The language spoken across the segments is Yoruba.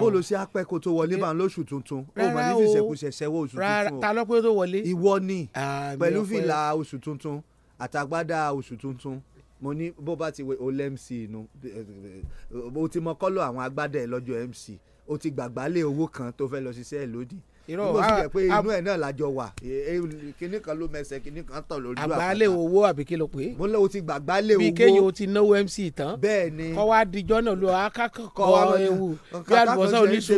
bó ló ṣe apẹ́ kó tó wọlé bá ń lóṣù tuntun ó mà ní fìṣẹ̀kùṣẹ̀ sẹ́wọ́ oṣù tuntun ta lọ́pẹ́ tó wọlé ìwọ ni pẹ̀lú fìlà oṣù tuntun àtàgbádá oṣù tuntun mo ní bó bá ti wé o lmc inú o ti mọ kọ́lọ̀ àwọn agbádá lọ́jọ́ mc o ti gbàgbálẹ̀ owó kan tó fẹ́ lọ ṣiṣẹ́ lódì irọ́ mo sì yẹ pé inú ẹ̀ náà lájọ wà kinní kan ló mẹsẹ̀ kinní kan tọ̀ lórí àpáta àgbálẹ̀ owó àbí kí ló pé mo lọ ti gbàgbálẹ̀ owó bí kéye o ti náwó mc tán bẹ́ẹ̀ ni kọ́ wa dijọ́ náà lo akákọ̀ọ́ ewu bí àlùbọ́sà oníṣu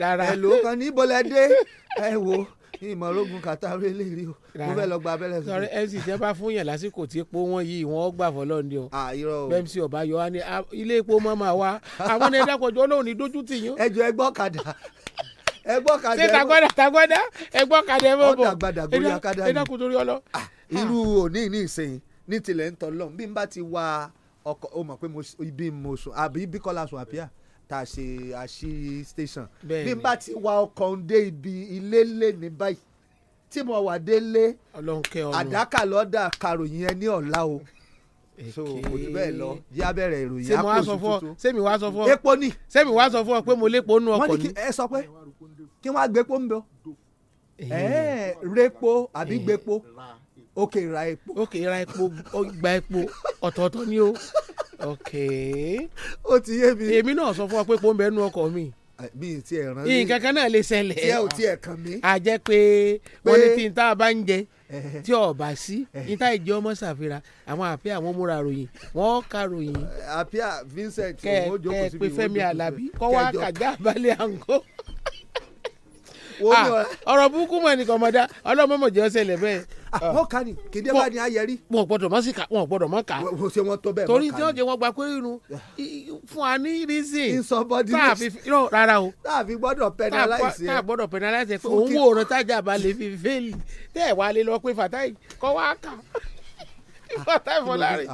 rárá ẹ̀ ló kan ní bọ́lẹ̀ ẹ wo ìmọ̀lógún kàtàrí eléyìí o mo fẹ́ lọ gba abẹ́rẹ́ fún mi. mc jẹ́ bá fún yàn lásìkò tí epo wọn yìí wọ́n gbà fọlọ́ ni o. mc ọba yọ wá ní ilé epo mọ́ máa wá àwọn ẹ̀dá kọjọ́ lóun ní dójú tì yín. ẹjọ ẹgbọ́ kàdà ẹ gbọ́ kadẹ. ṣé tagbada tagbada ẹ gbọ́ kadẹ mọ́ bọ̀. ọ̀dàgbàdà gòrí akadá ni. ẹ dákun torí ọlọ. Ah, irú òní ní ìsẹ̀yìn ní tilẹ̀ ń tọ́lọ́ bí n bá ti wa ọkọ̀ o mọ̀ pé ibi mo sùn àbí bí kọ́lá sùn àpíà tá ṣe àṣì station bí n bá ti wa ọkọ̀ ń dé ibi ilé lé ní báyìí tí mo wà délé àdákà lọ́dà karòyìn ẹ ní ọ̀la o so kò jù bẹ́ẹ̀ lọ yá bẹ̀rẹ̀ ìròyìn àpò òsì tuntun sẹ́mi wá sọ fún ọ sẹ́mi wá sọ fún ọ pé mo lépo nù ọkọ̀ ni. wọ́n ní kí ẹ sọ pé kí wọ́n á gbépo ń bọ̀ repo àbí gbépo ok ra epo. ok ra epo gba epo ọ̀tọ̀ọ̀tọ̀ ni o ok. ó ti yé mi. èmi náà sọ fún wa pé epo ń bẹ nínú ọkọ̀ mi bí ti ẹ rán mi nǹkan kan náà lè ṣẹlẹ̀ tí ẹ ò tí ẹ kàn mí. a jẹ́ pé wọ́n ní tí n tá a bá ń jẹ tí ò bá sí n tá ìjẹ́ ọmọ ṣàfihàn àwọn àfíà àwọn múra ròyìn wọ́n ká ròyìn. àfíà Vincent kẹ kẹ pé Fẹ́mi alabi. kọ wá kàgbé àbálẹ àǹkó. Ah, ọ̀rọ̀ burúkú mọ̀ ẹnì kan mọ̀ dá ọlọ́mọ mọ̀ jẹ́ ọ̀sẹ̀ lẹ́bẹ̀ẹ́. Ah, ah. wọn kà ní kéde bá ní ayẹrí. wọn gbọ́dọ̀ má sì kà wọn gbọ́dọ̀ má kà. ṣé wọn tọ bẹ́ẹ̀ mọ kà ní. torí tí wọn jẹ wọn gba pé irun fún wa ní reason. insubordination táàfi rárá o. táàfi gbọ́dọ̀ penalize. táà gbọ́dọ̀ penalize pé òun wò rán tájà balẹ̀ fi fẹ́ẹ̀lì tẹ́ẹ̀ wá lé lọ pé fàtáì kọ́ wá kà fàtáì fọlárin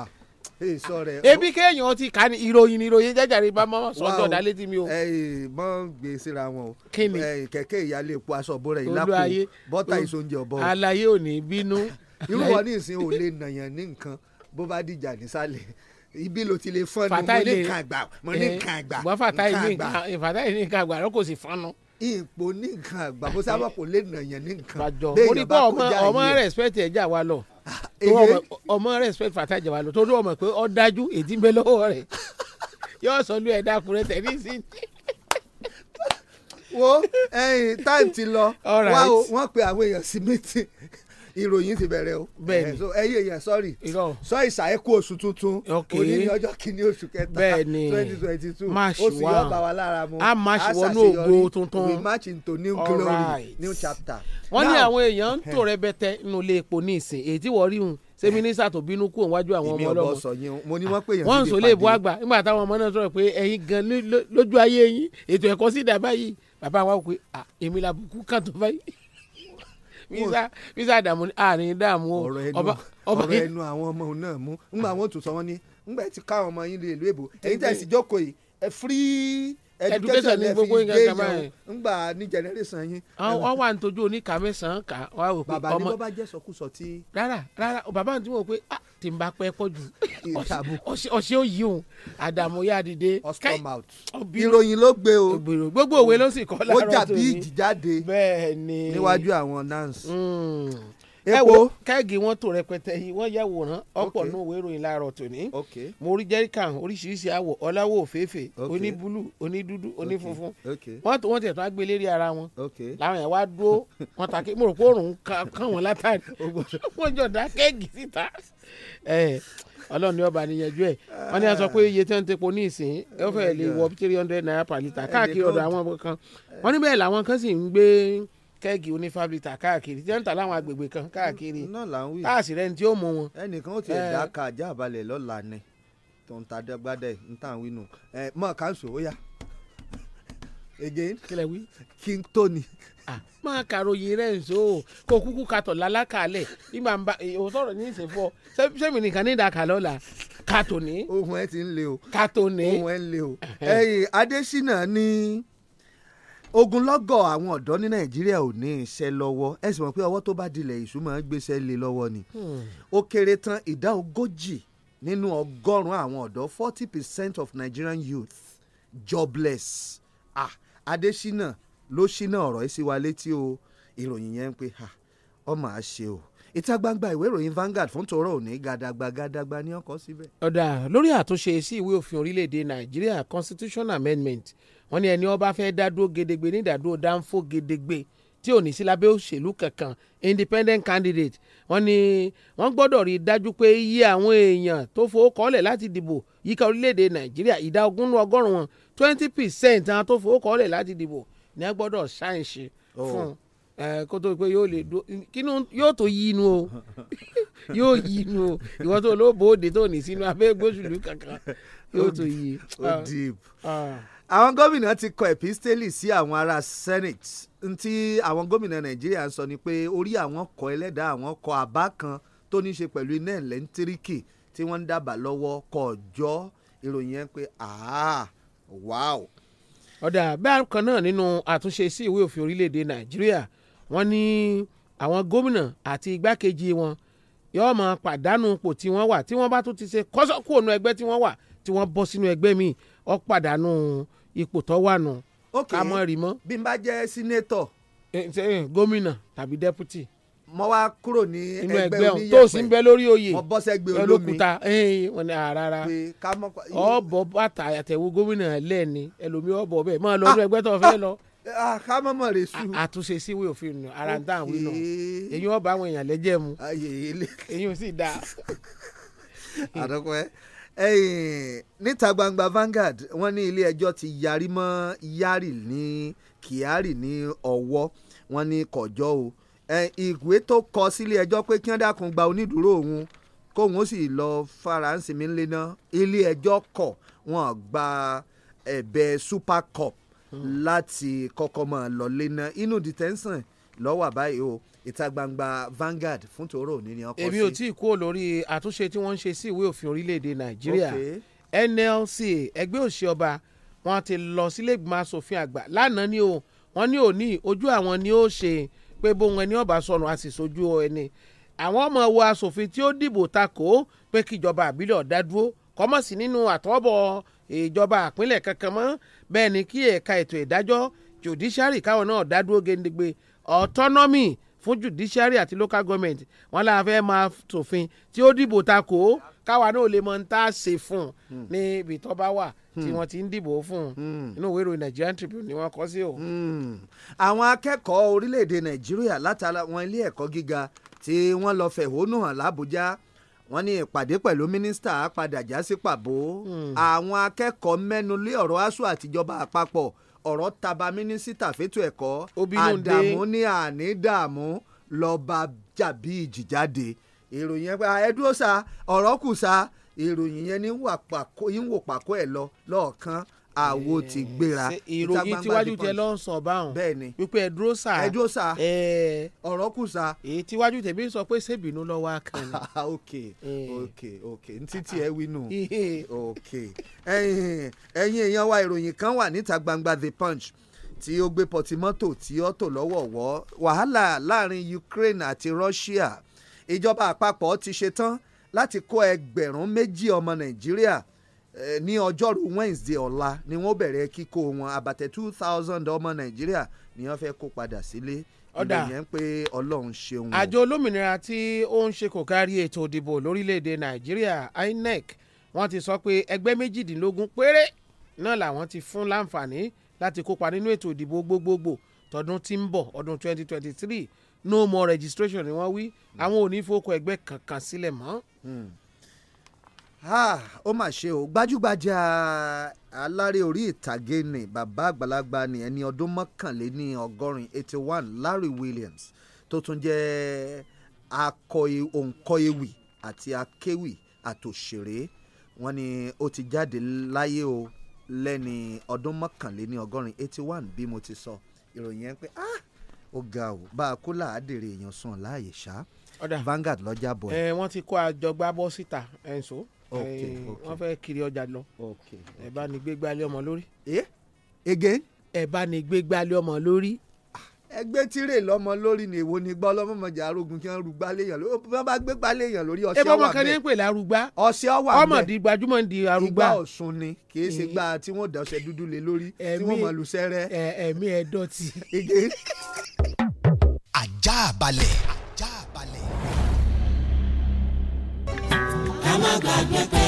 ebi kéèyàn ti kà ní ìròyìn ìròyìn jẹjẹrẹ bá mọ sọtọ dálé tí mi o. mọ gbé síra wọn o kẹ̀kẹ́ ìyáálé epo aṣọ bọrẹ ìlápò bọta ìsóúnjẹ ọbọ. alaye ò ní bínú. irú wọn ní ìsìn ò lè nàyàn ní nǹkan bó bá dìjà nísàlẹ̀ ibi ló ti lè ni mo ní nǹkan àgbà mo ní nǹkan àgbà nǹkan àgbà. fàtáì ní nǹkan àgbà rẹ kò sì fọ́nù ipò ní nǹkan àgbà bó sábà kò lè nàyàn ní nǹkan. bẹ́ẹ̀ yàrá kó já yẹ. respect ẹ̀ já ọmọ respect Fatai Jawalo tó ọmọ pé ọ dájú èdè ń bẹ lọ́wọ́ rẹ̀ yóò sọ lú ẹ̀dá kúrẹ́ tẹ̀lé sí wo ẹyin táìmù ti lọ wọ́n pe àwọn èèyàn sí mítìn ìròyìn ti bẹ̀rẹ̀ o. bẹ́ẹ̀ni so ẹyẹ yẹn sọrí sọ ìsàyẹ kú oṣù tuntun òní ní ọjọ́ kìíní oṣù kẹta twenty twenty two oṣù yóò bá wa lára mu a máa ṣe wọnú ògo tuntun we match into new glory new chapter. wọ́n ní àwọn èèyàn ń tò rẹpẹtẹ nínú ilé epo ní ìsìn èyí tí wọ́n rí hun ṣé mínísítà tó bínú kú òǹwájú àwọn ọmọ ọlọ́mọ mo ní wọ́n pè yàn sí ìpàdé wọ́n sọ lè bu àgbà nígbà táwọn ọmọ náà sọ̀rọ̀ pé ẹ̀yin gan lójú ayé yín ètò ẹ̀kọ́ sí ìdá báyìí bàbá wa pé èmi làbùkù kàn tó báyìí visa visa àdàmú àárín dààmú o ọ̀rọ̀ ẹnu àwọn ọmọ náà mú ngbà wọn tún sọ wọn ní ngbà tí káwọn ọmọ yín lè lóyèbó èyí tẹ̀sí jókòó yìí free education ní gbogbo nǹkan kan báyìí. ngbà ní generation yín. wọ́n wà nítorí oníkà mẹ́sàn-án kà wá wò ọmọ. bàbá ní bọ́ bá jẹ́ sọkúsọ tí. rárá rárá bàbá mi ti mọ̀ pé ah, tí n bá pẹ́ pọ̀ jù ọ̀ṣẹ́ òyì òun àdàmú yá dìde. oscar mouth ìròyìn ló gbé o. gbogbo òwe ló sì kọ́ láàárọ̀ tòní. ó jà bí níwájú àwọn nans. Hmm ẹ wo kẹ́ẹ̀gì wọn tó rẹpẹtẹ yìí wọ́n yà wòrán ọ̀pọ̀ nù wéròyìn láàárọ̀ tòní mo rí jẹ́ríkà oríṣiríṣi àwọ̀ ọ̀làwọ̀ òféèfé oníbúlù onídúdú onífunfun wọ́n tó wọ́n tẹ̀ tó á gbé lérí ara wọn làwọn yẹn wá dúró wọn tàkì mo rò pé òòrùn kàn wọ́n látàrí wọ́n jọ dá kẹ́ẹ̀gì síta ọlọ́run ní ọba níyanjú ẹ̀ wọ́n ní a sọ pé iye tí wọ́n ń tepo ní ìsìn ẹ̀ oh fẹ́ lè wọ three hundred naira per litre káàkiri ọ̀dọ̀ àwọn kan wọ́n ní bẹ́ẹ̀ làwọn kan sì ń gbé kẹ́ẹ̀gì oní káàkiri láwọn agbègbè kan káàkiri táàsì rẹ̀ ní tí ó mú wọn. ẹnìkan ó ti ka ni tó ń ẹ mọ káńsù ó yá again kílẹ̀ wí king tony. máa kàròyìn rẹ̀ ń so kó kúkú katọ̀ lálákàálẹ̀ nígbà ń bá òun sọ̀rọ̀ ní ti ń o. katoni. ohun ẹ ń o. ẹyìn adésínà Ni ogunlọ́gọ̀ àwọn ọ̀dọ́ ní nàìjíríà ò ní iṣẹ́ lọ́wọ́ ẹ sì mọ̀ pé ọwọ́ tó bá dilẹ̀ ìṣú máa ń gbéṣẹ́ lé lọ́wọ́ ni hmm. ó kéré tán ìdá ogójì nínú ọgọ́rùn-ún àwọn ọ̀dọ́ forty percent of Nigerian youth jobless ah Adésínà ló ṣínà ọ̀rọ̀ ẹ sí wa létí o ìròyìn yẹn ń pè ha ọmọ àṣẹ o ìta gbangba ìwé ìròyìn Vanguard fún tòró òní gàdàgbà gàdàgbà ní ọkọ síbẹ̀. ọ̀dà lórí àtúnṣe sí ìwé òfin orílẹ̀-èdè Nàìjíríà Constitutional Amendment wọ́n ní ẹni ọba fẹ́ dádúró gedegbe ní ìdádúró dáńfó gedegbe tí ò ní sí lábẹ́ òṣèlú kankan independent candidate wọ́n ní wọ́n gbọ́dọ̀ rí i dájú pé iye àwọn èèyàn tó fowó kọ́lẹ̀ láti dìbò yíká orílẹ̀-èdè nàìjíríà ìdá ogún nínú ọgọ́rùn wọn twenty percent àwọn tó fowó kọ́lẹ̀ láti dìbò ni wọ́n gbọ́dọ̀ ṣàǹṣe oh. fún kó tó pé yóò lè dúró kínú yóò tó yí inú o yóò yí inú o ìwọ́n tó lóbòóde tó ní sínú abẹ́ gbóṣùlù kankan yóò tó yí. deep. Uh, àwọn gómìnà ti kọ epistele sí àwọn ará senate ntí àwọn gómìnà nàìjíríà ń sọ ni pé orí àwọn kọ ẹlẹ́dàá àwọn kọ àbá kan tó ní í ṣe pẹ̀lú iná ẹ̀lẹ́ńtíríkì tí wọ́n ń dábàá lọ́wọ́ kọjọ́ ìròyìn yẹn pé wow. ọ̀dà bẹ́ẹ̀ kan náà nínú àtúnṣe sí ìwé òfin orílẹ̀-èdè nàìjíríà wọ́n ní àwọn gómìnà àti igbákejì wọn yóò máa pàdánù ipò tí wọ́n wà tí wọ́n bá tún ti ṣe kọ́sọ́kù ònú ẹgbẹ́ tí wọ́n wà tí wọ́n bọ́ sínú ẹgbẹ́ mi ó pàdánù ipò tó wà nù ká mọ́ rí mọ́. bí n bá jẹ́ sínétọ̀. gómìnà tàbí dẹ́pútì. mo wá kúrò ní ẹgbẹ́ oníyẹ̀pẹ̀ tó sì ń bẹ lórí oyè mo bọ́ sẹ́gbẹ́ olómi ẹlòkúta wọn ni ah, rárá ọ̀bọ̀ bàtà àtẹ̀wò gómìnà lẹ́ẹ̀ni ẹlòmí ọ̀bọ̀ bẹ́ẹ̀ máa lọ ọdún ah, ẹgbẹ́ tó fẹ́ ah, lọ ká mọ̀ mọ̀ rẹ̀ sùn. àtúnṣe sí ìwé òfin nù ara ń dá àwọn iná èyí wọn bá àwọn èèyàn lẹ́jẹ̀ mu èyí ò sì dáa. àdókò níta gbangba Vanguard wọ́n ní ilé ẹjọ́ ti yarí mọ́ Yari ní Kyari ní ọwọ́ wọ́n ní kọjọ́ o ìwé tó kọ sílé ẹjọ́ pé kí wọ́n dákun gba onídùúró òun kóun ó sì lọ faransé mi lé ná ilé ẹjọ́ kọ̀ wọ́n gba ẹ̀bẹ̀ super cup hmm. láti kọ́kọ́ mọ̀ lọ́lé ná inú detention lọ́wọ́ àbáyé o ìta gbangba Vanguard fún tòró òní ni ọkọ sí. èmi ò tí ì kúrò lórí àtúnṣe tí wọ́n ń ṣe sí ìwé òfin orílẹ̀-èdè Nàìjíríà NLC ẹgbẹ́ òṣì ọba wọn ti lọ sílé ìgbìmọ̀ asòfin àgbà lánàá ni o wọn ní òní ojú àwọn ni ó ṣe pé bóun ẹni ọba sọnù a sì sojú ẹni àwọn ọmọ wo asòfin tí ó dìbò takò pé kíjọba àbílẹ̀ ọ̀dá dúró kọ́mọ̀ sí nínú àtọ́bọ̀ ìjọba àpínlẹ̀ kankan mọ́ bẹ́ẹ̀ ni kí ẹ̀ka ètò ìdájọ́ judiciary káwọn náà dá dúró géńdégbé autonomy fún judiciary àti local government wọn là fẹ́ máa tòfin tí ó dìbò takò káwa náà lè mọ ń tá a ṣe fún un hmm. ní ibi tó bá wà tí hmm. wọ́n ti ń dìbò fún un hmm. inú ìwé ìròyìn Nigerian Tribune ni wọ́n kọ sí o. àwọn akẹ́kọ̀ọ́ orílẹ̀-èdè Nàìjíríà látara wọn ilé ẹ̀kọ́ gíga tí wọ́n lọ fẹ̀hónú hàn l'Àbújá wọ́n ní ìpàdé pẹ̀lú mínísítà padà já sí pàbó àwọn akẹ́kọ̀ọ́ mẹ́nu lé ọ̀rọ̀ ASUU àtijọba àpapọ̀ ọ̀rọ̀ taba mínísítà fétò ẹ̀kọ́ àdàmú ní àní dààmú lọ́ba jàbí ìjì jáde ìròyìn yẹn pé sa ọ̀rọ̀ kù sa ìròyìn yẹn ní wò pàkó ẹ̀ lọ lọ́ọ̀kan àwo eh, ti gbéra. ìròyìn tíwájú tẹ lọ ń sọ báwọn bẹ́ẹ̀ni wípé ẹ dúró sá ẹ dúró sá eh, ọ̀rọ̀ kù sá. èyí tíwájú tẹ̀mí sọ pé sẹ́bìnú lọ wá kan. Eh. ok ok ok ntítí ẹ wínú ok ẹ̀yin èèyàn wa ìròyìn kan wà níta gbangba the punch tí ó gbé pọtimọ́tò tí ó tò lọ́wọ́wọ́ wàhálà láàrin Ukraine àti Russia ìjọba àpapọ̀ ti ṣetán láti kó ẹgbẹ̀rún méjì ọmọ Nàìjíríà Eh, ní ọjọ́rú Wednesday ọ̀la ni wọ́n bẹ̀rẹ̀ kíkó wọn àbàtẹ̀ two thousand ọmọ Nàìjíríà ni wọ́n fẹ́ kó padà sílé ọ̀dà ìyẹn pé Ọlọ́run ṣeun. àjọ olómìnira tí ó ń ṣe kò kárí ètò ìdìbò lórílẹ̀‐èdè Nàìjíríà INEC wọ́n ti sọ pé ẹgbẹ́ méjìdínlógún péré náà làwọn ti fún láǹfààní láti kópa nínú ètò ìdìbò gbogbogbò tọdún tí ń bọ̀ ọdún 2023 no more registration ni wọ́n wí hmm. àwọn ò ní fowókọ ẹgbẹ́ kankan sílẹ̀ mọ́. Hmm ó mà ṣe o gbajúgbajà alárè orí ìtàgé ni bàbá àgbàlagbà ni ẹni ọdún mọ́kànléní ọgọ́rin eighty one Larry Williams tó tún jẹ́ akọ òǹkọ ewì àti akéwì àtòṣèré wọ́n ní ó ti jáde láyé o lẹ́ni ọdún mọ́kànléní ọgọ́rin eighty one bí mo ti sọ ìròyìn yẹn pé ah, ó ga o bá a kú làádèrè èèyàn sùn láàyè ṣá Vanguard lọ́jà bọ̀. ẹ wọ́n ti kó àjọgbá bọ́ síta ẹ̀ ń sọ wọ́n fẹ́ kiri ọjà lọ ẹ bá ní gbé gbálé ọmọ lórí. again. Eh? ẹ bá ní gbé gbálé ọmọ lórí. ẹgbẹ́ tirẹ̀ lọ́mọ lórí ni èwo ni gbọ́ lọ́mọmọjà arógun kí wọ́n rú gbálé èèyàn lórí wọ́n bá gbé gbálé èèyàn lórí ọṣẹ wà bẹ́ẹ̀. ẹ bọ́ mọ̀kàn ní pè lárúgbá ọṣẹ wà bẹ́ẹ̀ ọmọ di gbajúmọ̀ di arúgbá. ìgbà ọ̀sùn ni kì í ṣe eh. gbà tí wọ́n da dúdú lé lórí tí wọ́n gbàgbé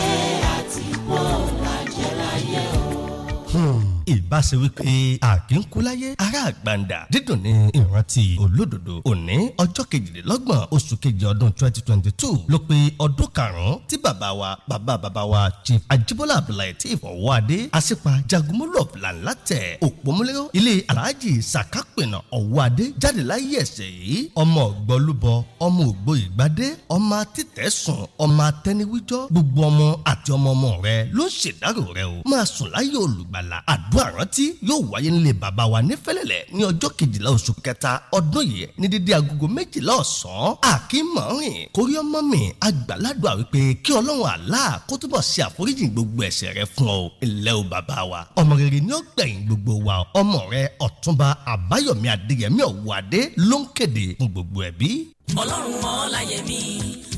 ìbáṣe wípé àkínkù láyé ará àgbàǹdà dídùn ní ìrántí olódodo òní ọjọ́ kejìlélọ́gbọ̀n oṣù kejì ọdún twenty twenty two ló pé ọdún karùn-ún tí bàbá wa bàbá bàbá wa chief ajibola abdulateef ọwọ́adé aṣípa jagunmọ́lọ̀ làǹlàtẹ̀ òpómúléró ilé alhaji sakapina ọwọ́adé jáde láyé ẹ̀sẹ̀ yìí ọmọ ọ̀gbọ́lúbọ ọmọ ògbó ìgbádé ọmọ atítẹ̀sùn ọmọ atẹniwíjọ́ gbogbo ọmọ àti ọmọ ọmọ rẹ ló ń ṣèdárò rẹ o máa sùn láyé olùgbàlà àdúrà ọdún àrántí yóò wáyé nílé bàbá wa ní fẹ́lẹ́lẹ̀ ní ọjọ́ kejìlá oṣù kẹta ọdún yìí ní dídí agogo méjìlá ọ̀sán àkímọ̀rìn kóríọ́mọ́mì àgbàládùá wípé kí ọlọ́run àlá kó túbọ̀ ṣe àforíjì gbogbo ẹ̀ṣẹ̀ rẹ fún ọ ilẹ̀ o bàbá wa ọmọ rere ni ó gbẹ̀yìn gbogbo wa ọmọ rẹ ọ̀túnba àbáyọ̀mí adéyẹmí ọ̀wọ́adé ló ń kéde fún gbogbo ẹ̀bí. ọlọ́run mọ́ láyé mi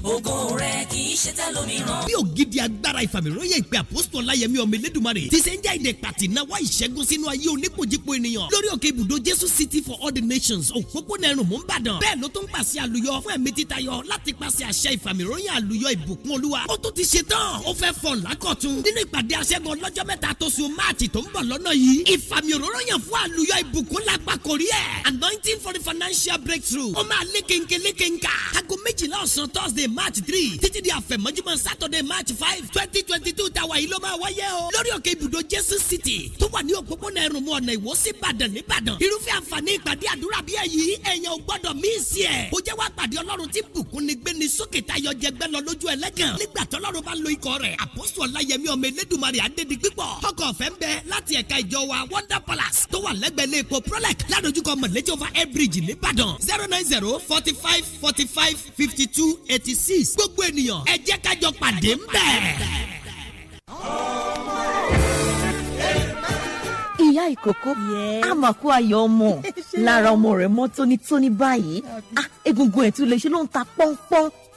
ògo rẹ kì í ṣe tẹlòmíràn. bí ògidì agbára ìfàmìlóye ìpè àpòsù ọláyẹmí ọmọ elédùnmarè ti ṣe ń já ìdè pàtì náwó ìṣẹ́gun sínú ayé oníkojúpo ènìyàn lórí òkè ibùdó jésù city for all the nations òpópónà ẹrùn mú nbàdàn bẹ́ẹ̀ ló tún pàṣẹ àlùyọ fún ẹ̀mí títayọ láti pàṣẹ àṣẹ ìfàmìlóye àlùyọ ìbùkún olúwa ó tún ti ṣe tán ó fẹ́ fọ̀ lákọ̀tún nínú ìpàdé aṣẹ́gun ọlọ́jọ́ mẹ́ta tó sun máàtì tó ń bọ̀ lọ́nà yìí ìfàmì òróró yàn fún àlùyọ ìbùkún lápá kòrí ẹ̀ anointing for the financial breakthrough ó máa lékenkè lékenka aago méjìlá ọ̀sán thursday march three títí di àfẹ̀mọ́júmọ́ saturday march five twenty twenty two tàwa yìí ló máa wáyé o lórí òkè ibùdó jésù city tó wà ní òpópónà ẹrùnmú ọ̀nà ìwó sí ìbàdàn nìbàdàn irúfẹ́ àǹfààní ìpàdé àdúrà bí èyí èèyàn ò gbọ́dọ̀ míìsì ẹ̀ ó jẹ́ wá pàdé ọlọ́run tí bùkún ni gbé ni sókè tayọ jẹgbẹ́ lọ lójú ẹlẹ́gàn nígbà tọ́lọ́run bá lo ikọ̀ rẹ̀ àpòsù ọláyẹmí ọmọ elédùnmarè adédi pípọ̀ ọkọ̀ ọ̀fẹ́ ń bẹ láti ẹ̀ka ìjọ wa wonder palace tó wà lẹ́gbẹ̀ẹ́ ilé zero nine zero forty five forty five fifty two eighty six gbogbo ènìyàn ẹ jẹ́ ká jọ pàdé ńbẹ̀. ìyá ìkókó àmàkù ayọ̀ ọmọ lára ọmọ rẹ̀ mọ́ tónítóní báyìí ah, egungun ẹ̀ lè ṣe ló ń ta pọ́npọ́n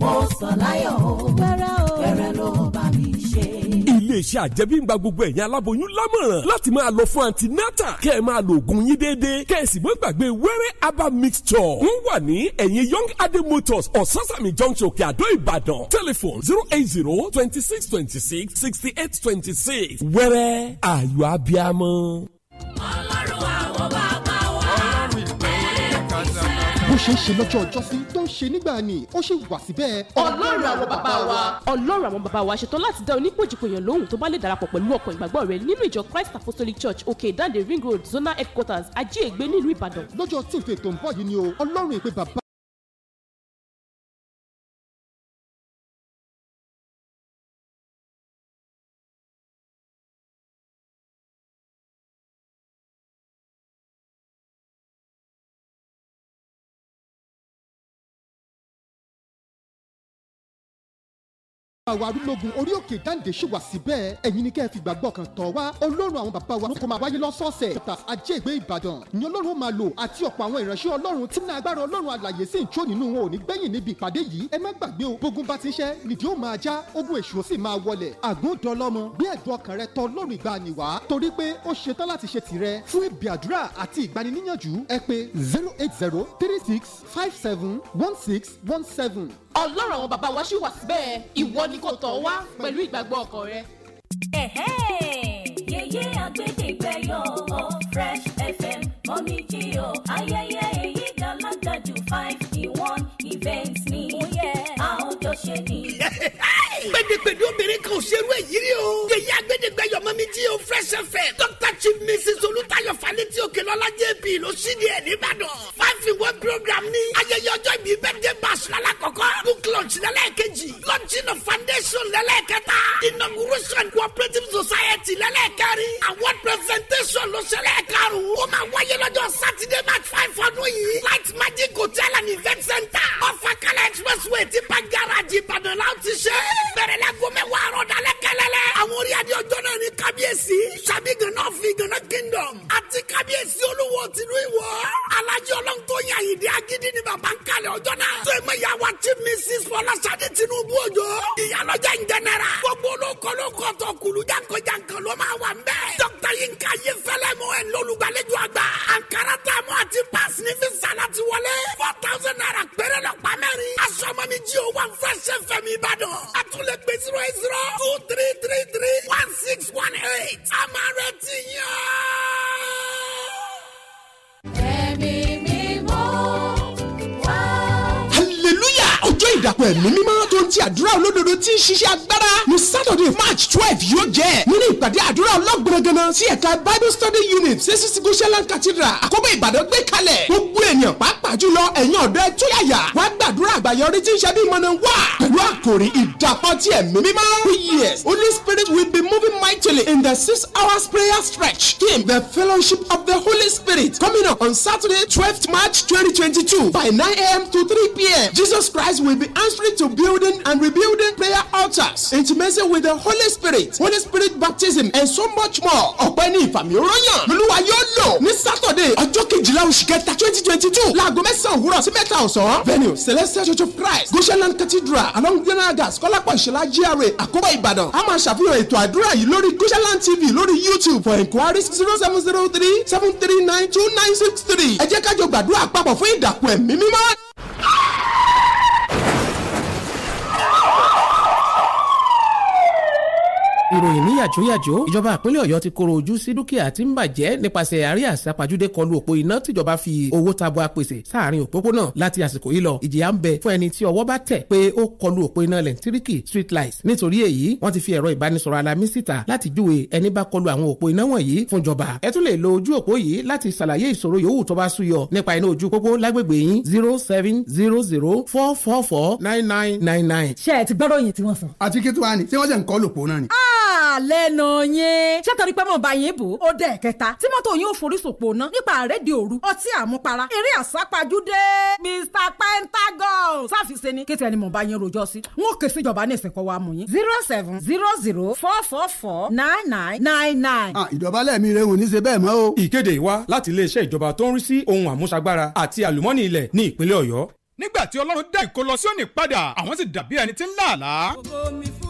mo sọ láyọ̀ o wẹ́rẹ́ o wẹ́rẹ́ iléeṣẹ́ àjẹmíngba gbogbo ẹ̀yin aláboyún lámọ̀ràn láti máa lọ fún antinata kẹ́ ẹ máa lo oògùn yín déédéé kẹ́ ẹ sì mọ́ gbàgbé wẹ́rẹ́ herbal mixture wọ́n wà ní ẹ̀yìn young adé motors ososami junction òkè àdó ìbàdàn telephone zero eight zero twenty six twenty six sixty eight twenty six wẹ́rẹ́ ayọ̀ abiamọ. ọlọ́run àwọn bá ṣe ń ṣe lọ́jọ́ ọjọ́sí tó ń ṣe nígbà ni ó ṣì wà síbẹ̀. ọlọ́run àwọn bàbá wa. ọlọ́run àwọn bàbá wa ṣetán láti dá onípòjìpòyàn lóhùn tó bá lè darapọ̀ pẹ̀lú ọkọ̀ ìgbàgbọ́ rẹ nínú ìjọ christ apostolic church òkè ìdáǹdè ring road Zona headquarters ajíègbé nílùú ìbàdàn. lọ́jọ́ tí ìfẹ́ tó ń bọ̀ yìí ni o ọlọ́run ìpè bàb bàbá wa arúgbógun orí òkè dáǹdè ṣì wà síbẹ̀ ẹ̀yin ni kẹ́ ẹ fi gbàgbọ́ kan tọ̀ wá ọlọ́run àwọn bàbá wa ló kó máa wáyé lọ́sọ̀ọ̀sẹ̀ dr ajégbé ìbàdàn ni ọlọ́run máa lò àti ọ̀pọ̀ àwọn ìránṣẹ́ ọlọ́run tí ní agbára ọlọ́run àlàyé sí ìtúrò nínú wọn ò ní gbẹ̀yìn níbi ìpàdé yìí ẹ má gbàgbé o bógun bá ti ṣẹ́ nìdí ó máa já ogun èṣù sì máa wọlẹ̀ àgúndọ́lọ́mọ ọlọ́run bàbá wa ṣì wà síbẹ̀ ìwọ ni kò tọ̀ wá pẹ̀lú ìgbàgbọ́ ọkọ rẹ. yẹyẹ agbẹdẹgbẹyọ ọ Fresh FM mọ́mí jí o ayẹyẹ èyí gàlágàjù five in one event ni oh a ó jọ ṣe ni. gbẹdẹgbẹdẹ obìnrin kan ò ṣerú èyí rí o. yèyí agbẹdẹgbẹ yọmọ mi jí o fresh fẹ. dr chief mrs olùtayọ falẹtí òkèlọlá jp ló ṣí di ẹ nìbàdàn. five in one program ni. ayẹyẹ ọjọ́ ìbí birthday bash lálàkọ́kọ́. book launch lẹ́lẹ́kejì. launching of foundation lẹ́lẹ́kẹta. inauguration cooperative society lẹ́lẹ́kẹrin. award presentation ló ṣẹlẹ̀ karùn-ún. ó máa wáyé lọ́jọ́ saturday march five ọdún yìí. light magic hotel and event center. ọ̀fà kala expressway ti pa garaji ìbàdàn láti ṣe é bẹ̀rẹ̀ la gomẹ wa arọ dalẹ kẹlẹ lẹ. àwọn orí adé ọjọ́ náà ni kábíyèsí. sabi gana fi gana kingdom. àti kábíyèsí olúwo tìlú ìwọ. alajẹ ọlọ́run yà yìí dé ni bàbá ń kalẹ̀ ọjọ́ náà. tó ìmọ̀ ìyàwó àti mrs fọlásadé tinubu òjò. ìyálọ́jà ń jẹnẹra. gbogbo olókòlókò tó kulu jankan-jankan ló máa wà ń bẹ́ẹ̀. dókítà yìí ń ka yé fẹ́lẹ́ mọ́ ẹ̀ lọ́lùgbàlejò àgbà. ankara tààmú àti pass ní fi sàlátì wọlé. four thousand naira péré lọ pamẹ́rin. aṣọ tún lè pè zero eight zero two three three three one six one eight. àmàrẹ ti yàn. ìdàpọ̀ ẹ̀mí mímọ́ tó ń ti àdúrà olódodo tí ń ṣiṣẹ́ agbára ní Saturday March twelve yóò jẹ́ nínú ìpàdé àdúrà ọlọ́gbọ̀nrẹ́gànnà sí ẹ̀ka Bible Study Unit ṣẹ́sísí Goshenland Cathedral àkóbá Ìbàdàn gbé kalẹ̀ gbogbo ènìyàn pàápàá jùlọ ẹ̀yin ọ̀dọ́ ẹ túyàyà wá gbàdúrà àgbàyọrí tí ń ṣe bí mọ̀nà wà pẹ̀lú àkòrí ìdàpọ̀ ti ẹ̀mí mímọ́. Oh, yes Holy Spirit will be moving mightily in the six hours prayer stretch in the fellowship of the Holy Spirit coming up on Saturday twelfth March twenty twenty two by nine a.m. to three p.m. Jesus Christ will be answering to building and rebuilding prayer altars, intimacy with the Holy Spirit, Holy Spirit baptism, and so much more. ọ̀pẹ́ ní ìfàmì òróyàn lolúwa yóò lò ní sátọ̀dẹ̀ ọjọ́ kejìlá oṣù kẹta twenty twenty two láago mẹ́sàn-án òwúrọ̀ sí mẹ́ta ọ̀sán. venue celestial church of christ goshenland cathedral along genagas kọ́lápọ̀ ìṣẹ̀lá gra àkóbá ìbàdàn a máa ṣàfihàn ètò àdúrà yìí lórí goshenland tv lórí youtube for inquiries. zero seven zero three seven three nine two nine six three ẹ jẹ́ kájọ gbàdúrà papọ̀ fún ìdàpọ̀ ẹ̀mí mímọ́. ìròyìn ní yàjóyàjó ìjọba ìpínlẹ̀ ọ̀yọ́ ti koro ojú sí dúkìá tí ń bàjẹ́ nípasẹ̀ àárẹ̀ àsápajúdé kọlu òpó iná tíjọba fi owó tabua pèsè sáàrin òpópónà láti àsìkò yìí lọ ìjìyà ń bẹ fún ẹni tí ọwọ́ bá tẹ̀ pé ó kọlu òpó iná lẹ́ńtíríkì street light nítorí èyí wọ́n ti fi ẹ̀rọ ìbánisọ̀rọ̀ alamí síta láti júwe ẹni bá kọlu àwọn òpó iná wọ̀nyí fún ìjọba ẹ tún lè lo ojú òpó yìí láti ṣàlàyé ìṣòro yòówù tó bá súyọ nípa iná ojú pópó lágbègbè yín zero seven zero zero four four four nine nine nine nine. ṣé ẹ ti gbọ́dọ̀ yìí tí wọ́n sọ. àti kí tí wàá ní ṣé wọ́n ṣe ń kọ́ lòpó náà ni. Ah! lẹ́nu yín. ṣé torí pé mo bá yín bò ó dẹ̀ kẹta tí mọ́tò yín ò forísòpò ná nípa àrédìí òru ọtí àmupara eré àsápajúdé Mr Pentagon sáfìsẹ́ ni kéte ẹni mo bá yín rojọ́ sí. n ó ké síjọba ní ìsìnkọ́ wa mú yín. zero seven zero zero four four four nine nine nine nine. Ah, ìdọ̀bálẹ̀ mi rẹ̀ wò ní ṣe bẹ́ẹ̀ mọ́ o. ìkéde ìwá láti iléeṣẹ́ ìjọba tó ń rí sí ohun àmúṣagbára àti àlùmọ́nì ilẹ̀ ní ìpínlẹ̀ Ọ̀yọ́ nígbà tí Ọlọ́run dá ìkólọsí òní padà àwọn sì dàbí ẹni tí ń làálàá. ògo mi fún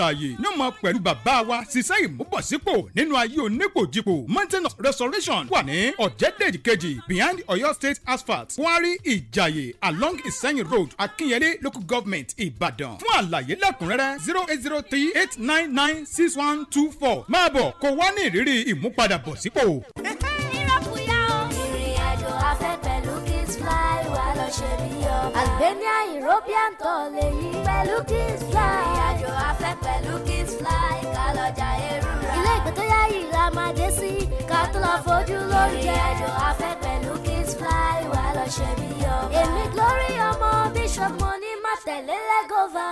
alààyè ní ọmọ pẹ̀lú bàbá wa ṣiṣẹ́ ìmúbọ̀sípò nínú ayé onípòjìpò mountain of restoration wà ní ọ̀jẹ̀dẹ̀jì kejì behind Ọ̀yọ́ state asphalt kwari ìjàyè along ìsẹ́yìn road akínyẹlé local government ìbàdàn fún àlàyé lẹ́kùnrẹ́rẹ́ zero eight zero three eight nine nine six one two four máa bọ̀ kó wá ní ìrírí ìmúpadàbọ̀sípò. ṣe bí ọba. Albania European tour lèyí pẹ̀lú Kings Fly. Ìrìnàjò afẹ́ pẹ̀lú Kings Fly ká lọ́jà èrúra. Ilé ìgbé tó yá yìí la máa dé sí ká tó lọ fojú lórí jẹ. Ìrìnàjò afẹ́ pẹ̀lú Kings Fly wà lọ ṣe bí ọba. Èmi glory ọmọ Bishop Money. ní má tẹ̀lé lẹ́gọ́fà.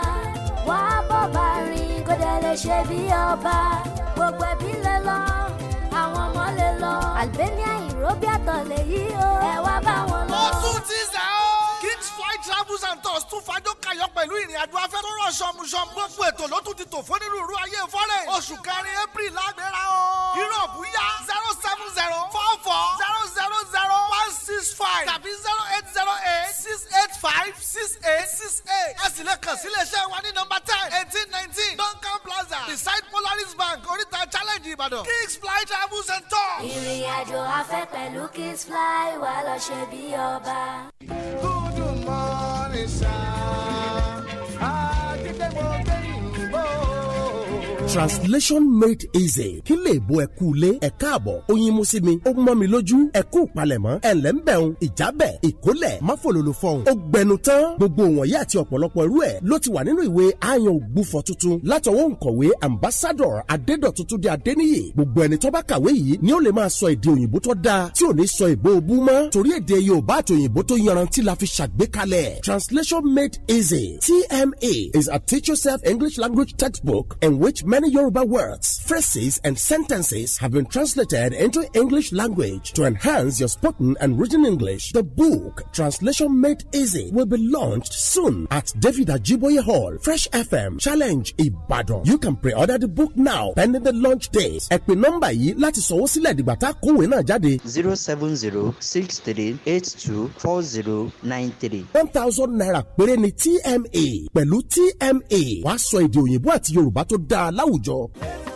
Wà á bọ̀ bá rìn kó dẹ̀ lè ṣe bí ọba. Gbogbo ẹbí lè lọ, àwọn ọmọ lè lọ. Albania European tour lèyí o. Ẹ wá bá wọn lọ. Ó tún ti sá o tún fàájọ kayọ̀ pẹ̀lú ìrìn àjò afẹ́ tó rọ̀ ṣọmuṣọmu. gbogbo ètò ló tún ti tò fún onírúurú ayé fọ́lẹ̀. oṣù kẹrin April lágbèrè o. Europe yá zero seven zero four four zero zero zero one six five tàbí zero eight zero eight six eight five six eight six eight. ẹ sì lè kàn sí iléeṣẹ́ wa ní nọ́mbà ten eighteen nineteen Duncan Plaza beside Polaris Bank oríta challenge Ìbàdàn Kings Fly Travels and Tours. ìrìn àjò afẹ́ pẹ̀lú Kings Fly wà lọ ṣe bí ọba. Good morning, sir. I give them all. translation made easy kí lè bo ẹ kú lé ẹ káàbọ̀ oyin mú sí mi ó mọ́ mi lójú ẹ kú palẹ̀mọ́ ẹ ǹlẹ́ ń bẹ̀rùn ìjábẹ̀ ìkólẹ̀ máfòlòlò fọhùn ó gbẹnu tán gbogbo wọ̀nyí àti ọ̀pọ̀lọpọ̀ irú ẹ̀ ló ti wà nínú ìwé ayan ògbúfọ̀ tuntun látọwọ́ nkọ̀wé ambassador adédọ̀tutùdé adéníyè gbogbo ẹni tó bá kàwé yìí ni ó lè máa sọ èdè òyìnbó tó dáa tí ò ní sọ èbó obú mọ́ torí èdè yorùbá àti translation made easy tma is a teach yourself english language textbook in which many many Yoruba words, phrases, and sentences have been translated into English language to enhance your spoken and written English. The book, Translation Made Easy, will be launched soon at David Ajiboye Hall, Fresh FM, Challenge Ibadan. You can pre-order the book now pending the launch date. Ẹ pè nọ́mbà yìí láti sọ̀wọ́ sílẹ̀ dìgbà tá a kówé náà zero seven zero six three eight two four zero nine three. one thousand naira péré ni TMA pẹ̀lú TMA wàá sọ èdè òyìnbó àti Yorùbá tó dáa láwùjọ. ¡Gracias!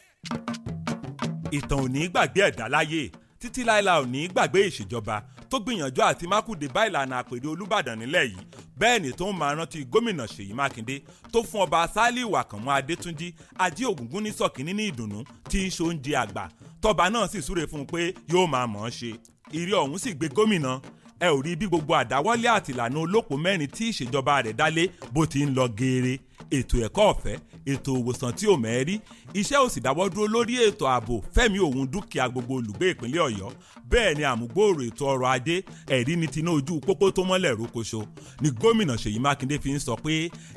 ìtàn ò ní gbàgbé ẹ̀dá láyé títí láìla ò ní gbàgbé ìṣèjọba tó gbìyànjú àti mákùdé bá ìlànà àpèrè olùbàdàn nílẹ̀ yìí bẹ́ẹ̀ ni tó ń máa rántí gómìnà ṣèyí mákindé tó fún ọba sálíù àkànmọ́ adétúnjì ajé ògúngún ní sọ̀kínní ní ìdùnnú tí í ṣe oúnjẹ àgbà tọba náà sì súre fún un pé yóò máa mọ̀ ọ́n ṣe ìrì ọ̀hún sì gbé gómìnà ẹ ò rí bí gbogbo àdáwọ́lé àtìlànà olóko mẹ́rin tí ìṣèjọba rẹ̀ dálé bó ti ń lọ geere ètò ẹ̀kọ́ ọ̀fẹ́ ètò òwòsàn tí ò mẹ́rí iṣẹ́ ò sì dáwọ́ dúró lórí ètò ààbò fẹ́mi òun dúkìá gbogbo olùgbé ìpínlẹ̀ ọ̀yọ́ bẹ́ẹ̀ ni àmúgbòòrò ètò ọrọ̀ ajé ẹ̀rí ni tinú ojú pópó tó mọ́lẹ̀ rókoṣo ni gómìnà ṣèyí mákindé fi ń sọ pé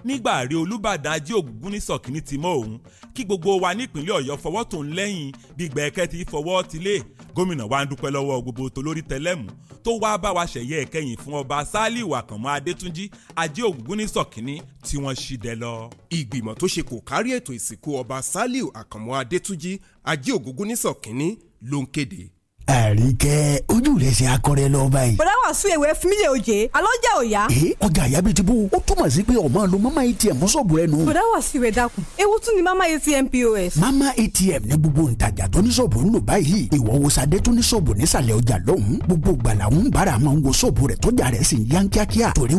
nígbà rí olúbàdàn ajé ògúngún ní sọ̀kíní ti mọ́ òun kí gbogbo wa ní ìpínlẹ̀ ọ̀yọ́ fọwọ́ tó ń lẹ́yìn bí gbẹ̀ẹ́kẹ́ ti fọwọ́ ti lé gómìnà wa ń dúpẹ́ lọ́wọ́ gbogbo tolórí tẹlẹ́mù tó wá bá wa ṣẹ̀yẹ ìkẹyìn fún ọba sálíù adétúnjì ajé ògúngún ní sọ̀kíní tí wọ́n ṣì dẹ lọ lọ. ìgbìmọ̀ tó ṣe kò kárí ètò ìsìnkú ọba Sàlíù Àkànmú Adétúnjì Ajé Ògúngúnnísọ̀ kínní ló ń kéde àríkẹ́ ojú rẹ̀ ṣe akọrẹ lọ báyìí. bọ̀dá wà sún ewé fún mi lè oje alọ́ jẹ́ òya. ee ọjà àyà bíi ti bó o túmọ̀ sí pé ọmọ lo mama atm mọ́sọ̀bù rẹ nù. bọ̀dá wà sí ìwé dákun ewu tún ni mama atm pos. mama atm ní gbogbo ntajà tó ní sọ̀bù ń lò báyìí ìwọ wo sadé tó ní sọ̀bù nísàlẹ̀ ọjà lọ́hùn-ún gbogbo gbala ń bára máa ń wo sọ̀bù rẹ̀ tọ́jà rẹ̀ sì ń yan kíákíá torí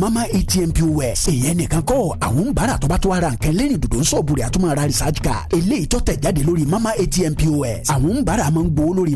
mama atm pos. èèyàn nìkan kọ́ àwọn ń bára tó bá tó ara nǹkan lẹ́yìn dòdò ń sọ̀bù rẹ̀ àtúmọ̀ ara research mama atm pos. àwọn ń bára máa ń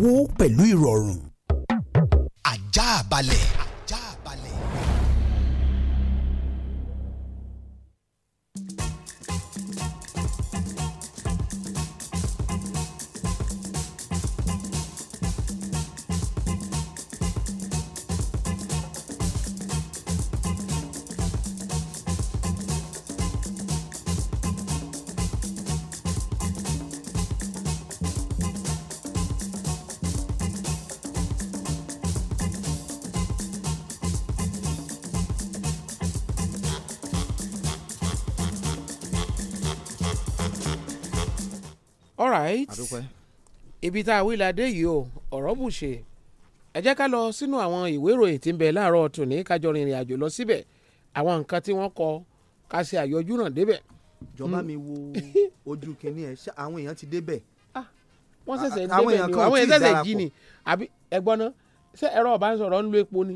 ìnáwó pẹ̀lú ìrọ̀rùn. àjàbalẹ̀. ibi tá a wí ládé yìí o ọ̀rọ̀ bù ṣe ẹ jẹ́ ká lọ sínú àwọn ìwé ìròyìn tí ń bẹ láàárọ̀ tòní kájọ rìnrìn àjò lọ síbẹ̀ àwọn nǹkan tí wọ́n kọ ká ṣe àyọjú náà débẹ̀. jọba hmm. mi wo ojú kìnìún ẹ àwọn èèyàn ti débẹ̀. Ah, wọ́n ṣẹ̀ṣẹ̀ débẹ̀ ni àwọn èèyàn ṣẹ̀ṣẹ̀ jí ni àbí ẹ̀gbọ́n náà ṣé ẹ̀rọ ọ̀bánisọ̀rọ̀ ń lo epo ni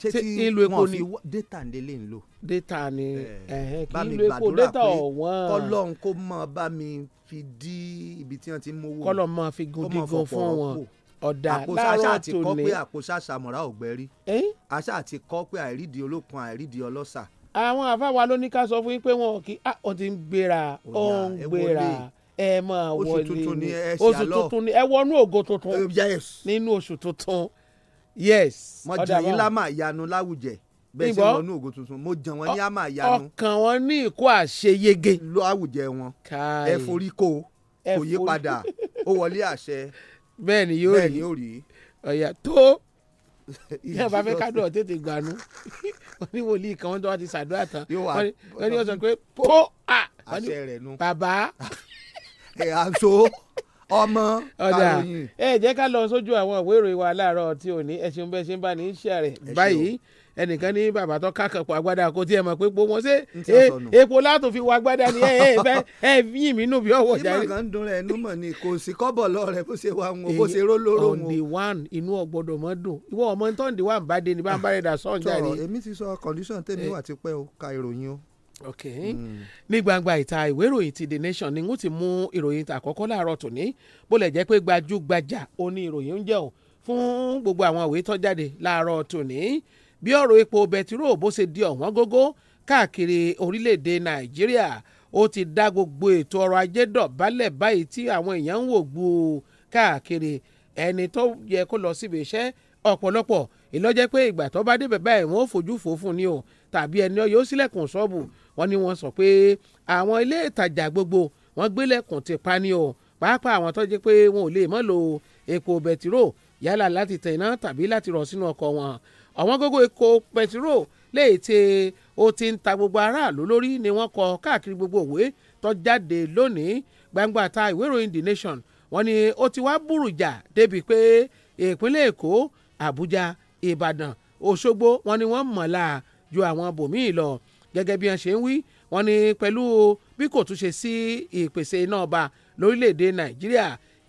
ṣé tí wọn fi data ń délé ń lò. data ni kì í lo epo data ọ̀wọ́n. bá mi gbàdúrà pé kọ́lọ́n kó mọ bá mi fi dí ibi tí wọ́n ti ń mówó kọ́lọ̀ máa fi gun gígùn fún wọn ọ̀dà láàárọ̀ tó lé àkóso àṣà mọ̀rá ògbẹ́rí àṣà àti kọ́ pé àìrídìí olókun àìrídìí ọlọ́sà àwọn àfáwa ló ní ká sọ fún yín pé wọn kì á ah, ti ń gbéra ó ń gbéra ẹ máa wọlé ní oṣù tuntun ni ẹ wọnú ògo tuntun nínú oṣù tuntun yes. mọ̀jẹ̀ yìí lámà ìyanu láwùjẹ bẹ́ẹ̀ ṣe wọnú ògo tuntun mo jàn wọ́n ní àmà ìyanu. ọkàn wọn ní ìkó àṣeyege. lọ àwùjẹ wọn ẹ forí kó kò yí padà ó wọlé àṣẹ. bẹ́ẹ̀ ni yóò rí bẹ́ẹ̀ ni yóò rí. ọ̀yà tó ní àbá fẹ́ ká dùn ọ́ tètè gbanú wọ́n ní wòlíì kan wọ́n tó wá ti ṣàdúrà tán wọ́n ní wọ́n sọ pé pó à àṣẹ rẹ̀ bàbá. ẹ̀ àṣọ ọmọ karòyìn. ẹ jẹ́ ká lọ sójú àwọn ìwé ìròyìn wa láàárọ̀ tí ò ní ẹ ṣeun bẹ́ẹ̀ ṣe ń bá ní í ṣe rẹ̀ báyìí ẹnìkan ní bàbá tó kákàpọ̀ agbádá kò tiẹ̀ mọ̀ pé po wọn ṣe eh, epo látò fi wọ agbádá ni ẹ ẹ fẹ́ ẹ yín mi nù bí ọwọ́ jáde. ìmọ̀ kan dùn rẹ̀ ẹnu mọ̀ ni kò sí kọ́bọ̀ lọ rẹ̀ bó ṣe wà wọn bó ṣe ró lóró wọn. on the one inú ọgbọdọ mọ dùn ìwọ ọmọ tó ń di wà ń bá dé ni bá ń bá rẹ dà sọ́ọ̀n jáde. tọ èmi ti sọ condition tèmi eh. wà ti pẹ́ o ka ìròyìn o. ok hmm. ní gbangba ìta ìwé ìròyìn ti the nation ni wọ́n ti mú ìròyìn àkọ́kọ́ láàárọ̀ tòní bó lẹ̀ jẹ́ pé gbajú-gbajà ó ní ìròyìn ń jẹun fún gbogbo àwọn ìwé tó jáde láàárọ̀ tòní bí ọ̀rọ̀ epo bẹtiró bó ṣe di ọ̀wọ́n gógó káàkiri orílẹ̀-èdè nàìjíríà ó ti dá gbogbo ètò ọrọ̀ ajé dọ̀bálẹ̀ báyìí tí àwọn èèyàn ń wò gbù káàkiri ẹni tó yẹ kó lọ síbi iṣẹ́ ọ̀pọ̀lọpọ̀ ìlọ́jẹ́ pé ìgbà tó bá débẹ̀ báyìí wọ́n fojú fò fún ni o tàbí ẹni ọ yóò ṣílẹ̀kùn ṣọ́ọ̀bù wọ́n ní wọ́n sọ pé àwọn ilé ìtajà gbogbo wọ́n gbélẹ̀kùn ti pa ni o pàápàá àwọn tó jẹ́ pé wọn ò lè mọ́ lo epo bẹtiró yálà láti tẹ̀ iná tàbí láti rọ̀ sínú ọkọ̀ wọn ọ̀wọ́n gógó epo pẹtiró léyìí tí ó ti ń ta gbogbo aráàlú lórí ni wọ́n kọ káàkiri gbogbo òwe tó jáde lónìí gbangba ta ìwé ìròyìn The Nation wọ́n ní ó ti wá bùrùjà débi pé ìpínlẹ̀ Èkó Àbújá Ìbàdàn Òṣogbo wọ́n ní wọ́n mọ̀lá ju àwọn bòmíì lọ gẹ́gẹ́ bí wọ́n ṣe ń wí wọ́n ní pẹ̀lú bí kò tún ṣe sí ìpèsè iná ọba lórílẹ̀‐èdè Nàìjíríà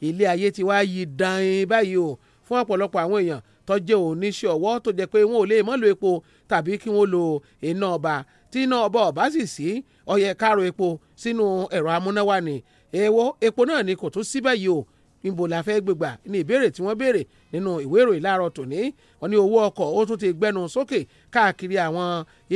ilé ayé ti wá yí dan báyìí o fún ọ̀pọ̀lọpọ̀ àwọn èèyàn tó jẹ́ oníṣẹ́ ọwọ́ tó jẹ́ pé wọn ò lè mọ́ lo epo tàbí kí wọ́n lo iná ọba tí iná ọba ọba sì sí ó yẹ ká rọ epo sínú ẹ̀rọ amúnáwá ni èèwọ̀ epo náà ni kò tún síbẹ̀ yìí o níbo la fẹ́ gbégbà ní ìbéèrè tí wọ́n béèrè nínú ìwé ìròyìn láàárọ̀ tòní wọ́n ní owó ọkọ̀ ó tún ti gbẹnu sókè káàkiri àwọn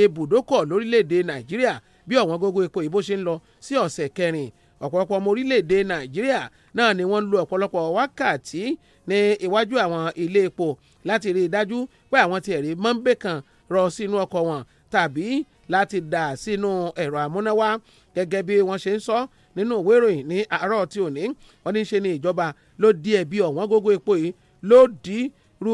ibùdókọ̀ lórílẹ̀‐èdè nàìjíríà bí ọ̀wọ́n gógó epo ìbò ṣe ń lọ sí ọ̀sẹ̀ kẹrin ọ̀pọ̀lọpọ̀ ọmọ orílẹ̀‐èdè nàìjíríà náà ni wọ́n ń lo ọ̀pọ̀lọpọ̀ wákàtí ní iwájú àwọn ilé epo láti rí i dájú pé àwọn ti ẹ̀rí mọ́ńbé kan rọ sínú ọkọ̀ wọn tàbí láti dà sínú ẹ̀rọ amúnáwá gẹ́gẹ́ bí wọ́n ṣe ń sọ nínú ìwé ìròyìn ní àárọ̀ tí ò ní wọ́n ní ṣe ni ìjọba ló di ẹ̀bi ọ̀wọ́n gógó epo yìí ló di ru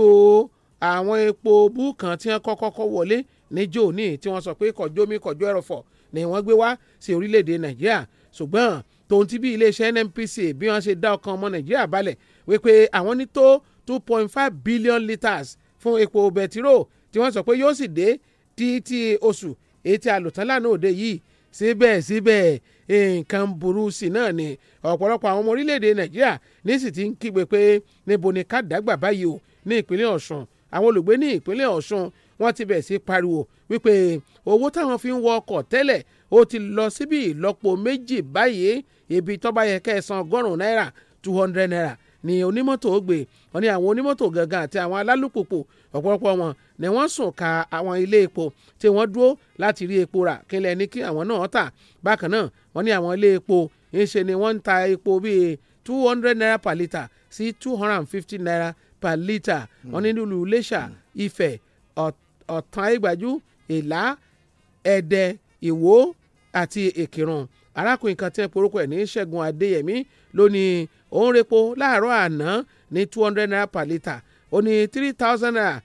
àwọn epo bú kan tí wọ́n kọ́kọ́ wọlé níjó ní tí wọ́n sọ pé kọjómi kọjó ẹrọ̀fọ̀ ni wọ́n gbé wá sí orílẹ̀-èdè nàìjíríà ṣùgbọ́n tòun ti bí iléeṣẹ́ NNPC bí wọ́n ṣe dá ọkàn ọmọ nàìjíríà balẹ̀ wípé àwọn ní tó two point five billion litres fún epo bẹtiró tí wọ́n sọ pé yóò sì dé títí oṣù etí àlòtán lánàá òde yìí síbẹ̀síbẹ̀ nǹkan burú sí náà ni ọ̀pọ̀lọpọ̀ àwọn ọmọ orílẹ̀-èdè nàìjíríà ní sì ti ń kígbe pé níbo ni kàdágbà báyìí o ní ìpínlẹ̀ ọ̀ṣun àwọn olùgbé ní ìpínlẹ̀ ọ̀ṣun wọ́n ti bẹ̀ sí pariwo wípé owó táwọn fi ń wọ ọkọ̀ tẹ́lẹ̀ ó ti lọ síbi ìlọ́po méjì báyìí ibi tó yẹ kẹ́ san ọgọ́rùn-ún náírà two hundred naira ni onímọ́tò ó gbé wọn ní àwọn onímọ́tò gangan àti àwọn alálùpùpù ọ̀pọ̀lọpọ̀ wọn ni wọ́n sùn ka àwọn ilé epo tí wọ́n dúró láti rí epo rà kílẹ̀ ní kí àwọn náà tà bákan náà wọ́n ní àwọn ilé epo ńṣe ni wọ́n ń ta epo bíi two hundred naira per litre sí two hundred and fifty naira per litre wọ́n ní lulu Iléṣà Ifẹ̀ Ọ̀tàn Ìgbàjú Ìlá Ẹ̀dẹ Ìwó àti Ìkìrùn arákùnrin kan tí ń porúkọ ẹ̀ ní Ṣẹ́gun Adéyẹmí lónìí òun repo láàárọ̀ àná ní two hundred naira per litre ó ní three thousand naira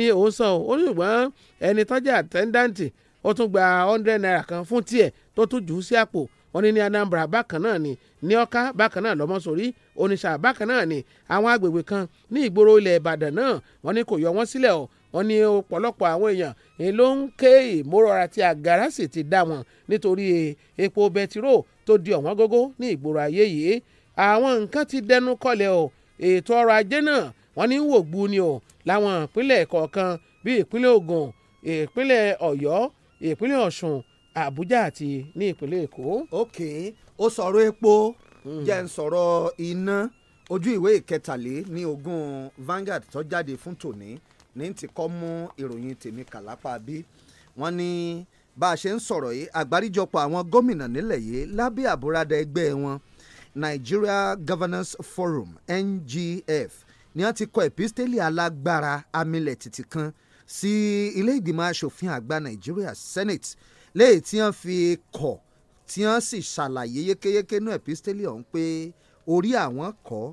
ní òun san ó ní ṣùgbọ́n ẹni tọ́jà àtẹ́ndáǹtì ó tún gba hundred naira kan fún tiẹ̀ tó tún jù ú sí àpò wọn ní ní Anambra bákan náà ni ní Ọ̀ká bákan náà lọ́mọ́sórí Oníṣà bákan náà ni àwọn agbègbè kan ní ìgboro ilẹ̀ Ìbàdàn náà wọn ní kò yọ wọn sílẹ̀ o wọn ní ọ̀pọ̀lọpọ̀ àwọn èèyàn ni ló ń ké ìmúrọ̀ra tí àgàrà sì ti dá wọn nítorí epo bẹtiró tó di ọ̀wọ́n gógó ní ìgboro ayé yìí àwọn nǹkan ti dẹnu kọlẹ̀ o ètò ọrọ̀ ajé náà wọ́n ní wògbú ni o láwọn ìpínlẹ̀ kọ̀ọ̀kan bíi ìpínlẹ̀ Ògùn ìpínlẹ̀ Ọ̀yọ́ ìpínlẹ̀ Ọ̀ṣun Àbújá àti ní ìpínlẹ̀ Èkó. ok ó sọ̀rọ̀ epo hmm. jẹ́ ń sọ̀rọ̀ iná ojú ìwé ìkẹtàlé ní ogún Vanguard tó jáde fún tòní ní ti kọ́ mú ìròyìn tèmi kàlápà bí wọ́n ní bá a ṣe ń sọ̀rọ̀ yìí àgbáríjọpọ̀ àwọn gómìnà nílẹ̀ yìí lábẹ́ àbúradà ẹgbẹ́ wọn Nigeria Governance Forum NGF ni wọ́n ti kọ epistelli alágbára amilẹ̀ tìtì kan sí ilé ìgbìmọ̀ asòfin àgbà Nigeria Senate léyìí tí wọ́n fi kọ̀ tí wọ́n sì ṣàlàyé yékéyéké náà epistelli ọ̀hún pé orí àwọn kọ́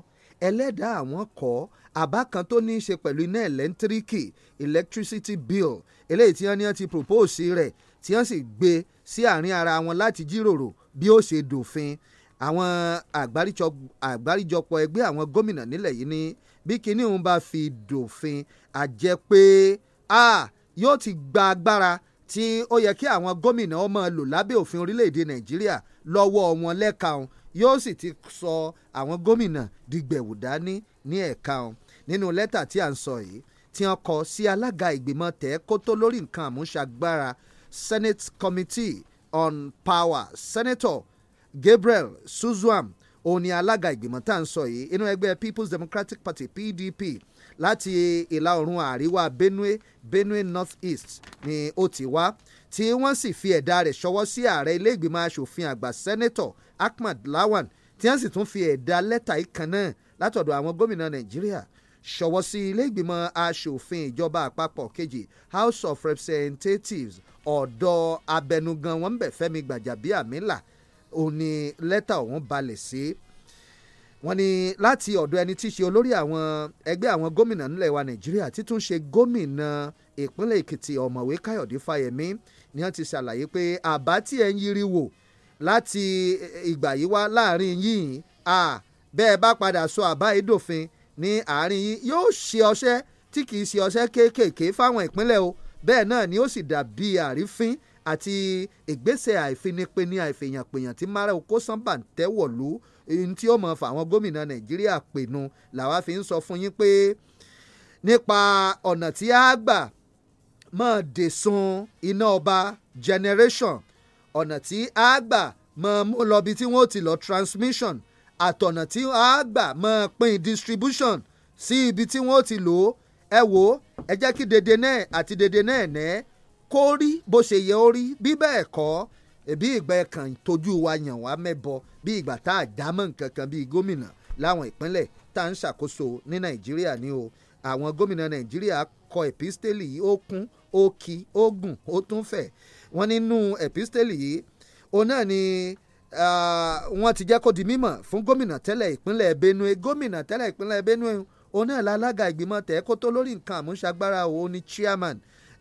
ẹlẹ́dàá àwọn kọ́ àbá kan tó ní í ṣe pẹ̀lú iná ẹ̀lẹ́ntíríkì electricity bill eléyìí tí wọ́n ní wọ́n ti propose rẹ̀ tí wọ́n sì gbé sí àárín ara wọn láti jíròrò bí ó ṣe dòfin àwọn àgbáríjọpọ̀ ẹgbẹ́ àwọn gómìnà nílẹ̀ yìí ni bí kinní òun bá fi dòfin àjẹ pé yóò ti gba agbára tí ó yẹ kí àwọn gómìnà ọmọ lò lábẹ́ òfin orílẹ̀-èdè Nàìjíríà lọ́wọ́ wọn lẹ́ka òun yóò sì ti sọ àwọn gómìnà dìgbẹ̀wò dání ní ẹ̀ka òun nínú lẹ́tà tí à ń sọ yìí tí wọ́n kọ sí alága ìgbìmọ̀ tẹ̀ kó tó lórí nǹkan àmúṣagbára Senate Committee on Power Senator Gabriel Suzuam òun ni alága ìgbìmọ̀ tá à ń sọ yìí inú ẹgbẹ́ People's Democratic Party PDP láti ìlà oòrùn àríwá Benue Benue North East ni ó ti wá tí wọ́n sì fi ẹ̀dà rẹ̀ ṣọwọ́ sí ààrẹ ilé ìgbìmọ̀ asòfin àgbà sẹ́nẹ́tọ̀ Ahmad Lawan tí wọ́n sì tún fi ẹ̀dà lẹ́tà ìkan náà látọ̀dọ̀ àwọn gómìnà Nàìjíríà ṣọwọ́ sí ilé ìgbìmọ̀ asòfin ìjọba àpapọ̀ kejì House of Representatives ọ̀dọ̀ abẹnugan wọn bẹ̀ Fẹ́mi Gbàjàbíàmílà òun ni lẹ́tà ọ̀hún balẹ̀ sí wọ́n ní láti ọ̀dọ̀ ẹni tí í ṣe olórí àwọn ẹgbẹ́ àwọn gómìnà nílẹ̀ wa nàìjíríà títún ṣe gómìnà ìpínlẹ̀ èkìtì ọ̀mọ̀wé káyọ̀dé fáyẹ̀mí ni wọ́n ti ṣàlàyé pé àbá tí ẹ̀ ń yiri wò láti ìgbà yìí wá láàrin yìí à bẹ́ẹ̀ bá padà sọ àbá ìdòfin ní àárín yìí yóò ṣe ọṣẹ́ tí kì í ṣe ọṣẹ́ kéékèèké fáwọn ìpínlẹ̀ o bẹ́ẹ̀ náà ni ó sì dàbí àrífín àti ìgbésẹ̀ àìfinipeni àìfèèyànpèèyàn tí mara oko sanba ń tẹ́wọ̀lú ohun tí ó mọ̀ fà àwọn gómìnà nàìjíríà pinnu làwa fi ń sọ fún yín pé nípa ọ̀nà tí a gbà mọ́ dẹ̀sùn iná ọba generation ọ̀nà tí a gbà mọ́ mú lọ tí wọ́n ti lọ transmission àtọ̀nà tí a gbà mọ́ pín distribution sí ibi tí wọ́n ti lò ó ẹ wò ó ẹ jẹ́ kí dèdè náà àti dèdè náà nẹ́ẹ́ kó rí bó ṣe yẹ ó rí bí bẹ́ẹ̀ kọ́ bí ìgbà ẹ̀kan tójú wa yàn wá mẹ́bọ bí ìgbà tá a jámọ́ nǹkan kan bíi gómìnà láwọn ìpínlẹ̀ tá a ń ṣàkóso ní nàìjíríà ni o àwọn gómìnà nàìjíríà kọ ẹ̀písítélì yìí ó kún ó ki ó gùn ó tún fẹ̀ wọ́n nínú ẹ̀písítélì yìí òun náà ni wọ́n ti jẹ́ kó di mímọ̀ fún gómìnà tẹ́lẹ̀ ìpínlẹ̀ benue gómìnà tẹ́lẹ̀ ìpínlẹ̀ benue òun náà lálága ìgbìmọ̀ tẹ́ kó tó lórí nǹkan àmúṣagbára òun ni chairman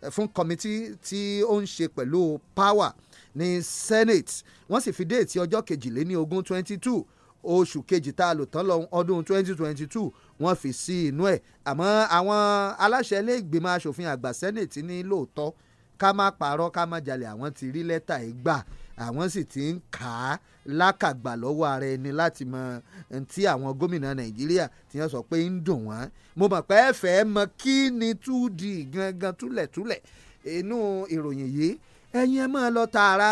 Eh, fún kọ́mítì tí ó ń ṣe pẹ̀lú power ní senate wọ́n sì fi déètì ọjọ́ kejìléní ogún twenty two oṣù kejì tá a lò tán lọ ọdún twenty twenty two wọ́n fi sí inú ẹ̀ àmọ́ àwọn aláṣẹ ilé ìgbìmọ̀ asòfin àgbà senate ní lóòótọ́ ká má parọ́ ká má jalè àwọn ti rí lẹ́tà ẹ̀ gbà àwọn sì ti ń kà á lákàgbà lọ́wọ́ ara ẹni láti mọ tí àwọn gómìnà nàìjíríà ti yàn sọ pé ń dùn wọ́n mo mọ̀ pé ẹ fẹ́ mọ kí ni 2D gangan túlẹ̀túlẹ̀ inú ìròyìn yìí ẹ̀yin ẹ máa lọ tààrà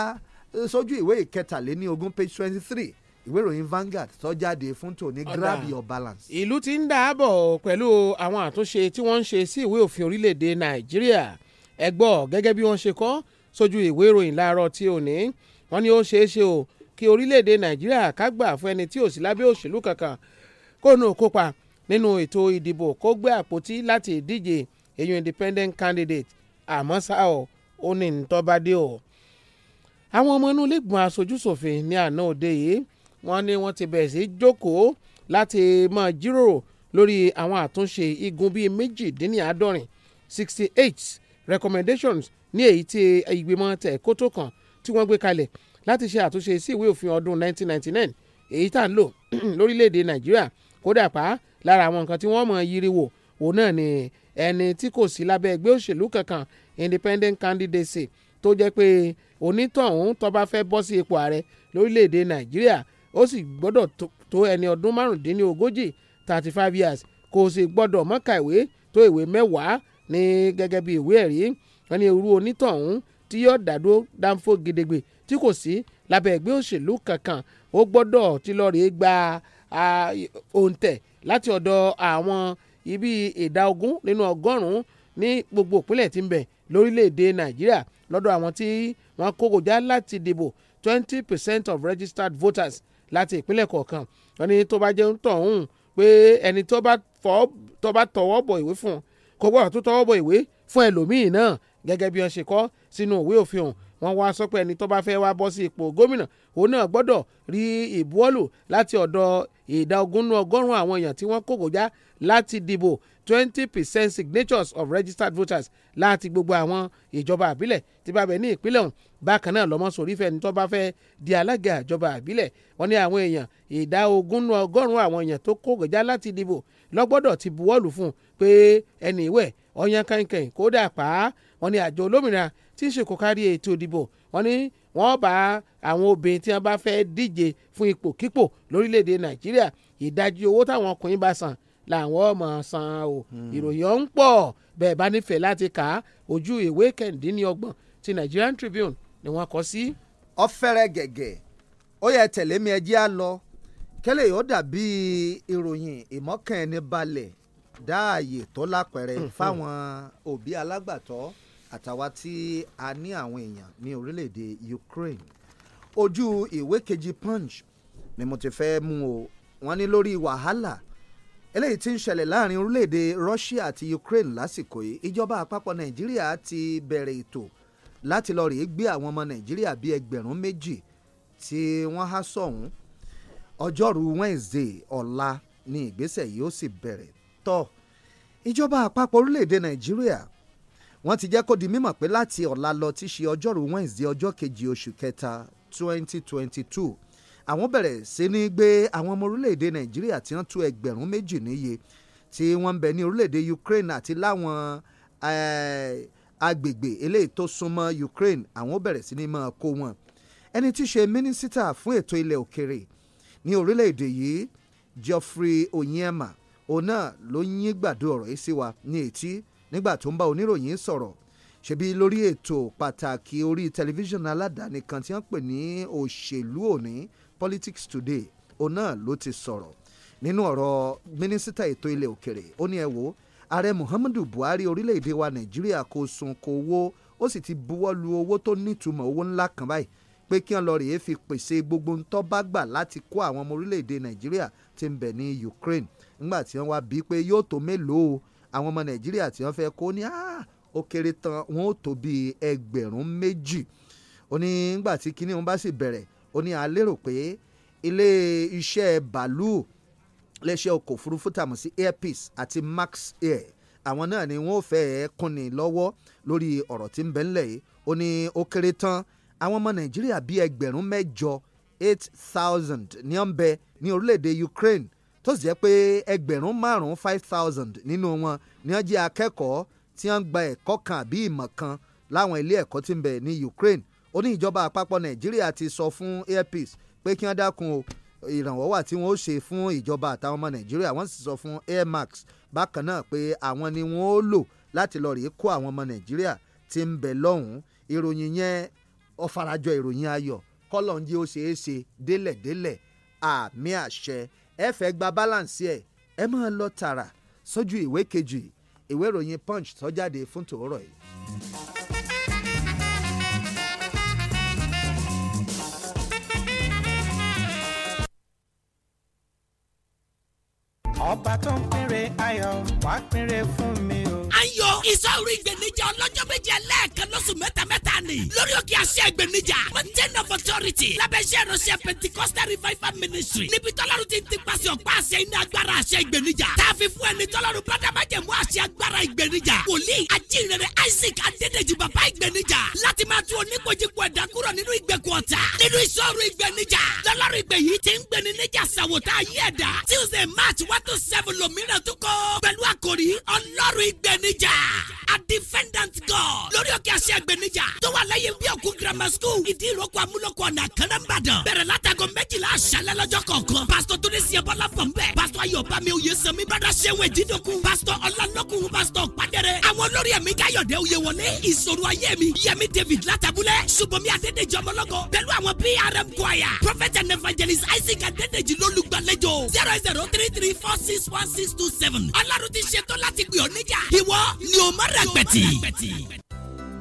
sójú ìwé ìkẹtàléní ogún page twenty three ìwé ìròyìn Vanguard tó jáde fún tòní grab your balance. ìlú ti ń dáàbọ̀ pẹ̀lú àwọn àtúnṣe tí wọ́n ń ṣe sí ìwé òfin orílẹ̀-èdè nàìjíríà ẹ gbọ́ gẹ́gẹ́ bí wọ́n ṣe kọ́ sójú ìwé ìròyìn láàárọ̀ tí ò ní wọ́n ní ó ṣeé ṣe o kí orílẹ̀-èdè nàìjíríà ká gbà fún ẹni tí ò sí lábẹ́ òṣèlú kankan kó nù kópa nínú ètò ìdìbò kó gbé àpótí láti díje èyàn independent candidate àmọ́ ṣá o ó ní ntọ́badé o. àwọn ọmọ inú lẹ́gbọ̀n aṣojúṣòfin ní àná òde yìí wọ́n ní wọ́n ti bẹ̀rẹ̀ sí jókòó láti máa jíròrò lórí àwọn àtúnṣe igun bíi méjìdínláàádọ́rin sixty eight recommendations ní èyí tí ìgbìmọ̀ tẹ̀ kótó kan tí wọ́n gbé kalẹ̀ láti ṣe àtúnṣe sí ìwé òfin ọdún 1999 èyí tá à ń lò lórílẹ̀‐èdè nàìjíríà kódà pa lára àwọn nǹkan tí wọ́n mọ̀ yiri wò òun náà ni ẹni tí kò sí lábẹ́ ẹgbẹ́ òṣèlú kankan independent candidacy tó jẹ́ pé onítọ̀hún tó bá fẹ́ bọ́ sí ipò ààrẹ lórílẹ̀‐èdè nàìjíríà ó sì gbọ́dọ̀ tó ẹni ọdún márùndínlógójì thirty five years kò sì gbọ́dọ̀ mọ́ka ìwé tó ìwé mẹ́wàá ní gẹ́gẹ́ bí ìwé ẹ̀rí wọn ni irú onítọ̀hún tí yóò dàdúró dáńfó gedegbe tí kò sí lábẹ́ ẹgbẹ́ òṣèlú kankan ó gbọ́dọ̀ ti lọ rèé gba òǹtẹ̀ láti ọ̀dọ̀ àwọn ibi ìdá ogún nínú ọgọ́rùn-ún ní gbogbo ìpínlẹ̀ tí ń bẹ lórílẹ̀‐èdè nàìjíríà lọ́dọ̀ àwọn tí wọ́n kókò já láti dìbò twenty percent of registered voters láti ìpínlẹ̀ kọ̀ọ̀kan wọ́n ní tó bá jẹ́ ń tọ̀ ọ̀hún pé ẹni tó bá tọwọ́ bọ̀ ìwé fún kò gbọ́dọ̀ tó tọwọ́ bọ̀ ìwé fún ẹlòmíì náà gẹ́gẹ́ bí wọ́n ṣe kọ sínú òwe òfin ọ̀hún wọ́n wá sọ pé ẹni tó bá fẹ́ wá bọ́ sí ipò gómìnà òun náà gbọ́dọ̀ rí ìbuwọ́lù láti ọ̀dọ̀ ìdá ogún ọgọ́rùn-ún àwọn èèyàn tí wọ́n kógojá láti dìbò twenty percent signatures of registered voters láti gbogbo àwọn ìjọba àbílẹ̀ tí bá bẹ̀ ní ìpínlẹ̀ ọ̀hún bákan náà lọ́mọ sórí fẹ́ni tó bá fẹ́ di alága ìjọba àbílẹ̀ wọ́n ní àwọn èèyàn ìdá ogún ọgọ́rùn-ún àwọn èèyàn tó kógojá láti dìbò lọ́gbọ́dọ̀ ti buwọ́lù fún un pé ẹnì ìwẹ̀ ọ̀yàn kẹ̀kẹ́ kódà pa wọ́n ní àjọ olómìnira tí í ṣe kò kárí ètò ìdìbò wọ́n ní wọ́n bá àwọn obìnrin tí wọ́n bá fẹ́ díje fún ipò kípò lórílẹ̀‐èdè nàìjíríà ìdajì owó táwọn ọkùnrin bá san làwọn ọmọ san o hmm. ìròyìn ọ̀hún pọ̀ bẹ́ẹ̀ bá nífẹ̀ẹ́ láti kà á ojú ìwé kẹ̀ǹdínlọ́gbọ̀n ti Nigerian Tribune ni wọ́n kọ sí. ọ̀fẹ́rẹ́ gẹ̀gẹ̀ ó yẹ tẹ̀lé mi ẹjẹ́ á lọ kẹ́lẹ́ yóò dàbí ìròyìn ìmọ̀kàn dá àyè tó lápẹẹrẹ hmm, hmm. fáwọn òbí alágbàtọ́ àtàwa tí a ní àwọn èèyàn ní orílẹ̀-èdè Ukraine ojú ìwé kejì punch ni mo ti fẹ́ mú o wọ́n ní lórí wàhálà eléyìí tí ń ṣẹlẹ̀ láàrin orílẹ̀-èdè Russia àti Ukraine lásìkò yìí ìjọba àpapọ̀ Nàìjíríà ti bẹ̀rẹ̀ ètò láti lọ rèé gbé àwọn ọmọ Nàìjíríà bíi ẹgbẹ̀rún méjì tí wọ́n há sọ̀hún ọjọ́rú Wednesday ọ̀la ni ìgbésẹ̀ yìí ó sì bẹ̀rẹ̀ tọ́ ìjọba àpapọ̀ orílẹ̀-èdè nàìjíríà wọ́n ti jẹ́ kó di mímọ̀ pé láti ọ̀la lọ tí ṣe ọjọ́rùú Wednesday ọjọ́ kejì oṣù kẹta 2022 àwọn bẹ̀rẹ̀ sí ní gbé àwọn ọmọ orílẹ̀-èdè nàìjíríà tí wọ́n tó ẹgbẹ̀rún méjì níye tí wọ́n ń bẹ ní orílẹ̀-èdè Ukraine àti láwọn eh, agbègbè eléyìí tó súnmọ́ Ukraine àwọn bẹ̀rẹ̀ sí ní máa kó wọn ẹni tí í ṣe mínísítà fún ètò ilẹ̀ òkèrè ní orílẹ̀-èdè yìí Geoffrey Onyema òun náà ló yín gbàdo ọ̀rọ̀ yìí sí wa ní etí nígbà tó ń bá oníròyìn sọ̀rọ̀ ṣebí lórí ètò pàtàkì orí tẹlifíṣàn aládàáni kan tí wọ́n pè ní òṣèlú òní politics today òun náà ló ti sọ̀rọ̀ nínú ọ̀rọ̀ mínísítà ètò ilẹ̀ òkèrè ó ní ẹ wo ààrẹ muhammadu buhari orílẹ̀-èdè wa nàìjíríà kò sun kò wo ó sì ti buwọ́ lu owó tó nítumọ̀ owó ńlá kan báyìí pé kí wọn lọ rèé fi pèsè gbogbo ntọ́ bá gbà láti kó àwọn ọmọ orílẹ̀-èdè nàìjíríà tí ń bẹ ní ukraine ńgbà tí wọ́n wá bí pé yóò tó mélòó àwọn ọmọ nàìjíríà tí wọ́n fẹ́ kó ní ó kéré tán wọn ó tó bí ẹgbẹ̀rún méjì ó ní ńgbà tí kinní wọn bá sì bẹ̀rẹ̀ ó ní a pé ilé iṣẹ́ bàálù iléeṣẹ́ ọkọ̀ òfurufú tàmọ̀ sí airpeace àti max air àwọn náà ni wọ́n fẹ́ kúnni lọ́wọ́ lórí ọ̀rọ̀ tí ń bẹ ńlẹ̀ yìí ó ní ó kéré tán àwọn ọmọ nàìjíríà bíi ẹgbẹ̀rún mẹ́jọ eight thousand ní ọ̀nbẹ ní orílẹ̀-èdè Ukraine tó sì jẹ́ pé ẹgbẹ̀rún márùn-ún five thousand nínú wọn ni wọ́n jẹ́ akẹ́kọ̀ọ́ tí wọ́n ń gba ẹ̀kọ́ kan àbí ìmọ̀ kan láwọn ilé ẹ̀kọ́ tí ń bẹ ní Ukraine ó ní ìjọba àpapọ̀ Nàìjíríà ti sọ fún Airpeace pé kí wọ́n dákun o ìrànwọ́ wà tí wọ́n ó ṣe fún ìjọba àtàwọn ọmọ Nàìjíríà wọ́n sì sọ fún Airmax bákan náà pé àwọn ni wọ́n ó lò láti lọ rèé kó àwọn ọmọ Nàìjíríà tí ń bẹ lọ́hùn-ún ìròyìn yẹn ọ̀farajọ ìròyìn ayọ̀ kọ́lọ̀ ń jẹ́ ó ṣeé ṣe délẹ̀délẹ̀ àmì àṣẹ ẹ fẹ́ gba balance ẹ̀ ẹ máa lọ tààrà sójú ìwé kejì ìwé ìròyìn punch tó jáde fún tòórọ̀ yìí. ọba tó ń pèrè ayọ̀ wá pèrè fún mi ìsọ̀rù ìgbènijà ọlọ́jọ́ méje ẹlẹ́ẹ̀kan lóṣù mẹ́tamẹ́ta ni lórí òkè àṣẹ ìgbènijà mountain of authority lábẹ́sẹ̀ ìránṣẹ́ pentikosta revival ministry níbi tọ́lọ́run ti ń ti pàṣẹ ọ̀pá àṣẹ iná agbára àṣẹ ìgbènijà tá a fi fún ẹni tọ́lọ́run bọ́dá májẹ̀mú àṣẹ agbára ìgbènijà wòlíì ajínrere Isaac Adédèjì bàbá ìgbènijà láti máa tún oníkojúkọ ẹ̀dá kúrò nínú ìgbèkù ọ̀tá nínú ìṣòro ìgbènijà lọ́lọ́run ìgbè yìí ti ń gbèni níjà sàwòtá ayé ẹ̀dá Tuesday March one seven lòmíràn tó kọ́ pẹ̀lú àkòrí ọlọ́run ìgbènijà a defendant God lórí òkè àṣẹ ìgbénijà tó wà lẹ́yìn bí òkú grammar school ìdí ìrókò amúlòkọ ọ̀nà kanambadan bẹ̀rẹ̀ látago méjìlá àṣálẹ́ lọ́jọ́ kọ̀ọ̀kan pásítọ̀ tó ní sí ẹbọlá fọ̀ nbẹ pásítọ̀ ayọ̀bámi oyèsànmi bàdà sẹ́wọ̀n ìdídọ́kun pásítọ̀ ọlálọ́kùn pásítọ̀ pàdẹ́rẹ́ àwọn olórí ẹ̀mí káyọ̀dé oyèwọlé ìṣòro ayé mi yẹmi david látàbúlẹ̀ ṣùgbọ́nmi adédèjì ọmọlọ́gọ pẹ̀lú àwọn prm choir prophet and evangelist isaac adédèjì lólùgbàlejò zero zero three three four six one six two seven ọlọ́run ti ṣetán láti gbìyànjú níjà ìwọ ni odò mọ́rẹ̀pẹ̀tì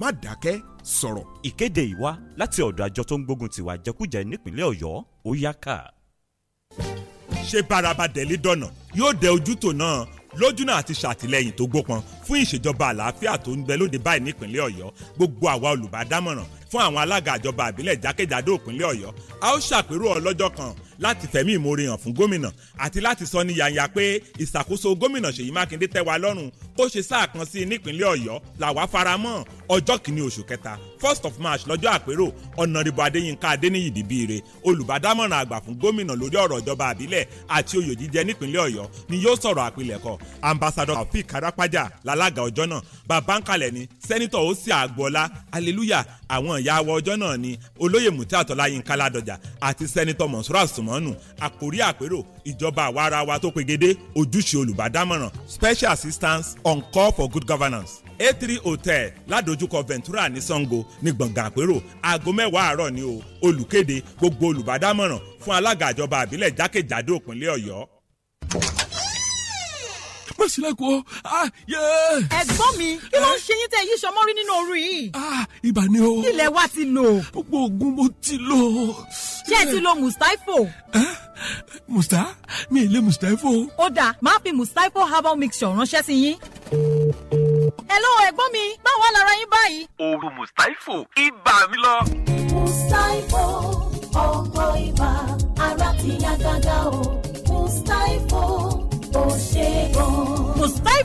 má dákẹ́ sọ̀rọ̀. ìkéde ìwá láti ọ̀dọ̀ àjọ tó ń gbógun tiwa jẹkújẹ nípínlẹ̀ ọ̀yọ́ ó yá ká. ṣé báraba dẹ̀lí dọ̀nà yóò dẹ ojútò náà lójúnà àti ṣàtìlẹ́yìn tó gbópọn fún ìṣèjọba àlàáfíà tó ń bẹ lóde báyìí nípínlẹ̀ ọ̀yọ́ gbogbo àwa olùbádámọ̀ràn fún àwọn alága àjọba àbílẹ̀ jákèjádò ìpínlẹ̀ ọ̀yọ́ a ó ṣàpérò ọlọ́jọ́ kan láti fẹ̀mí ìmoore hàn fún gómìnà àti láti sọ ní yàyà pé ìṣàkóso gómìnà Ṣèyí Mákindé tẹ́ wa lọ́rùn tó ṣe sáà kan sí nípínlẹ̀ Ọ̀yọ́ làwa faramọ́ ọjọ́ kìíní oṣù kẹta first of March lọ́jọ́ àpérò ọ̀nàrìbọ̀ Adéyínká Adéníyì Dìbíire olùbádámọ̀ràn àgbà fún gómìnà lórí ọ̀rọ̀ ìjọba àbílẹ̀ àti oyè jíjẹ nípínlẹ̀ Ọ̀yọ́ ni yóò sọ̀rọ̀ àpilẹ̀kọ ambassadọ Taofik Karapaja lálága ọjọ́ náà Babáńkalẹ̀ ni sẹ́nitọ̀ Osi Agboola hallelujah àwọn ìyàwó ọjọ́ náà ni olóyè Mutiatola Yinka Ládọjà àti sẹ́nitọ̀ Monsura Sum mọ̀ọ́nù àkórí àpérò ìjọba àwarawa tó pegedé ojúṣe olùbádámọ̀ràn special assistance on call for good governance a three hotel ládojúkọ ventura ní sango ní gbọ̀ngàn àpérò aago mẹ́wàá àárọ̀ ni o olùkéde gbogbo olùbádámọ̀ràn fún alága ìjọba àbílẹ̀ jákèjádò ìpínlẹ̀ ọ̀yọ́ má sí lẹ́kọ̀ọ́. ẹ̀gbọ́n mi kí ló ń eh? ṣe yín tẹ yí sọmọ́rí nínú òru yìí. Ah, ibà ni o. ilẹ̀ wa ti lò. gbogbo oògùn mo ti lò. ṣé ẹ ti lo mustapho. Eh? musta mi ì lé mustapho. ó dáa máa fi mustapho herbal mixture ránṣẹ́ sí yín. Hello ẹ̀gbọ́n mi báwo lára yín báyìí. Oru Mustapho ibà mi lọ. Mustapho ọkọ ibà ara ti yá gágá o Mustapho. chegou. Os vai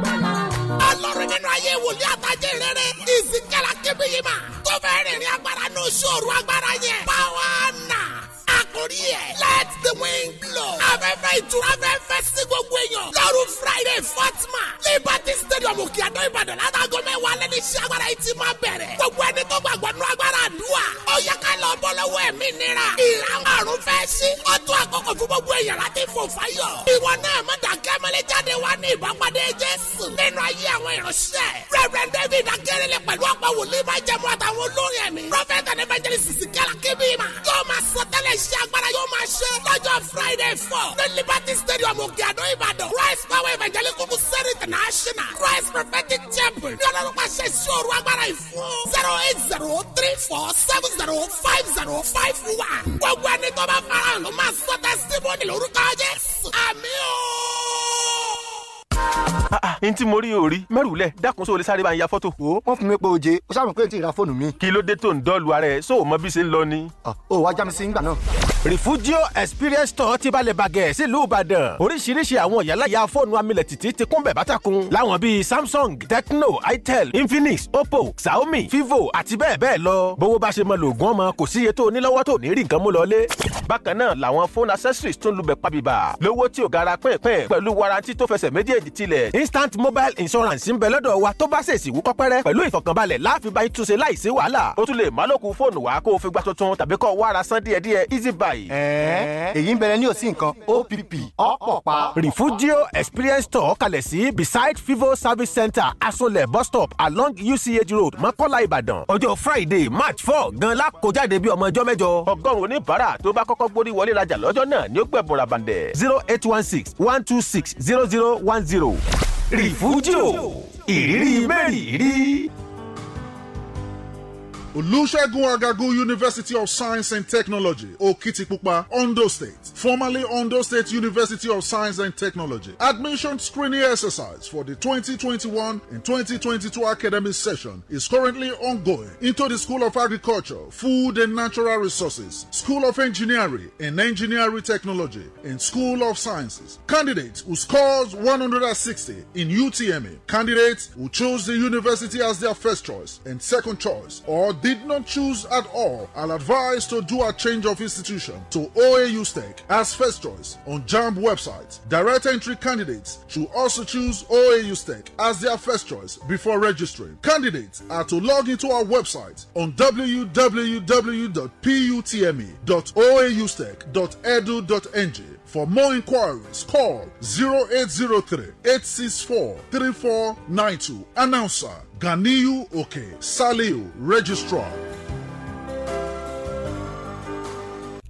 ọlọ́run nínú ayé wòlíì àtàjẹ́ rere ìsìnkẹ́lá kébìyìmá tó rìnrìn agbára ní oṣù òru agbára yẹn. báwa ní lórí ẹ̀. let the wind blow. afẹ́fẹ́ ìtura fẹ́fẹ́ sí gbogbo èèyàn. lọ́rùn friday fatima. liberty stadium òkè àdó ìbàdàn látago mẹ́wàá lẹ́ni iṣẹ́ agbára yìí ti máa bẹ̀rẹ̀. gbogbo ẹni tó gbàgbọ́ nú agbára àdúrà. ó yẹ ká lọ bọ́ lọ́wọ́ ẹ̀mí nira. ìlànà àrùn fẹ́ sí. ó tó àkókò fún gbogbo èèyàn láti fò fáyọ̀. ìwọ náà má dàgẹ́ mẹ́lẹ́ jáde wá ní ìbápadé jésù. nínú ayé àwọn ìránṣẹ́. reverend david akérèlé pẹ̀lú ọ̀pọ̀ wòlíì máa jẹ́mu àtàwọn olórin ẹ̀mí. prophet and evangelist sikala kébìmá. yóò máa sọ tẹ́lẹ̀ iṣẹ́ ag alágbára yóò máa ṣe lọ́jọ́ Friday four ní Liberty Stadium òkè àdó Ìbàdàn Christ Power Evangelical Crusade International Christ Prophetic Chapel ní ọlọ́run pàṣẹ ìṣòro agbára ìfún zero eight zero three four seven zero five zero five one gbogbo ẹni tó bá farahàn ló máa sọ tẹ́sítímọ́nì lórúkọ Jésù àmín o. Ah, ah, n tí mo rí orí mẹ́rùlẹ̀ dákun sóò lè sáré bá ń ya fọ́tò. o wọ́n fún mi pé oje o sábà pé n ti ra fóònù mi. kí ló dé tó ń dọ́ọ̀lù ara ẹ̀ sóò mọ bí ṣe ń lọ ni. o ah, wá já mi sí ngbà náà. Refugio Experience Store ti balẹ̀ bàgẹ́ sílùú Ìbàdàn oríṣiríṣi àwọn ìyálàyà fóònù amílẹ̀ tìtì ti kún bẹ̀ bátakùn láwọn bíi Samsung Tecno Itel Infinix Oppo Xiaomi Vivo àti bẹ́ẹ̀ bẹ́ẹ̀ lọ bówó bá ṣe mọ lògùn ọmọ kò síye tó nílọ́wọ́ tó ní accessories tún lubẹ̀ pabìbà lówó tí ò gara pẹ́ẹ̀pẹ́ẹ̀ pẹ̀lú warranty tó méjèèjì tilẹ̀ instant mobile insurance ń bẹ lọ́dọ̀ wa tó bá ṣèṣì wú kọ́pẹ́rẹ́ pẹ̀lú ìfọ̀kànbalẹ̀ láàfin bá túnṣe láìsí wàhálà ó tún lè má lókun fóònù wa kó o fi gba tuntun tàbí kó o ara san díẹ̀díẹ̀ easy buy. ẹ̀ẹ́ èyí ń bẹ̀rẹ̀ ní òsì nǹkan OPP ọ̀pọ̀ pa. Refugio Experience Store kalẹ̀ sí beside Vivo Service Center Asolẹ̀ bus stop along UCH road Mọ́kọ́lá Ìbàdàn ọjọ́ Friday March four gan la kó jáde bí ọmọ ọjọ́ mẹ́jọ. ọgọ́rùn-ún oníbàárà tó bá kọ́kọ́ gbórí wọlé rajà lọ́jọ́ náà ni ó gbẹ̀bùn ràbàndẹ̀ zero eight one six one two six zero zero one zero zero refugio ìrírí mẹ́rìírí. Olusegun Agagu University of Science and Technology, Okitipupa, Ondo State, formerly Ondo State University of Science and Technology. Admission screening exercise for the 2021 and 2022 academic session is currently ongoing into the School of Agriculture, Food and Natural Resources, School of Engineering and Engineering Technology, and School of Sciences. Candidates who scores 160 in UTME, candidates who choose the university as their first choice and second choice or did not choose at all are advised to do a change of institution to OAU STEC as first choice on JAMB website. Direct entry candidates should also choose OAU STEC as their first choice before registering. Candidates are to log into our website on www.putme.oaustech.edu.ng For more inquiries, call 0803 864 3492. Announcer Ganiyu Oke Saliu, Registrar.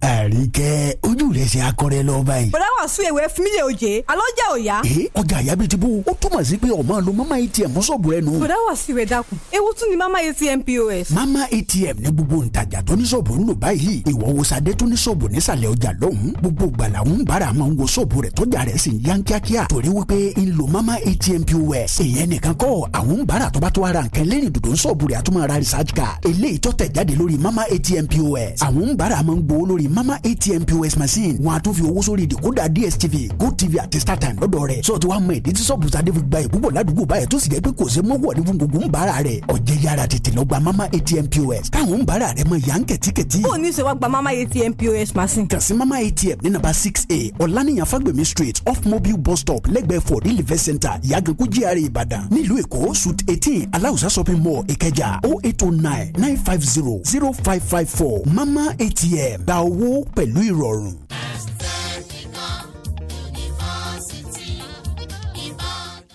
àríkẹ́ ojú rẹ̀ ṣe akọrẹ lọ báyìí. bọ̀dá wà sún ewé fún mi lè oje alọ́ jẹ́ òya. ee ọjà àyà bíi ti bó túmọ̀ sí pé ọmọ lo mama atm sọ̀bù ẹnu. bọ̀dá wà sí ìwé dákun ewu tún ni mama atm pos. mama atm ní gbogbo ntajà tó ní sọ̀bù ń lò báyìí ìwọ wo sadé tó ní sọ̀bù nísàlẹ̀ ọjà lọ́hùn gbogbo gbala ń bára máa ń wo sọ̀bù rẹ̀ tọ́jà rẹ̀ sì ń yan kíákíá torí wípé ń lo mama atm pos. èèyàn nìkan kọ́ àwọn ń bára tọ́ba tó ara nǹkan lẹ́yìn dòdò ń sọ̀bù rẹ̀ àtúmọ̀ ara research mama atm pos. àwọn ń bára mama atm pos machine wọn a tún fi owó sórí ìdìkúdà dstv gotv àti startime lọ́dọ̀ rẹ̀ sọ ti wá mọ ìdí tí sọ́ọ̀bù sadé fi gba ìbúbọ̀ ládùúgbò báyìí tó sì jẹ́ pé kò ṣe mọ́wọ́ ní fún gbogbo ń bára rẹ̀ ọ̀jẹ̀ yára tètè lọ gba mama atm pos káwọn ń bára rẹ̀ mọ ìyá ń kẹ̀tíkẹ̀tí. ó ní ṣe wá gba mama atm pos machine. kàn sí mama atm ní nàbà six a ọ̀lànìyàn fagbemi street off mobile bus stop lẹ́gbẹ̀ẹ́ for real event center ìyàgànkú gr ìbàdàn nílùú èkó suit eighteen aláùsá shopping mall ìkẹjà o oh eight o oh nine nine five zero zero five five four mama atm gba owó pẹ̀lú ìrọ̀rùn.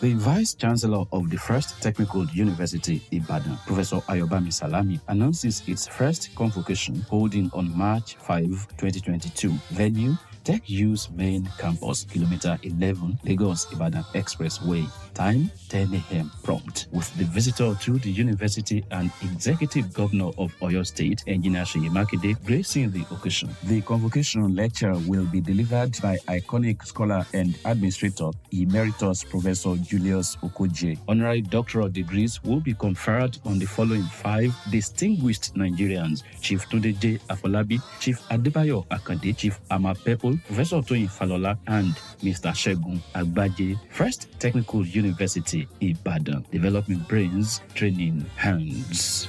The Vice Chancellor of the First Technical University, Ibadan, Professor Ayobami Salami, announces its first convocation holding on March 5, 2022. Venue Tech U's main campus, Kilometer 11, Lagos Ibadan Expressway. Time 10 a.m. prompt. With the visitor to the University and Executive Governor of Oyo State, Engineer Shimakide, gracing the occasion. The convocation lecture will be delivered by iconic scholar and administrator, Emeritus Professor Julius Okoje. Honorary doctoral degrees will be conferred on the following five distinguished Nigerians Chief Tundeje Afolabi, Chief Adebayo Akande, Chief Ama Professor Toyin Falola, and Mr. Shegun Agbaje, First Technical University, Ibadan, developing brains, training hands.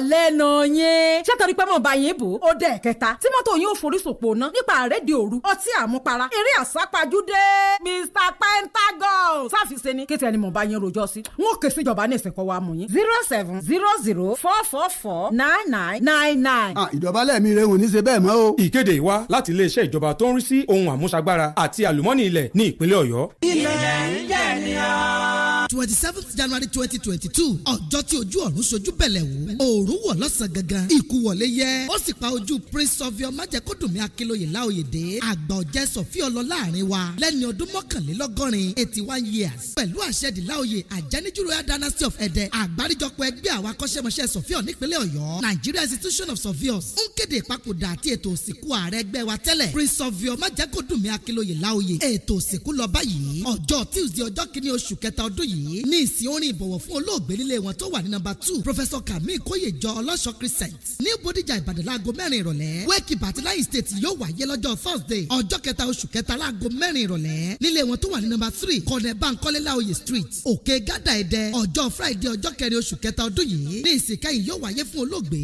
lẹ́nu yẹn ṣé torí pé bá yín bò ó dẹ̀ kẹta tí mọ́tò yín ò forí ná nípa àrédè òru ọtí àmupara eré àsápajúdé Mr Pentagon sáfìsẹ́ ni kí tẹ́ni mo bá yín rojọ́ sí n ó ké síjọba ní ìsìnkú wa mú yín zero seven zero zero four four four nine nine nine nine. Ah, ìdọ̀bálẹ̀ mi rehun ní ṣe bẹ́ẹ̀ mọ́ o. ìkéde wa láti iléeṣẹ́ ìjọba tó ń rí sí ohun àmúṣagbára àti àlùmọ́nì ilẹ̀ ní ìpínlẹ̀ ọ̀yọ́. ilẹ̀ ń jẹ́ ni ọ́ twenty seventh january twenty twenty two ọjọ́ tí ojú ọ̀run sojú bẹ̀lẹ̀ wò òòrùn wọ̀ lọ́sàn gangan ikú wọlé yẹ ó sì pa ojú prince sọfíọ májẹkọdùnmí akínlóye láòyèdè àgbà ọ̀jẹ̀ sọfíọ lọ láàrin wa lẹ́ni ọdún mọ́kànlélọ́gọ́rin eighty one years pẹ̀lú àṣẹdì láòyè àjẹnijúro royal dynasty of ẹdẹ àgbáríjọpọ̀ ẹgbẹ́ àwọn akọ́ṣẹ́mọṣẹ́ sọfíọ nípínlẹ̀ ọ̀yọ́ nigeria institution of sọfíọs ń kéde ìpapòdà àti ètò òsìnkú ààrẹ ẹgbẹ́ wa tẹ́lẹ̀ prince sọfíọ májẹkọdùnmí akínlóye láòyè ètò òsìnkú lọ báyìí ọjọ́ tuesday ọjọ́ kìíní oṣù kẹta ọdún yìí yìí ní ìsìn orin ìbọ̀wọ̀ fún olóògbé nílé wọn tó wà ní nọ́mbà two professor kamil kóyèjọ ọlọ́ṣọ́ crescent ní bódìjà ìbàdàn láago mẹ́rin ìrọ̀lẹ́ wẹ́ẹ̀kì bàtíláì state yóò wáyé lọ́jọ́ thursday ọjọ́ kẹta oṣù kẹta láago mẹ́rin ìrọ̀lẹ́ nílé wọn tó wà ní nọ́mbà three kọ̀nẹ̀ bankole laoye street òkè gádà ẹ̀dẹ ọjọ́ friday ọjọ́ kẹrin oṣù kẹta ọdún yìí ní ìsìnkẹ́yìn yóò wáyé fún olóògbé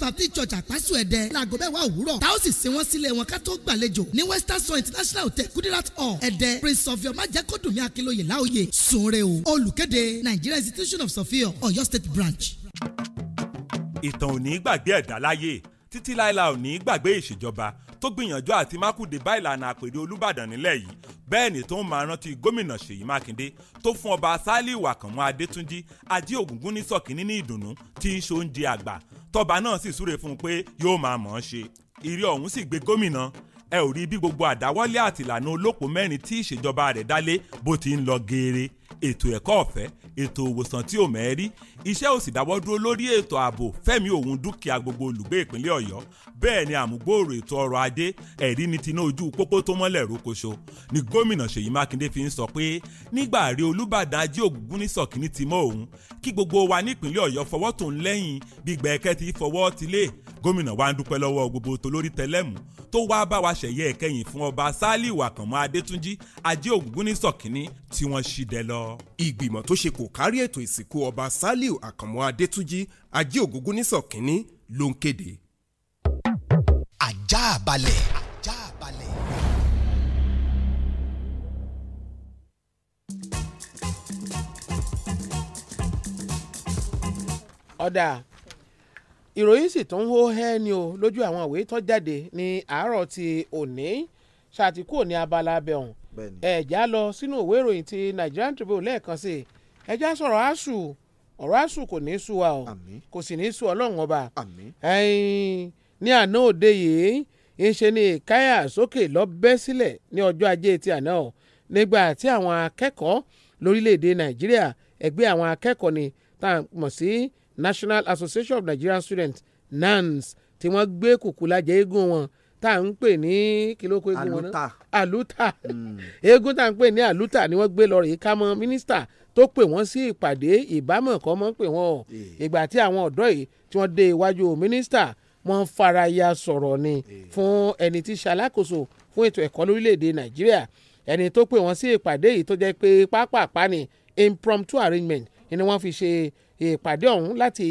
baptist church àpásù ẹ̀dẹ láago mẹ́wàá òwúrọ̀ tá ó sì sin wọn sílé wọn ká international hotel kudirat hall ẹ̀dẹ prince of your májẹ́kọ́dùnmí akínlóye láoye sùn re o olùkéde Nigeria Institution of Sofia Ọ̀yọ́ State Branch. ìtàn ò ní gbàgbé ẹ̀dá láyé títí láìla ò ní gbàgbé ìṣèjọba tó gbìyànjú àti mákùdé bá ìlànà àpèrè olùbàdàn nílẹ̀ yìí bẹ́ẹ̀ ni tó ń máa rántí gómìnà ṣèyí mákindé tó fún ọba sálíù àkànmú adétúnjì ajé ògúngún ní sọ̀kínní ní ìdùnnú tí í ṣoúnjẹ àgbà tọba náà sì súre fún un pé yóò máa mọ̀ ọ́n ṣe ìrí ọ̀hún sì gbé gómìnà ẹ ò rí bí gbogbo àdáwọ́lé àtìlànà olóko mẹ́rin tí ìṣèjọba rẹ̀ dálé bó ti ń lọ geere ètò ẹ̀kọ́ ọ̀fẹ́ ètò òwòsàn tí ò mẹ́rí iṣẹ́ ò sì dáwọ́ dúró lórí ètò ààbò fẹ́mi òun dúkìá gbogbo olùgbé ìpínlẹ̀ ọ̀yọ́ bẹ́ẹ̀ ni àmúgbòòrò ètò ọrọ̀ ajé ẹ̀rí ni tinú ojú pópó tó mọ́lẹ̀ rókoṣo ni gómìnà ṣèyí mákindé fi ń sọ pé nígbà rí olúbàdàn ajé ògúngún ní sọ̀kíní ti mọ́ òun kí gbogbo wa nípínlẹ̀ ọ̀yọ́ fọwọ́ tó ń lẹ́yìn gbígbà ẹ̀kẹ́ ti fọwọ́ ti lé gómìnà wa ń dúpẹ́ lọ́wọ́ gbogbo tolórí tẹlẹ́mù tó wá bá wa ṣẹ̀yẹ ẹ̀kẹ́yìn fún ọba sálíù adétúnjì ajé ògúngún ní sọ̀kíní tí wọ́n ṣì dẹ lọ lọ. ìgbìmọ̀ tó ṣe kò kárí ètò ìsìnkú ọba Sàlíù Àkànmú Adétúnjì ajé ògúngúnnísọ̀ kínní ló ń kéde. ajá balẹ̀. ọ̀dà ìròyìn sì tún hó hẹ́ ni o lójú àwọn ìwé tó jáde ní àárọ̀ ti òní ṣàtìkù ní abala abẹ́hùn ẹ̀já lọ sínú òwe ìròyìn ti Nigerian Tribune lẹ́ẹ̀kan sí ẹ̀já sọ̀rọ̀ asuu ọ̀rọ̀ àsùn kò ní í sú wa o kò sì ní í sú ọlọ́run ọba ní àná òde yìí ń ni ìkáyà sókè lọ́bẹ́ sílẹ̀ ní ọjọ́ ajé ti àná o nígbà tí àwọn akẹ́kọ̀ọ́ lórílẹ̀‐èdè nàìjíríà ẹgbẹ́ àwọn akẹ́kọ̀ọ́ ni tá a mọ̀ sí National Association of Nigerian Students NANS tí wọ́n gbé kùkù lájẹ eégún wọn tá à ń pè ní kìlókò eégún wọn náà àlùtà hmm. eégún tá à ń pè ní àlùtà ni wọ́n gbé lọ rèé ká mọ́ mínísítà tó pè wọ́n sí ìpàdé ìbámọ̀ kan mọ́ pè wọ́n eh. ìgbà tí àwọn ọ̀dọ́ yìí tí wọ́n dé iwájú mínísítà wọ́n faraya sọ̀rọ̀ ni eh. fún ẹni tí ṣalákòóso fún ètò ẹ̀kọ́ lórílẹ̀‐èdè nàìjíríà ẹni tó pè wọ́n sí ìpàdé yìí tó jẹ́ pé pápápá ni impromptu arrangement ni wọ́n fi ṣe ìpàdé ọ̀hún láti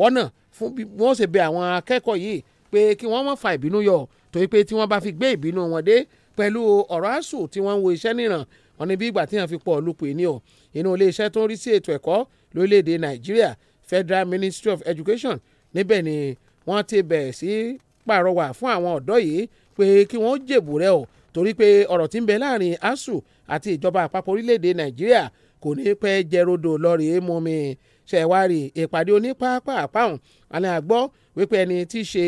wọ́nà fún bí wọ́n ṣe bẹ àwọn akẹ́kọ̀ọ́ yìí pé kí wọ́n má fa ìbínú yọ torí pé tí wọ́n bá fi gbé ìbínú wọn dé pẹ̀lú ọ̀rọ̀ àṣù tí wọ́n ń wo iṣẹ́ nìràn wọn ni bí ìgbà tí wọ́n fi pọ̀ lupè ní o inú iléeṣẹ́ tó ń rí sí ètò ẹ̀kọ́ lórílẹ̀‐èdè Nàìjíríà Federal Ministry of Education níbẹ̀ ni wọ́n ti bẹ̀rẹ̀ sí pàrọwà fún àwọn ọ̀dọ́ yìí pé kí wọ́n jèbù rẹ̀ o torí pé ọ̀rọ̀ tí ń bẹ láàrin ASUU àti ìjọba àpapọ̀ orílẹ̀‐èdè Nàìjíríà kò ní pẹ́ jẹrodò lọ́ọ̀rì mú mi ṣẹ̀wárì ìpàdé onípápá àpáhùn àlẹ́ àgbọ́ wípé ẹni tí í ṣe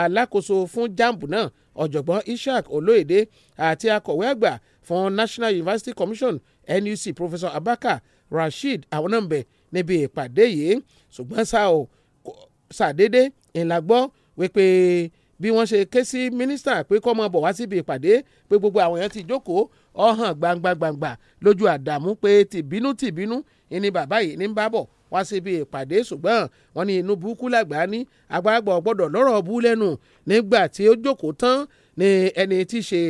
alákòóso fún JAMB náà ọ̀jọ̀gbọ́n Ishaq Olóyèdé àti akọ̀wé àgbà fún National University Commission NUC Professor Abaka Rasheed àwọn náà ń bẹ níbi ìpàdé yìí ṣùgbọ́n ṣá ò ṣàdédé ńlá gbọ́ wípé bí wọ́n ṣe ké sí mínísítà pé kọ́ mọ́ bọ̀ wá síbi ìpàdé pé gbogbo àwọn èèyàn ti jókòó ọ̀hàn gbangba gbangba lójú àdàmú pé tìbínú tìbínú ìní bàbá yìí ní bá bọ̀ wá síbi ìpàdé ṣùgbọ́n wọ́n ní inú burúkú làgbà ní àgbààgbà ọ̀gbọ́dọ̀ lọ́rọ̀ bú lẹ́nu nígbà tí ó jókòó tán ní ẹni tí ṣe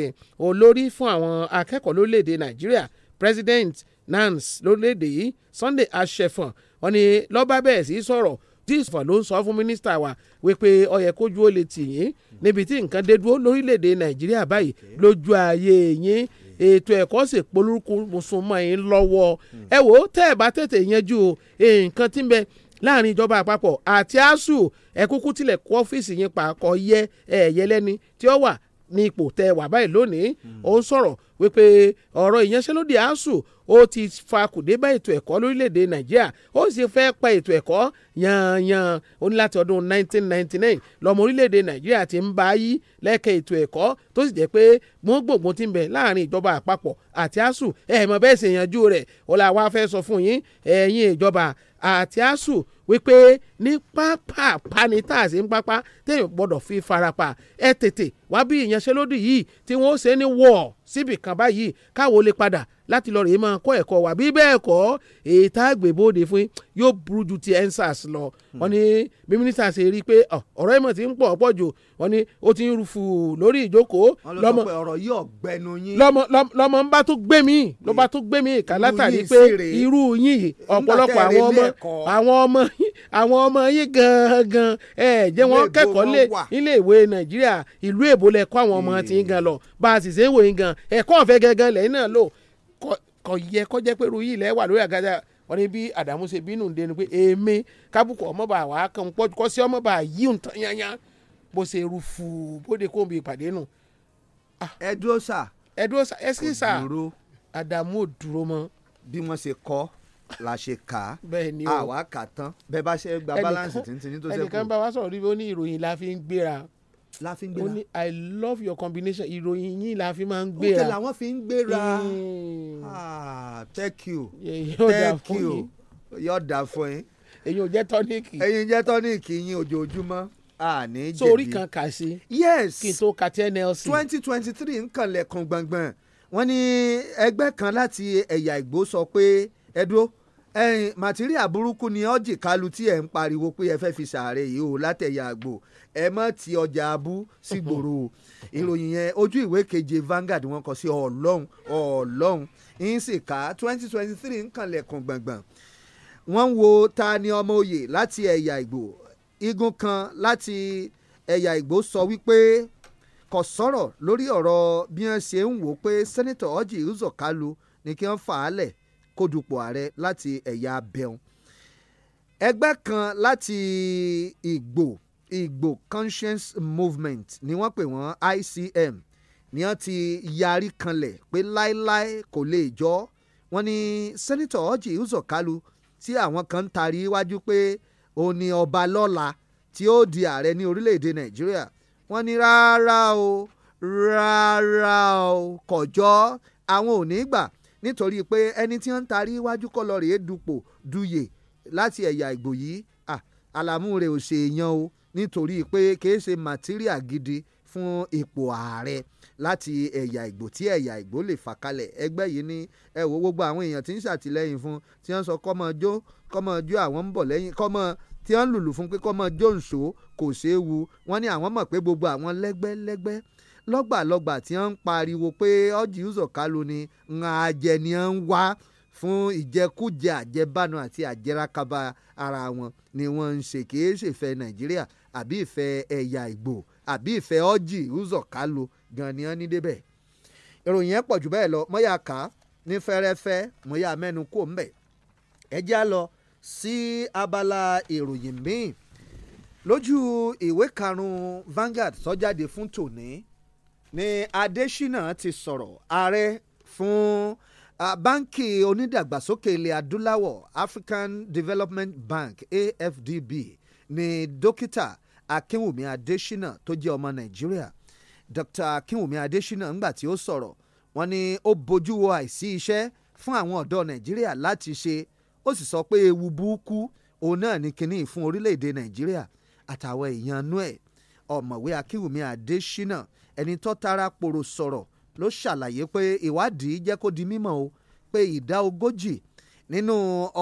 olórí fún àwọn akẹ́kọ̀ọ́ lórílẹ̀‐èdè Nàìjíríà President Nance lórílẹ̀‐èdè yìí Sunday Ashefon wọ́n ní lọ́ba bẹ́ẹ̀ sí sọ̀rọ̀ díìsọ̀fọ̀ ló ń sọ fún mínísítà wa wípé ó yẹ kójú ó lè tì yín níbi tí nǹkan dé dúró lórílẹ̀‐èdè Nàìjíríà báyìí lójú ààyè yín ètò ẹ̀kọ́ sì polúkú mùsùlùmọ́ yìí lọ́wọ́ ẹ wò ó tẹ́ ẹ bá tètè yanjú nǹkan tí ń bẹ láàrin ìjọba àpapọ̀ àti asuu ẹ̀kúkú tilẹ̀ kọ́ ọ́fíìsì yín pàkọ́ yẹ ẹ̀yẹ lẹ́ni tí ó wà ní ipò tẹ wà báyìí lónìí hmm. ó ń sọ̀rọ̀ wípé ọ̀rọ̀ ìyanṣẹ́lódì asuu ó ti fa kùdé bá ètò ẹ̀kọ́ lórílẹ̀‐èdè nàìjíríà ó sì fẹ́ pa ètò ẹ̀kọ́ yanyan ó ní láti ọdún 1999 lọ́mọ orílẹ̀‐èdè nàìjíríà ti ń bá yí lẹ́kẹ̀ ètò ẹ̀kọ́ tó sì jẹ́ pé wọ́n gbógun ti ń bẹ̀ láàrin ìjọba àpapọ̀ àti asuu ẹ̀ mọ̀ bẹ́ẹ̀ sì yanjú rẹ̀ ó là wá fẹ́ sọ fún yín ẹ̀yin ìjọba àti asuu wípé ní pápápá ni tá a sì ń pápá téèyàn gbọ́dọ̀ fi farapa ẹ tètè wá bí ìyanṣẹ́lódì yìí tí wọ́n ṣe ní wọ̀ọ́ síbì kan báyìí káwo lè padà láti lọ rèé máa kọ́ ẹ̀kọ́ wa bí bẹ́ẹ̀ kọ́ èyí tá a gbé bóde fún yóò burú ju ti ensars lọ hmm. wọ́n ní bí mínísítà ṣe rí i pé ọ̀rọ̀ ìmọ̀ ti ń pọ̀ pọ̀ jù wọ́n ní ó ti ń rufù lórí ìjókòó lọ́mọ lọ́mọ ń bá tó gbé mi ló bá tó gbé mi ìka látàrí pé irú yín yìí ọ̀pọ̀lọpọ̀ àwọn ọmọ àwọn ọmọ àwọn ọmọ yín gangan ẹ jẹ́ wọ́n kẹ́kọ̀ọ́ lé ilé ìwé Nàìjíríà ìlú èbó lẹ kọ́ àwọn ọmọ tí ń gan lọ bá a sì ṣe é wò yín gan ẹ̀kọ́ ọ̀fẹ́ gangan lẹ́yìn náà lò kò yẹ kó jẹ́ pé ruyi ilẹ̀ wà lórí àgàdà wọ́n ní bí àdàmú ṣe bínú dé ni pé èmi kábùkù ọmọọba àwa kan pọ́jú kọ́ sí ọmọọba yìí ń tán yányá bó ṣe rú fù bóde kó bí ìpàdé nù. Ah. ẹ dúró sà. ẹ dúró sà ẹ sì sà àdàmú ò dúró mọ́. bí wọ́n ṣe kọ́ la ṣe kà á àwa kà tán bẹ́ẹ̀ bá ṣe gba balance tìǹtìǹ tó ṣe kù. ẹnìkan bá wa sọ̀rọ̀ rí bí ó ní ìròyìn la fi ń gbéra la fi ń gbéra. ó ní i love your combination ìròyìn yín la fi máa ń gbéra. òkè làwọn fi ń gbéra. Hmm. ah thank you thank you yóò dà fún yín. èyí ò jẹ́ tọ́níìkì. èyí jẹ́ tọ́níìkì yín ojoojúmọ́ àní jèbí. sórí kan kà sí. yes kí n tó ka ten nlc. twenty twenty three nǹkan lẹ̀kùn gbọ̀ngbọ̀n wọ́n ní ẹgbẹ́ kan láti ẹ̀yà Ìgbò sọ pé ẹ̀dúró ẹ̀yìn màtíríà burúkú ni ọ́jì kálu tí ẹ̀ ń pariwo pé ẹ fẹ́ fi sàárè yìí o látẹ̀yà àgbò ẹ má ti ọjà abú sí gbòòrò ìròyìn yẹn ojú ìwé keje Vanguard wọ́n kọ sí ọlọ́run ọlọ́run ń twenty twenty three ń kànlẹ̀kùn gbàngbàn wọ́n ń wo ta ni ọmọ oyè láti ẹ̀yà ìgbò igun kan láti ẹ̀yà ìgbò sọ wípé kò sọ̀rọ̀ lórí ọ̀rọ̀ bí wọ́n ṣe ń wò ó pé sẹ́nitọ̀ Orji Uzor Kalu ni kí wọ́n fà á lẹ̀ kó dupò ààrẹ láti ẹ̀yà abẹ́hùn ẹgbẹ́ kan láti ìgbò Igbo Conscience Movement ni wọ́n pè wọ́n ICM ni wọ́n ti yarí kanlẹ̀ pé láéláé kò lè jọ wọ́n ní sẹ́nitọ̀ Orji Uzor Kalu tí àwọn kan ń tarí iwájú pé òun ni ọba lọ́la tí ó di ààrẹ ní orílẹ̀-èdè Nàìjíríà wọ́n ni rárá o rárá o kọjọ́ àwọn ò ní gbà nítorí pé ẹni tí wọ́n ń tarí iwájú kọ́ lọ rèé dupò duyè láti ẹ̀yà Ìgbò yìí àlàmú rẹ̀ ò ṣèèyàn o nítorí pé kìí ṣe màtíríà gidi fún ipò ààrẹ láti ẹ̀yà ìgbò tí ẹ̀yà ìgbò lè fà kalẹ̀ ẹgbẹ́ yìí ní ẹ wo gbogbo àwọn èèyàn tí ń ṣàtìlẹ́yìn fún tí wọ́n sọ kọ́mọjó kọ́mọjó àwọn ń bọ̀ lẹ́yìn kọ́mọ tí wọ́n lùlù fún pé kọ́mọ jóǹṣó kò ṣeé wu wọ́n ní àwọn mọ̀ pé gbogbo àwọn lẹ́gbẹ́lẹ́gbẹ́ lọ́gbàlọ́gbà tí wọ́n ń pariwo pé ọ́jì Uzọ̀kálu ni àjẹ ni wọ́n ń wá fún ìjẹkújẹ àjẹbánu àti àjẹrákaba ara wọn ni wọ́n ń ṣe kì í ṣèfẹ́ Nàìjíríà àbí ìfẹ́ ẹ̀yà ìgbò àbí ìfẹ́ ọ́jì úzọ̀ kálu gan ni wọ́n ní débẹ̀ ìròyìn yẹn pọ̀ jù bẹ́ẹ̀ lọ mọ́yà ká ní fẹ́rẹ́fẹ́ mọ́yà mẹ́nu kò ń bẹ̀ ẹ lọ sí abala ìròyìn míì lójú ìwé karùn-ún Vanguard fún tòní ni Adésínà ti sọ̀rọ̀ ààrẹ fún báńkì onídàgbàsókè ilẹ̀ adúláwọ̀ African Development Bank AFDB ni dókítà akínwùmí adésínà tó jẹ́ ọmọ nàìjíríà dr akínwùmí adésínà ńgbà tí ó sọ̀rọ̀ wọ́n ní ó bójú wo àìsí iṣẹ́ fún àwọn ọ̀dọ́ nàìjíríà láti ṣe ó sì sọ pé ewu burúkú òun náà ní kinní fún orílẹ̀-èdè nàìjíríà àtàwọn èèyàn inú ẹ̀ ọ̀mọ̀wé akínwùmí adésínà ẹni tó tara poro sọ̀rọ̀ ló ṣàlàyé pé ìwádìí jẹ́ kó di mímọ̀ o pé ìdá ogójì nínú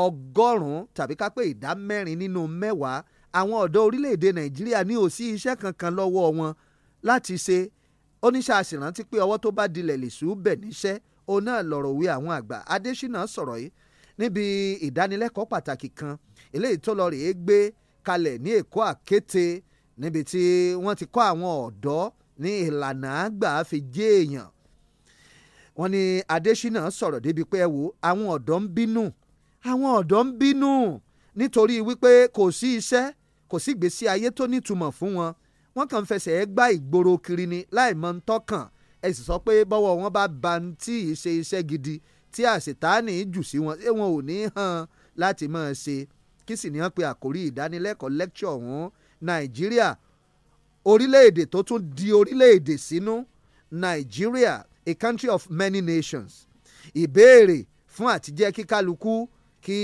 ọgọ́rùn-ún tàbí ká pé ìdá mẹ́rin nínú mẹ́wàá àwọn ọ̀dọ́ orílẹ̀-èdè nàìjíríà ní ò sí iṣẹ́ kankan lọ́wọ́ wọn láti ṣe oníṣẹ́ àṣìrántí pé ọwọ́ tó bá dilẹ̀ lè sùn bẹ̀ níṣẹ́ òun náà lọ̀rọ̀ wí àwọn àgbà adésínà sọ̀rọ̀ yìí níbi ìdánilẹ́kọ̀ọ́ pàtàkì kan eléyìí tó lọ rèé gbé kalẹ̀ ní èkó àkété níbi tí wọ́n ti kọ́ àwọn ọ̀dọ́ ní ìlànà àgbà fi jẹ́ èèyàn wọ́n ní adésínà sọ̀rọ̀ débi pé ẹ wo àwọn ọ̀dọ́ ń bínú àwọn ọ̀dọ́ ń bínú nítorí wípé kò sí iṣẹ́ kò sí ìgbésí ayé tó nítumọ̀ fún wọn wọ́n kàn ń fẹsẹ̀ ẹ́ gbá ìgboro kiri ni láì mọ ntọ́kàn ẹ sì sọ pé bọ́wọ́ wọn bá ba ń tí ì ṣe iṣẹ́ gidi tí àṣetáàní jù sí wọn ṣé wọn ò ní hàn láti máa ṣe kí sì ní wọn pe àkórí ìdánilẹ́kọ̀ọ́ lẹ́kṣọ̀ ọ̀hún nàìjíríà orílẹ̀-èdè tó tún di orílẹ̀-èdè sínú nàìjíríà a country of many nations ìbéèrè fún àtijẹ́ kíkálukú kí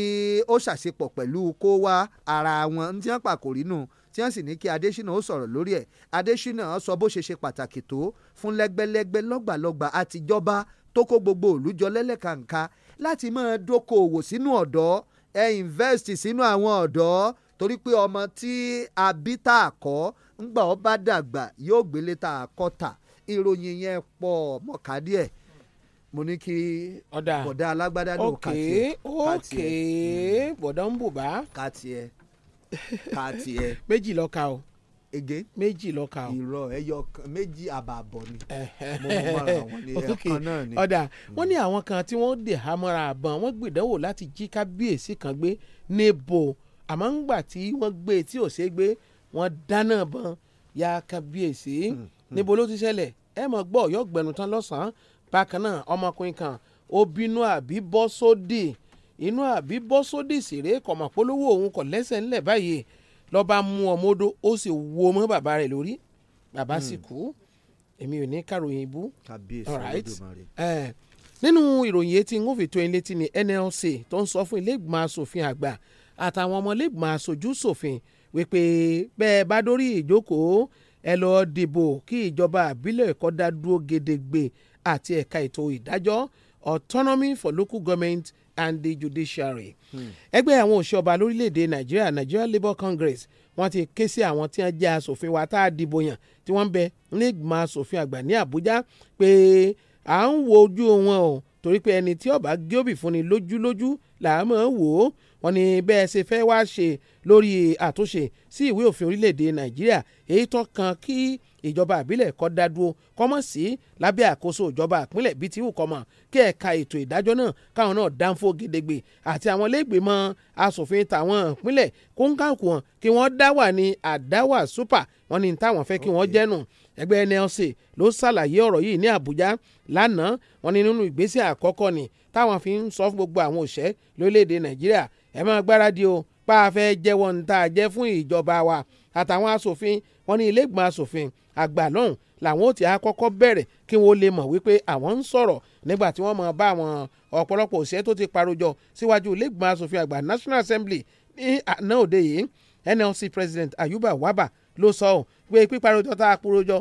ó ṣàṣepọ̀ pẹ̀lú kó wá ara wọn tí wọ́n pàkórí nù tí wọ́n sì ní kí Adésínà ó sọ̀rọ̀ lórí ẹ̀ Adésínà sọ bó ṣe ṣe pàtàkì tó fún lẹ́gbẹ́lẹ́gbẹ́ lọ́gbàlọ́gbà àtijọba tó kó gbogbo òlú jọ lẹ́lẹ́kàǹkà láti máa dókòwò sínú ọ̀dọ́ ẹ invest sínú àwọn ọ̀dọ́ torí pé ọmọ tí a bí tá a kọ́ ńgbà ó bá dàgbà yóò gbélé tá a kọ́ tà ìròyìn yẹn pọ̀ mọ̀kádìẹ̀ mo ní kí bọ̀dá alágbádá náà kà tiẹ̀ ok ok hmm. bọ̀dá ń bùbá kà tiẹ̀ kà tiẹ̀. méjì lọ ka o. ege méjì lọ ka o. irọ́ ẹyọ méjì àbàbọ̀ ni mo mọ mọ́ra wọn ni ẹ̀kan náà ni. ọ̀dà hmm. wọ́n ní àwọn kan tí wọ́n dè hámọ́ra àbọ̀n wọ́n gbìdánwò láti jí kábíyèsí kan gbé níbo àmọ́ ńgbà tí wọ́n gbé e tí ò ṣe gbé wọ́n dáná bọn ya kábíyèsí hmm, níbo ló ti ṣẹlẹ̀ ẹ mọ̀ gbọ́ ọ̀yọ́ gbẹnu tán lọ́sàn-án bákan náà ọmọkùnrin kan ó bínú àbí bọ́ sódì inú àbí bọ́ sódì sèré kọ̀mọ̀ polówó òun kọ̀ lẹ́sẹ̀ ńlẹ̀ báyìí lọ́ba mú ọmọdó ó sì wo mọ́ bàbá rẹ̀ lórí bàbá sì hmm. kú èmi ò ní kàròyìn ibú nínú ìròyìn etí ń fi tó ilé tí ni NLC tó ń sọ fún iléègbìmọ̀ asòfin àgbà àtàwọn ọmọ iléègbìmọ̀ aṣojú ṣòfin wípé bẹ́ẹ̀ bá dórí ìjókòó ẹ lọ́ọ́ dìbò kí ìjọba àbílẹ̀ ẹ̀kọ́ dá dúró gedegbe àti ẹ̀ka ètò ìdájọ́ autonomy for local government and the judiciary. Hmm. ẹgbẹ́ àwọn òṣìṣẹ́ ọba lórílẹ̀‐èdè nàìjíríà Nigeria Labour Congress wọ́n ti ké sí àwọn tí wọ́n jẹ́ asòfin wa tá a dìbò yàn tí wọ́n ń bẹ nígbìmọ̀ asòfin àgbà ní Àbújá pé à ń wo ojú wọn o torí pé ẹni tí ọba gé òbí fúnni lójúlójú làá mọ̀ wò ó wọ́n ní bẹ́ẹ̀ ṣe fẹ́ wá ṣe lórí àtúnṣe sí ìwé òfin orílẹ̀-èdè nàìjíríà èyí tó kan kí ìjọba àbílẹ̀ kọ́ dá dúró kọ́mọ̀ sí lábẹ́ àkóso ìjọba àpínlẹ̀ bíi ti ìwùkọ́mọ̀ kí ẹ̀ka ètò ìdájọ́ náà káwọn náà dánfó gedegbe àti àwọn ilégbèmọ̀ asòfin tàwọn ìpínlẹ̀ kóńkàkù wọn kí wọ́n dá wà ní àdáwà super wọn ní táwọn fẹ́ kí wọ́n jẹ́nu ẹgbẹ́ nlc ló ṣàlàyé ọ̀rọ̀ yìí ní àbújá lánàá wọn ní nínú ìgbésẹ̀ àkọ́kọ́ ni táwọn fi ń sọ fún gbogbo àwọn òṣẹ́ lórílẹ̀‐èdè nàìjíríà ẹ máa gbáradì o pa afẹ́ jẹ́wọ́ ń tà jẹ́ fún ìjọba wa àtàwọn asòfin wọn ní ilé ìgbìmọ̀ asòfin àgbà náà làwọn ò ti àkọ́kọ́ bẹ̀rẹ̀ kí wọ́n lè mọ̀ wípé àwọn ń sọ̀rọ̀ nígbà tí wọ́n mọ̀ bá àwọn ọ̀pọ̀lọpọ̀ òṣìṣẹ́ tó ti parojọ síwájú ilé asòfin àgbà National Assembly ní àná òde yìí NLC President Ayuba Waba ló sọ ọ́ pé píparojọ tá a parojọ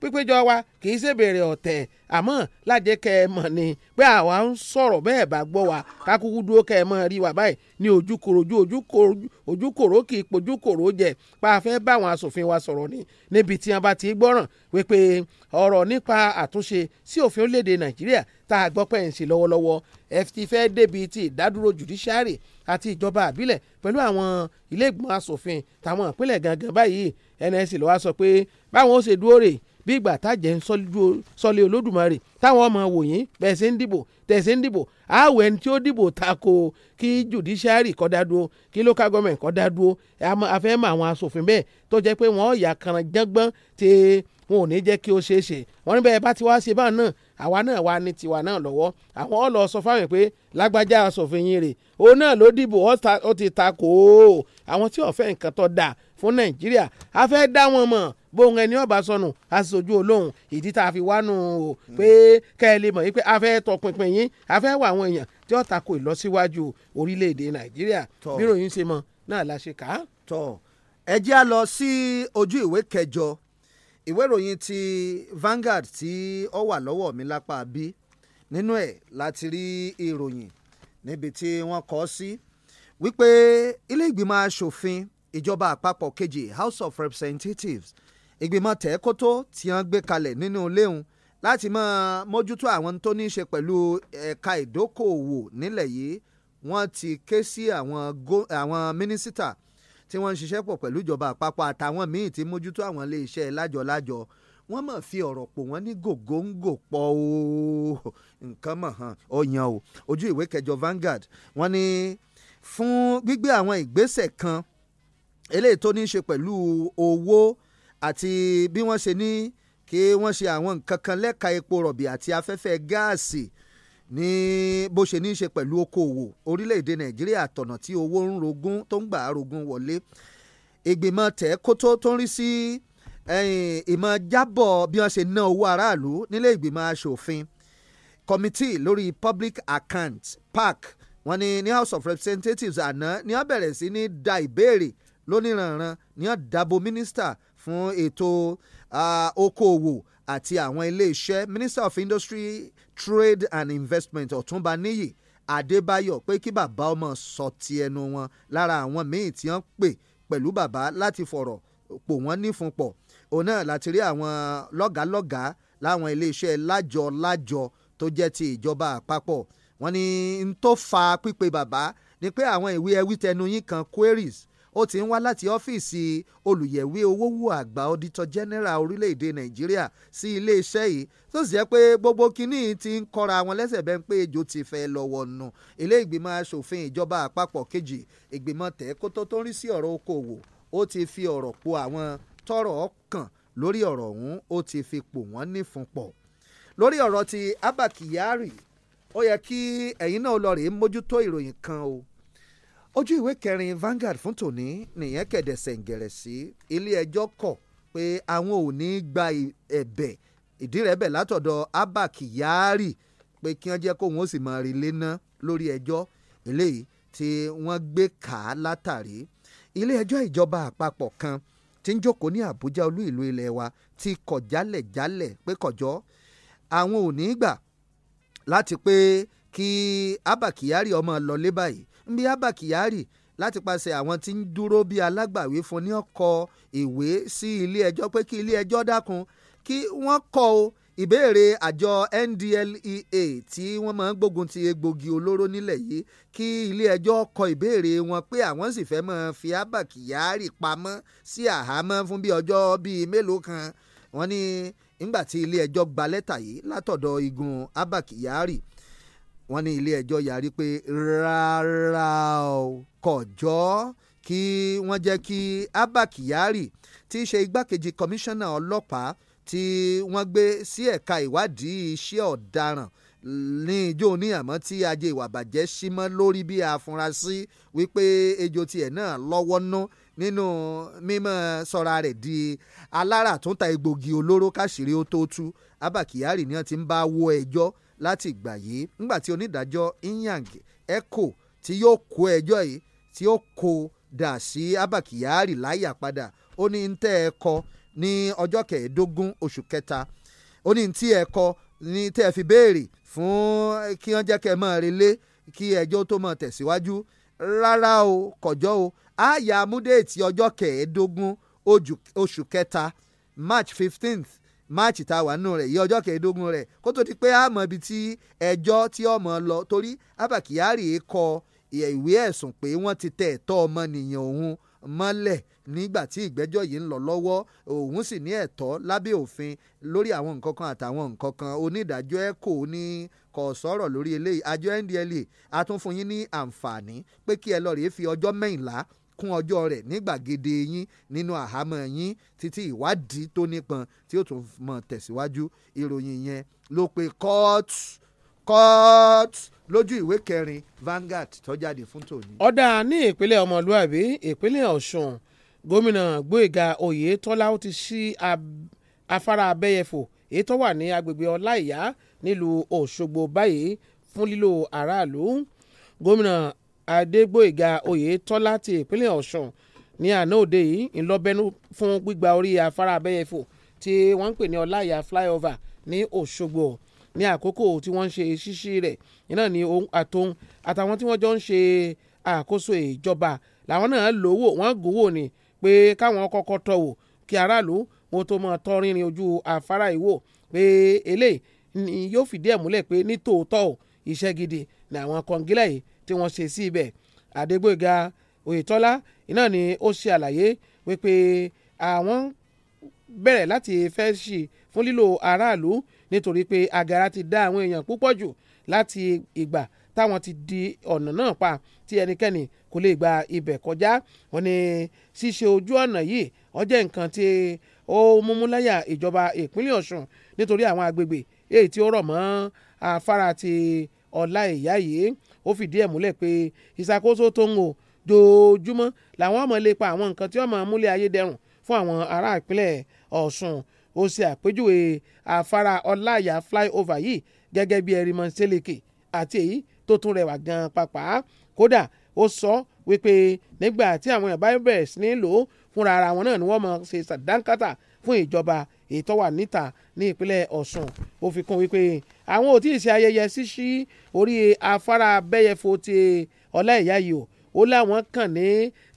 pípéjọ wa kì í ṣèbèrè ọ̀tẹ̀ àmọ́ lájẹ́ kẹ́ ẹ mọ̀ ni pé àwa ń sọ̀rọ̀ bẹ́ẹ̀ bá gbọ́ wa kákúkú dúró kẹ́ ẹ mọ̀ rí wa báyìí ní ojúkòròjú ojúkòrò kì í pojúkòrò jẹ pa afẹ́ bá àwọn asòfin wa sọ̀rọ̀ ni níbi tí wọn bá ti gbọ́ràn wípé ọ̀rọ̀ nípa àtúnṣe sí òfin orílẹ̀-èdè Nàìjíríà tá a gbọ́ pẹ́ ń ṣe lọ́wọ́lọ́wọ́ ẹ ti fẹ́ débi ti ìdádúró judiciary àti ìjọba àbílẹ̀ pẹ̀lú àwọn ilé ìgbìmọ̀ asòfin tàwọn ìpínlẹ̀ gangan báyìí NSC ló wá sọ pé báwọn ó ṣe dúró rè bí ìgbà tájẹ́ ń sọlé olódùmarè táwọn ọmọ wò yín bẹ́ẹ̀ ṣe ń dìbò tẹ̀sí ń dìbò àwẹ̀ ẹni tí ó dìbò tako kí judiciary kọ́ dá dúró kí local government kọ́ dá dúró afẹ́ mọ àwọn asòfin bẹ́ẹ̀ tó jẹ́ pé wọ́n yà kànáà jẹ́gbọ́n tí wọn ò ní jẹ́ kí ó ṣeé ṣe wọ́n ní bẹ́ẹ̀ bá ti wá ṣe báà náà àwa náà wà ní tiwa náà lọ́wọ́ àwọn ọ̀ lọ sọ fáwọn pé lágbájá asòfin yín rè òun náà ló dìbò ó ti ta kò ó àwọn tí ó fẹ́ nǹkan tó dáa fún nàìjíríà a fẹ́ dá wọn mọ̀ bóun ẹni ọba sọnù aṣojú olóhùn ìdí tá a fi wánu o pé kẹ́ ẹ lè mọ̀ yí pé a fẹ́ tọpinpin yín a fẹ́ wá àwọn èèyàn tí ó tako ìlọsíwájú orílẹ̀-èdè nàìjíríà bí ròyìn ṣe mọ náà la ṣe kà á. tọ ẹ jẹ́ lọ sí ojú ìwé kẹjọ ìwé ìròyìn ti Vanguard tí ó wà lọ́wọ́ mi lápá bí nínú ẹ̀ láti rí ìròyìn níbi tí wọ́n kọ sí wípé ilé ìgbìmọ̀ asòfin ìjọba àpapọ̀ kejì House of Representatives ìgbìmọ̀ tẹ́kótó tí wọ́n gbé kalẹ̀ nínú léhùn láti máa mójútó àwọn tó ní í ṣe pẹ̀lú ẹ̀ka ìdókòòwò nílẹ̀ yìí wọ́n ti ké sí àwọn mínísítà. Go, tí wọ́n ń ṣiṣẹ́ pọ̀ pẹ̀lú ìjọba àpapọ̀ àtàwọn míì tí mójútó àwọn iléeṣẹ́ lájọlájọ wọ́n mọ̀ fi ọ̀rọ̀ pò wọ́n ní gògóńgò pọ̀ o nǹkan mọ̀ hàn ọ̀yàn o ojú ìwé kẹjọ Vanguard wọ́n ní fún gbígbé àwọn ìgbésẹ̀ kan eléyìí tó ní í ṣe pẹ̀lú owó àti bí wọ́n ṣe ní kí wọ́n ṣe àwọn nǹkan kan lẹ́ka epo rọ̀bì àti afẹ́fẹ́ gáàsì ní bó ṣe ní í ṣe pẹ̀lú okòwò orílẹ̀-èdè nàìjíríà tọ̀nà tí owó ń rogún tó ń gbà rogún wọlé ìgbìmọ̀ tẹ̀kótó tó ń rí sí ìmọ̀ jábọ̀ bí wọ́n ṣe ná owó aráàlú nílé ìgbìmọ̀ asòfin committee lórí public account Park wọ́n ni ní House of Representatives àná ní wọ́n bẹ̀rẹ̀ sí ní da ìbéèrè lóníranran ní wọ́n dabo mínísítà fún ètò okòwò àti àwọn ilé iṣẹ́ minister of industry trade and investment ọ̀túnba níyì adébáyọ̀ pé kí bàbá ọmọ sọ ti ẹnu wọn lára àwọn míì tí wọ́n pè pẹ̀lú bàbá láti fọ̀rọ̀ pò wọ́n nífun pọ̀ òun náà láti rí àwọn lọ́gàálọ́gàá láwọn iléeṣẹ́ lájọ lájọ tó jẹ́ ti ìjọba àpapọ̀ wọ́n ní n tó fa pípè bàbá ni pé àwọn ìwé ẹwí tẹnu yín kan queries ó ti ń wá láti ọ́fíìsì olùyẹ̀wé owówó àgbà auditor general orílẹ̀-èdè nàìjíríà sí iléeṣẹ́ yìí tó sì jẹ́ pé gbogbo kínní ti ń kọ́ra wọn lẹ́sẹ̀ bẹ́ẹ̀ pé ejò ti fẹ́ lọ́wọ́ nù ilé ìgbìmọ̀ asòfin ìjọba àpapọ̀ kejì ìgbìmọ̀ tẹ̀kótó tó ń rí sí ọ̀rọ̀ okòwò ó ti fi ọ̀rọ̀ po àwọn tọ́rọ̀ kàn lórí ọ̀rọ̀ ọ̀hún ó ti fi pò wọ́n nífun pọ̀ lórí ọ̀rọ̀ ti Abba Kyari ó yẹ kí ẹ̀yin náà lọ rèé mójútó ìròyìn kan o ojú ìwé kẹrin Vanguard fún tòní nìyẹn kẹ̀dẹ̀ sẹ̀ǹgẹ̀rẹ̀ sí ilé ẹjọ́ kọ̀ pé àwọn ò ní gba ẹ̀bẹ̀ ìdí rẹ̀ bẹ̀ látọ̀dọ̀ Abba Kyari pé kí wọ́n jẹ́ kó wọn ó sì máa rí ilé ná lórí ẹjọ́ eléyìí tí wọ́n gbé kà á látàrí ilé ẹjọ́ ìjọba àpapọ̀ kan tí ń jókòó ní Àbújá olú ìlú ilẹ̀ wa ti kọ̀ jálẹ̀ jálẹ̀ pé kọjọ́ àwọn ò ní gbà láti pé kí Abba Kyari ọmọ lọlé báyìí nbí Abba Kyari láti pàṣẹ àwọn tí ń dúró bí alágbàwí fún ní ọkọ̀ ìwé sí ilé ẹjọ́ pé kí ilé ẹjọ́ dákun kí wọ́n kọ́ o ìbéèrè àjọ NDLEA tí wọ́n máa ń gbógun ti egbògi olóró nílẹ̀ yìí kí ilé ẹjọ́ kọ ìbéèrè wọn pé àwọn sì fẹ́ máa fi Abba Kyari pamọ́ sí àhámọ́ fún bí ọjọ́ bíi mélòó kan wọ́n ní nígbà tí ilé ẹjọ́ gba lẹ́tà yìí látọ̀dọ̀ igun Abba Kyari wọ́n ní ilé ẹjọ́ yarí pé rárá o kò jọ kí wọ́n jẹ́ kí Abba Kyari tí í ṣe igbákejì kọmíṣánná ọlọ́pàá tí wọ́n gbé sí ẹ̀ka ìwádìí iṣẹ́ ọ̀daràn ní ijó ní àmọ́ tí ajé ìwà bàjẹ́ sí mọ́ lórí bí afurasí wípé ejò tiẹ̀ náà lọ́wọ́ ná nínú mímọ́ sọra rẹ̀ di alára tó ń ta egbògi olóró káṣírí ó tó tú Abba Kyari ni wọ́n ti ń bá wo ẹjọ́ e láti ìgbà yìí nígbà tí onídàájọ́ Inyang Echo tí yóò kó ẹjọ́ yìí tí ó kó dà sí Abba Kyari láyà padà ó ní ń tẹ́ ẹ kọ ní ọjọ́ kẹẹ̀ẹ́dógún oṣù kẹta ó ní tí ẹ kọ ní tẹ́ ẹ fi béèrè fún kí wọ́n jẹ́ kẹ́ ẹ máa relé kí ẹjọ́ tó máa tẹ̀síwájú rárá o kọjọ́ o àyà amúdéètì ọjọ́ kẹẹ̀ẹ́dógún oṣù kẹta March fifteenth máàcì tá a wà nínú rẹ̀ yí ọjọ́ kẹẹ̀ẹ́dógún rẹ̀ kó tó di pé a mọ̀ ibi tí ẹjọ́ tí ọmọ lọ torí Abba Kyari kọ ìwé ẹ̀sùn pé wọ́n ti tẹ̀ ẹ̀tọ́ ọmọnìyàn òun mọ́lẹ̀ nígbà tí ìgbẹ́jọ́ yìí ń lọ lọ́wọ́ òun sì ní ẹ̀tọ́ lábẹ́ òfin lórí àwọn nǹkan kan àtàwọn nǹkan kan onídàájọ́ ẹ̀ kò ní kò sọ̀rọ̀ lórí eléyìí àjọ NDLEA a tún fún yín ní àǹfààní pé kí ẹ lọ rèé fi ọjọ́ mẹ́yìnlá kún ọjọ́ rẹ̀ ní gbàgede yín nínú àhámọ́ yín títí ìwádìí tó nípọn tí ó tún mọ̀ tẹ̀síwájú ìròyìn yẹn ló pe kóòtù kóòtù lójú ìwé kẹrin Vanguard tó jáde fún tòní. ọ̀dà ní ìpínlẹ̀ ọmọlúàbí ìpínlẹ̀ Ọ̀ṣun gómìnà Gbóyèga Oyètọ́lá ó ti ṣí afárá abẹ́yẹfò èyí tó wà ní agbègbè ọláìyá nílùú Òṣogbo báyìí fún lílò aráàlú gómìnà adégbòyìgá oyètọ́lá ti ìpínlẹ̀ ọ̀ṣun ní àná òde yìí ńlọbẹ́nu fún gbígba orí afárá abẹ́yẹfò tí wọ́n ń pè ní ọláìyá flyover ní òṣogbo ní àkókò tí wọ́n ń ṣe ṣíṣí rẹ̀ iná ní ohun àtohun àtàwọn tí wọ́n jọ ń ṣe àkóso ìjọba làwọn náà lówó wọ́n gùn ni ní pé káwọn kọ́kọ́ tọ̀ wò kí aráàlú wọn tó mọ̀ tọ́ rìnrìn ojú afárá ìwò pé eléyìí ni yóò fìdí ẹ̀ múlẹ̀ pé ní tòótọ́ gidi ni àwọn kọ̀ǹgílẹ̀ yìí tí wọ́n ṣe sí ibẹ̀ Adégbóyèga Oyètọ́lá iná ni ó ṣe àlàyé wípé àwọn bẹ̀rẹ̀ láti fẹ́ sí fún lílo aráàlú nítorí pé agara ti dá àwọn èèyàn púpọ̀ jù láti ìgbà táwọn ti di ọ̀nà náà pa tí ẹnikẹ́ni kò lè gba ibẹ̀ kọjá wọn ni ṣíṣe ojú ọ̀nà yìí ó jẹ́ nǹkan tí ó múmúláyà ìjọba ìpínlẹ̀ Ọ̀ṣun nítorí àwọn agbègbè èyí tí ó rọ̀ mọ́ afárá ti ọ̀la ìyá yìí ó fìdí ẹ̀ múlẹ̀ pé ìṣàkóso tó ń o dojúmọ́ làwọn ọmọ lè pa àwọn nǹkan tí ọmọ múlẹ̀ ayédẹrùn fún àwọn ará ìpínlẹ̀ Ọ̀ṣun ó ṣe àpèjúwe afárá Ọláìyá flyover yìí gẹ́gẹ́ bí ẹ̀rìmọ̀ sẹ́lẹ̀kì àti èyí tó tún rẹwà gan-an pàápàá kódà ó sọ wípé nígbà tí àwọn ìbá bẹ̀rẹ̀ sí ní lò ó fúnra ara wọn náà ni wọ́n mọ̀ ṣe ṣàdánkátà fún ìjọba ètò wà níta ní ìpínlẹ̀ Ọ̀ṣun ó fi kún wípé àwọn ò tí ì ṣe ayẹyẹ ṣíṣí orí afárá abẹ́yẹfò ti Ọláìyá yìí o ó láwọn kàn ní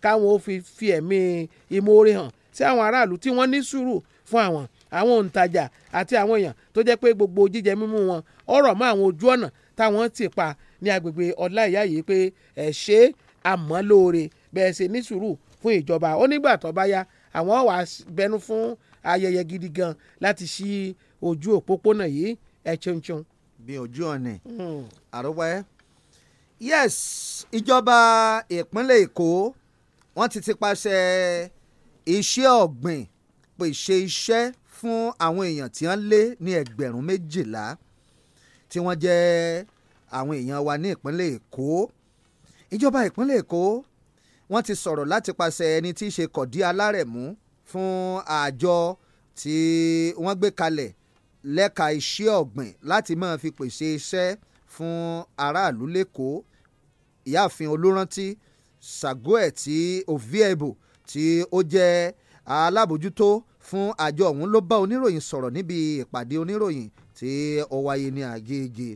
káwọn ó fi fi ẹ̀mí ìmoore hàn sí àwọn aráàlú tí wọ́n ní sùúrù fún àwọn àwọn òǹtajà àti àwọn èèyàn tó jẹ́ pé gbogbo jíjẹ mímú wọn ọ̀rọ̀ mọ́ àwọn ojú ọ̀nà táwọn ti pa ní agbègbè Ọláìyá yìí pé ẹ̀ ṣe àmọ́ lóore bẹ́ẹ̀ ṣe ní sùúrù fún ìjọba ó nígbà tó bá yá àwọn wàá bẹnu fún ayẹyẹ gidi gan láti ṣí ojú òpópónà yìí ẹ̀ chonchon. bí ojú ọ̀nì hmm. àrùwá ẹ yes ìjọba ìpínlẹ̀ èkó wọ́n ti ti paṣẹ iṣẹ́ ọ̀gbìn pèsè iṣẹ́ fún àwọn èèyàn tí wọ́n lé ní ẹgbẹ̀rún méjìlá tí wọ́n jẹ́ àwọn èèyàn wa ní ìpínlẹ̀ èkó ìjọba ìpínlẹ̀ èkó wọ́n ti sọ̀rọ̀ láti paṣẹ ẹni tí í ṣe kọ̀dí alárẹ̀mú fún àjọ tí wọ́n gbé kalẹ̀ lẹ́ka iṣẹ́ ọ̀gbìn láti máa fi pèsè iṣẹ́ fún aráàlú lẹ́kọ̀ọ́ ìyáàfin olórántí sagoe tí oviebo tí ó jẹ́ alábòjútó fún àjọ ọ̀hún ló bá oníròyìn sọ̀rọ̀ níbi ìpàdé oníròyìn tí ó wáyé ní àgègè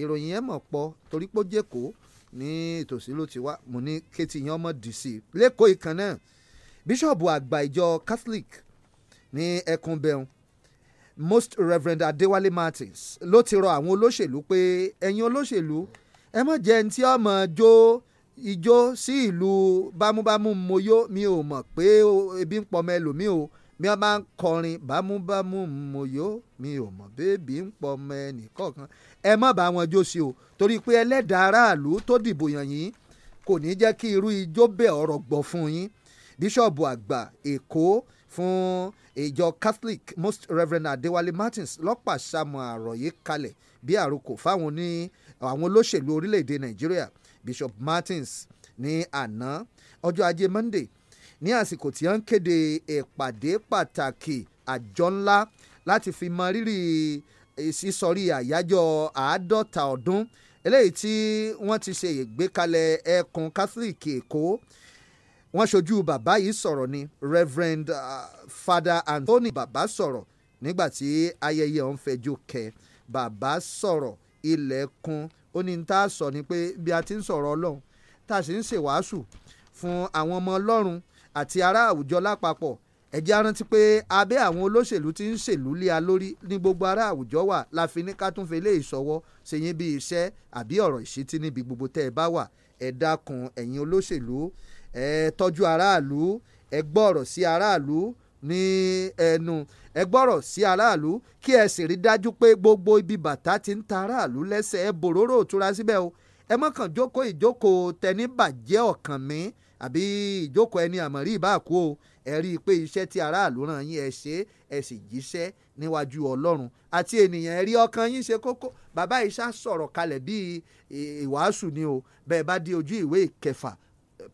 ìròyìn yẹn mọ̀ pọ̀ torí pé ó jẹ́kọ̀ọ́ ní ìtòsí ló ti wá mo ní kétí yẹn ọmọ dì lẹ́kọ̀ọ́ ìkan bíṣọ̀bù àgbà ìjọ catholic ní ẹkùn bẹ̀rùn most reverend Adewale martins ló ti rọ àwọn olóṣèlú pé ẹ̀yin olóṣèlú ẹ mọ̀ jẹ́ ẹni tí ọmọ jó ijó sí ìlú bámúbámú moyó mi ò mọ̀ pé ebi ń pọmọ ẹlòmíì o mi ọ máa ń kọrin bámúbámú moyó mi ò mọ̀ bébí ń pọmọ ẹnìkọ̀ọ̀kan ẹ mọ̀ bá wọn jó sí o torí pé ẹlẹ́dàá aráàlú tó dìbò yàn yín kò ní jẹ́ kí irú ijó bẹ́ẹ̀ ọ̀rọ̀ gbọ́ fún yín bíṣọ̀bù àgbà èkó fún ìjọ catholic most reverend Adewale martins lọ́pàṣámọ̀ àròyé kalẹ̀ bí àròkò fáwọn ní àwọn olóṣèlú orílẹ̀-èdè nàìjíríà bishop martins ní àná ọjọ́ ajé monday ní àsìkò tí wọ́n ń kéde ìpàdé pàtàkì àjọ ńlá láti fi mọ rírì eh, sísọrí àyájọ́ àádọ́ta ọdún eléyìí tí wọ́n ti ṣe ìgbékalẹ̀ ẹkùn catholic èkó e wọ́n ṣojú bàbá yìí sọ̀rọ̀ ni Reverend uh, Father Anthony bàbá sọ̀rọ̀ nígbà tí ayẹyẹ ọ̀hún fẹjọ́ kẹ bàbá sọ̀rọ̀ ilẹ̀kùn ó ní tá sọ ni pé bí a ti ń sọ̀rọ̀ ọlọ́run tá a sì ń ṣèwàásù fún àwọn ọmọ ọlọ́run àti ará àwùjọ lápapọ̀ ẹ̀jẹ̀ arántí pé abẹ́ àwọn olóṣèlú ti ń ṣèlú lé a lórí ní gbogbo ará àwùjọ wà la fi ní ká tún fi lé ìṣọwọ́ ṣèyìn bí iṣẹ́ àbí ọ̀rọ̀ ìṣítí níbi gbogbo tẹ́ ẹ bá wà ẹ dákun ẹ̀yin olóṣèlú ẹ tọ́jú aráàlú ẹ gbọ́rọ̀ sí aráàlú ní ẹnu ẹ gbọ́rọ̀ sí aráàlú kí ẹ sì rí dájú pé gbogbo ibi bàtà ti ń ta aráàlú lẹ́sẹ̀ ẹ bòróró òtura síbẹ̀ o ẹ mọ̀kàn jókòó ìjókòó tẹni bàjẹ́ ọ̀kàn mi àbí ìjókòó ẹni àmọ̀rí ìbáàkú o ẹ rí i pé iṣẹ́ tí aráàlú ràn yín ẹ ṣe ẹ sì jíṣẹ́ níwájú ọlọ́run àti ènìyàn ẹ rí ọkàn yín ṣe kókó bàbá ìṣá sọ̀rọ̀ kalẹ̀ bíi ìwàásù ni o bẹ́ẹ̀ bá di ojú ìwé ìkẹfà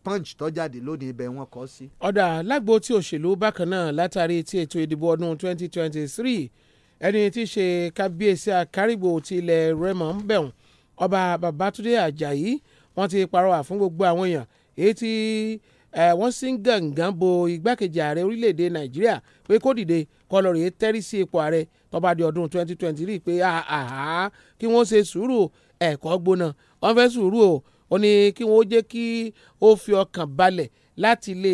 punch tó jáde lónìí ibẹ̀ wọ́n kọ́ sí. ọ̀dà lágbo tí òṣèlú bákan náà látàrí ti ètò ìdìbò ọdún 2023 ẹni tí í ṣe kábíyèsí àkárìgbò ti ilẹ̀ Rẹ́mọ ń bẹ̀rùn ọba Babátúndé Àjàyí wọ́n ti parọ́wà fún gbogbo àwọn èèyàn èyí tí wọ́n sì ń gàngán bo igbákejì ààrẹ orílẹ̀-èdè Nàìjíríà pé kó dìde kọ́ lọ́ọ́ rèé tẹ́rí sí ipò ààrẹ tó di ọdún 2023 pé àhà kí wọ́n ṣe sùúrù ẹ̀kọ́ gbóná wọ́n fẹ́ sùúrù o ó ní kí wọ́n ó jẹ́ kí ó fi ọkàn balẹ̀ láti lè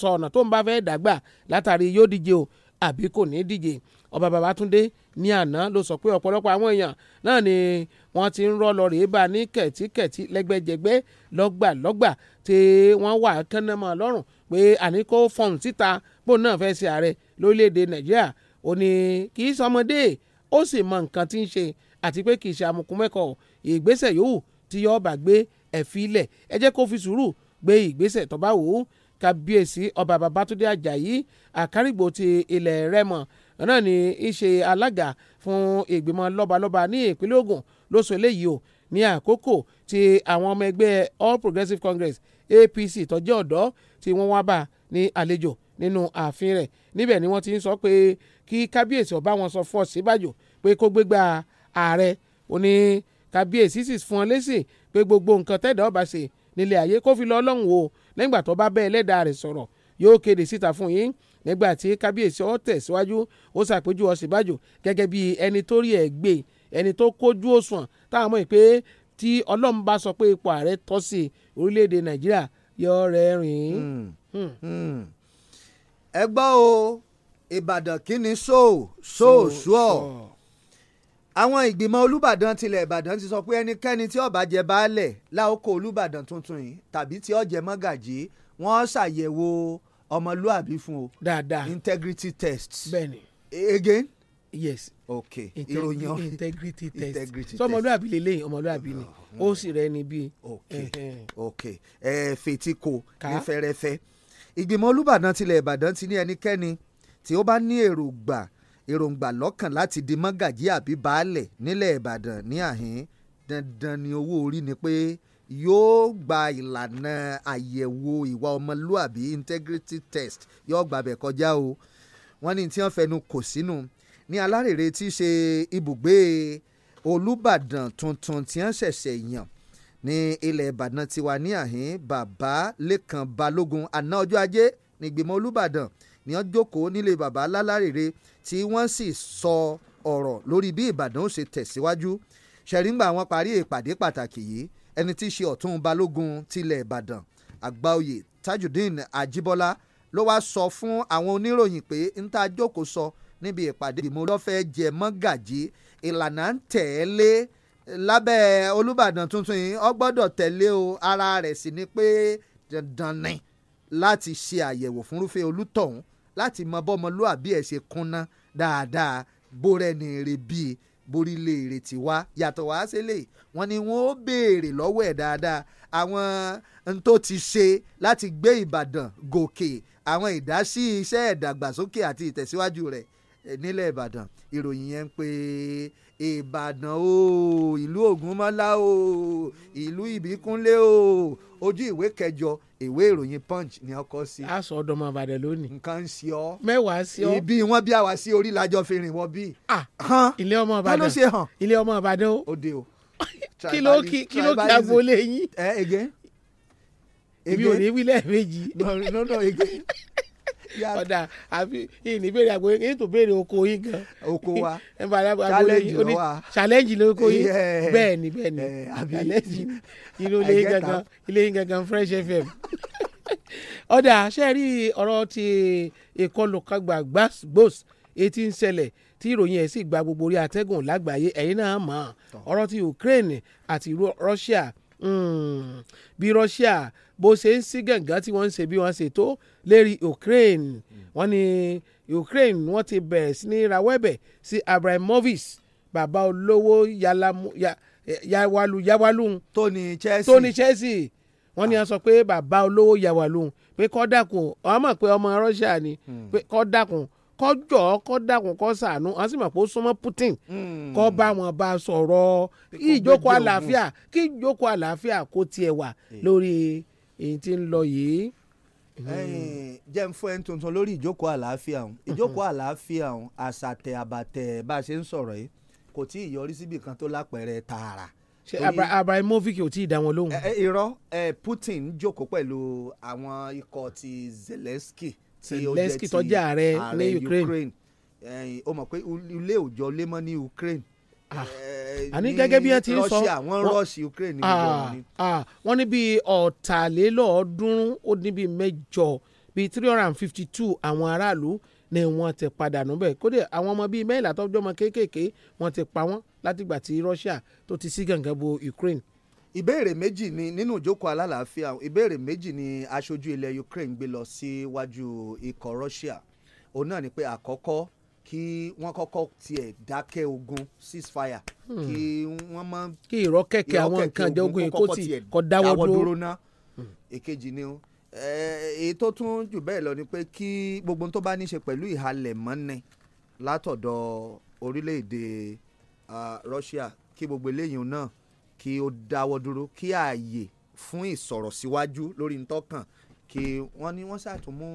sọ ọ̀nà tó ń bá fẹ́ dàgbà látàrí yóò díje o àbí kò ní díje ọba Babátúndé ní àná ló sọ pé ọ̀pọ̀lọpọ̀ àwọn èèyàn náà ni wọ́n ti ń rọ́ lọ rèé bá ní kẹ̀tíkẹ̀tí lẹ́gbẹ́jẹgbẹ́ lọ́gbàlọ́gbà tí wọ́n wà kánnamọ́ lọ́rùn pé àní kó fọ̀n síta bóun náà fẹ́ ṣe ààrẹ lórílẹ̀‐èdè Nàìjíríà ó ní kì í sọmọdé ó sì mọ nǹkan tí ń ṣe àti pé kì í ṣe amukùnmẹ́kọ̀ ìgbésẹ̀ yòówù tí yọ́ọ́ bá gbé ẹ fi lẹ̀ ẹ jẹ́ kó fi sùúrù gbé ìgbésẹ̀ tó bá wò ó kábíyèsí ọba babatunde ajayi àkárìgbò ti ilẹ̀ rẹ́mọ náà ni í ṣe alága fún ìgbìmọ̀ lọ́balọ́ba ní ìpínlẹ̀ Ògùn ló eléyìí o ní àkókò tí àwọn ọmọ ẹgbẹ́ All Progressives Congress APC tó jẹ́ ọ̀dọ́ tí wọ́n wá bá ní àlejò nínú ààfin rẹ̀ níbẹ̀ ni wọ́n ti ń sọ pé kí kábíyèsí ọba wọn sọ fún Ọ̀ṣínbàjò pé kó gbégbá ààrẹ ó kábíyèsí sì fún ọ lésì pé gbogbo nǹkan tẹ́ẹ̀dá ọba ṣe nílé ayé kó fi lọ ọlọ́run o nígbà tó bá bẹ́ ẹlẹ́dàá rẹ̀ sọ̀rọ̀ yóò kéde síta fún yín nígbà tí kábíyèsí ọ tẹ̀síwájú ó ṣàpèjú Ọ̀ṣínbàjò gẹ́gẹ́ bí ẹni tó rí ẹ̀ gbé ẹni tó kójú òṣùwọ̀n táwọn mọ̀ pé tí ọlọ́run bá sọ pé ipò ààrẹ tọ́ sí orílẹ̀-èdè Nàìjíríà yọ rẹ̀ rìn. Hmm. Hmm. Hmm. ẹ gbọ́ o Ìbàdàn kí ni so so sùọ́. so. so àwọn ìgbìmọ̀ olùbàdàn tilẹ̀ ìbàdàn ti sọ pé ẹnikẹ́ni tí ó bá jẹ baálẹ̀ láòkó olùbàdàn tuntun yìí tàbí tí ó jẹ mọ́gàjì wọ́n ṣàyẹ̀wò ọmọlúàbí fún o. dáadáa integrity test. bẹ́ẹ̀ni. again. yes. ok ìròyìn Integ integrity test integrity test ọmọlúàbí lélẹ́yìn ọmọlúàbí ni ó sì rẹ ni bí. ok ok ẹ fetí ko ní fẹ́rẹ́fẹ́ ìgbìmọ̀ olùbàdàn tilẹ̀ ìbàdàn ti ní ẹnikẹ́ni tí ó bá ní èròǹgbà èròǹgbà lọ́kàn láti di mọ́gàjí àbí baálẹ̀ nílẹ̀ ìbàdàn ní àhín dandan ni owó orí ni pé yóò gba ìlànà àyẹ̀wò ìwà ọmọlúàbí integrity test yóò gbàbẹ̀ kọjá o wọ́n ní tí wọ́n fẹnu kò sínú ní alárèrè tí í ṣe ibùgbé olùbàdàn tuntun tí wọ́n ṣẹ̀ṣẹ̀ yàn ní ilẹ̀ ìbàdàn tiwa ní àhín bàbá lẹ́kàn balógun àná ọjọ́ ajé nígbìmọ̀ olùbàdàn ni wọ́n jókòó nílé bàbá lálárèrè tí wọ́n sì sọ ọ̀rọ̀ lórí bí Ìbàdàn ó ṣe tẹ̀síwájú ṣẹ̀ríngbà wọn parí ìpàdé pàtàkì yìí ẹni tí í ṣe ọ̀tún balógun tilẹ̀ Ìbàdàn àgbáoyè Tajudeen Ajíbọ́lá ló wáá sọ fún àwọn oníròyìn pé ń tá a jókòó sọ níbi ìpàdé ìdìmọ̀ lọ́fẹ̀ẹ́ jẹ mọ́gàjí ìlànà ń tẹ̀lé lábẹ́ Olúbàdàn tuntun yìí ó gbọ́dọ̀ tẹ̀lé o ara rẹ̀ sì ni pé dandan ni láti ṣe àyẹ̀wò fúnrúfẹ́ olútọ̀hún láti mọ bọ́mọlúàbí ẹ̀ ṣe kúnná dáadáa bórẹ́ ni èrè bíi borílẹ̀ èrè tí wá yàtọ̀ wá sílẹ̀ wọ́n ní wọ́n ó béèrè lọ́wọ́ ẹ̀ dáadáa àwọn n tó ti ṣe láti gbé Ìbàdàn gòkè àwọn ìdásí iṣẹ́ ìdàgbàsókè àti ìtẹ̀síwájú rẹ̀ nílẹ̀ Ìbàdàn ìròyìn yẹn ń pè é ìbàdàn o ìlú ògúnmọ́lá o ìlú ìbíkúnlé o ojú ìwé kẹjọ ìwé ìròyìn punch ni a kọ sí. a sọ ọdọmọ àbàdàn lónìí. nǹkan ń ṣe ọ. mẹ́wàá sí ọ. ibi wọn bí a wá sí orí lajọ fi rìn wọ bí. ah ilé ọmọ àbàdàn kálọ́ ṣe hàn. ilé ọmọ àbàdàn o. òde o. kí ló kí kí ló kí agboolé yín. ẹ ege. èmi ò ní wílẹ̀ méjì. no no no ege. ọ̀dà àbí ìní béèrè àgbo yín tó béèrè oko yín gan. oko wa challenge ló wa eh, challenge ló ko yín bẹ́ẹ̀ ni bẹ́ẹ̀ ni challenge inú ilé yín gangan ilé yín gangan Fresh FM ọ̀dà ṣe rí ọ̀rọ̀ ti ìkọlù kan gbà gbòs etí ń ṣẹlẹ̀ tí ìròyìn ẹ̀ sì gba gbogbo orí atẹ́gùn lágbàáyé ẹ̀yin náà mọ̀ ọ̀rọ̀ ti Ukraine àti Russia hmm. bí Russia bó ṣe ń sí gàngán tí wọ́n ń ṣe bí wọ́n ṣe tó lérí Ukraine hmm. wọ́n ní Ukraine wọ́n ti bẹ̀rẹ̀ sí ní rawọ́ ẹ̀bẹ̀ sí Abramovich bàbá olówó yawalu yawalu tó ní Chelsea tó ní Chelsea wọ́n ní a sọ pé bàbá olówó yawalu pé kó dákun wọ́n mọ̀ pé ọmọ Russia ni hmm. pé kó dákun kó jọ̀ọ́ kó dákun kó ṣàánú wọ́n sì mọ̀ pé ó súnmọ́ Putin hmm. kó bá wọn bá sọ̀rọ̀ kí ìjókòó àlàáfíà kí ìjókòó àlàáfíà kó tiẹ̀ wà lórí èyí tí ń lọ yìí. jẹ́ ń fún ẹni tuntun lórí ìjókòó àlàáfíà ọ̀hún ìjókòó àlàáfíà ọ̀hún àṣàtẹ̀ àbàtẹ̀ bá a ṣe ń sọ̀rọ̀ yìí kò tí ì yọrí síbi kan tó lápẹ̀rẹ̀ tààrà. ṣe ò tí ì dá wọn lóhùn. irọ́ Putin jókòó pẹ̀lú àwọn ikọ̀ ti Zelensky tí ó jẹ́ ti Ukraine ó mọ̀ pé ilé òjò lé mọ́ ní Ukraine Ah, eh, àní gẹ́gẹ́ bí ẹ ti sọ wọ́n rọ́ọ̀sì Ukraine ní. Ah, ah, wọ́n ní bíi ọ̀tàlélọ́ọ̀ọ́dúnrún ó ní bíi mẹ́jọ bíi three hundred and fifty two àwọn aráàlú ni wọ́n ti padà níbẹ̀ kódé àwọn ọmọ bíi mẹ́rìnlá tọ́jọ́ ọmọ kéékèèké wọ́n ti pa wọ́n látìgbà tí Russia tó ti sí gàngán bo Ukraine. ìbéèrè méjì ni nínú ìjókòó alálàáfíà ìbéèrè méjì ni aṣojú ilẹ̀ Ukraine gbé lọ síwájú ikọ̀ Russia òun náà ni pé àkọ́kọ́ kí wọ́n kọ́kọ́ tiẹ̀ dákẹ́ ogun ceasefire hmm. kí wọ́n mọ́. kí ìrọ́kẹ̀kẹ̀ àwọn nǹkan jẹ́ ogun yìí kó ti kọ́ dáwọ́ dúró ná èkejì ni o èyí tó tún jù bẹ́ẹ̀ lọ ni pé kí gbogbo tó bá ní pẹ̀lú ìhalẹ̀ mọ́ni látọ̀dọ̀ orílẹ̀-èdè Russia kí gbogbo eléyìí náà kí ó dáwọ́ dúró kí ààyè fún ìsọ̀rọ̀ síwájú lórí ntọ́kàn kí wọ́n ní wọ́n ṣàtúnmú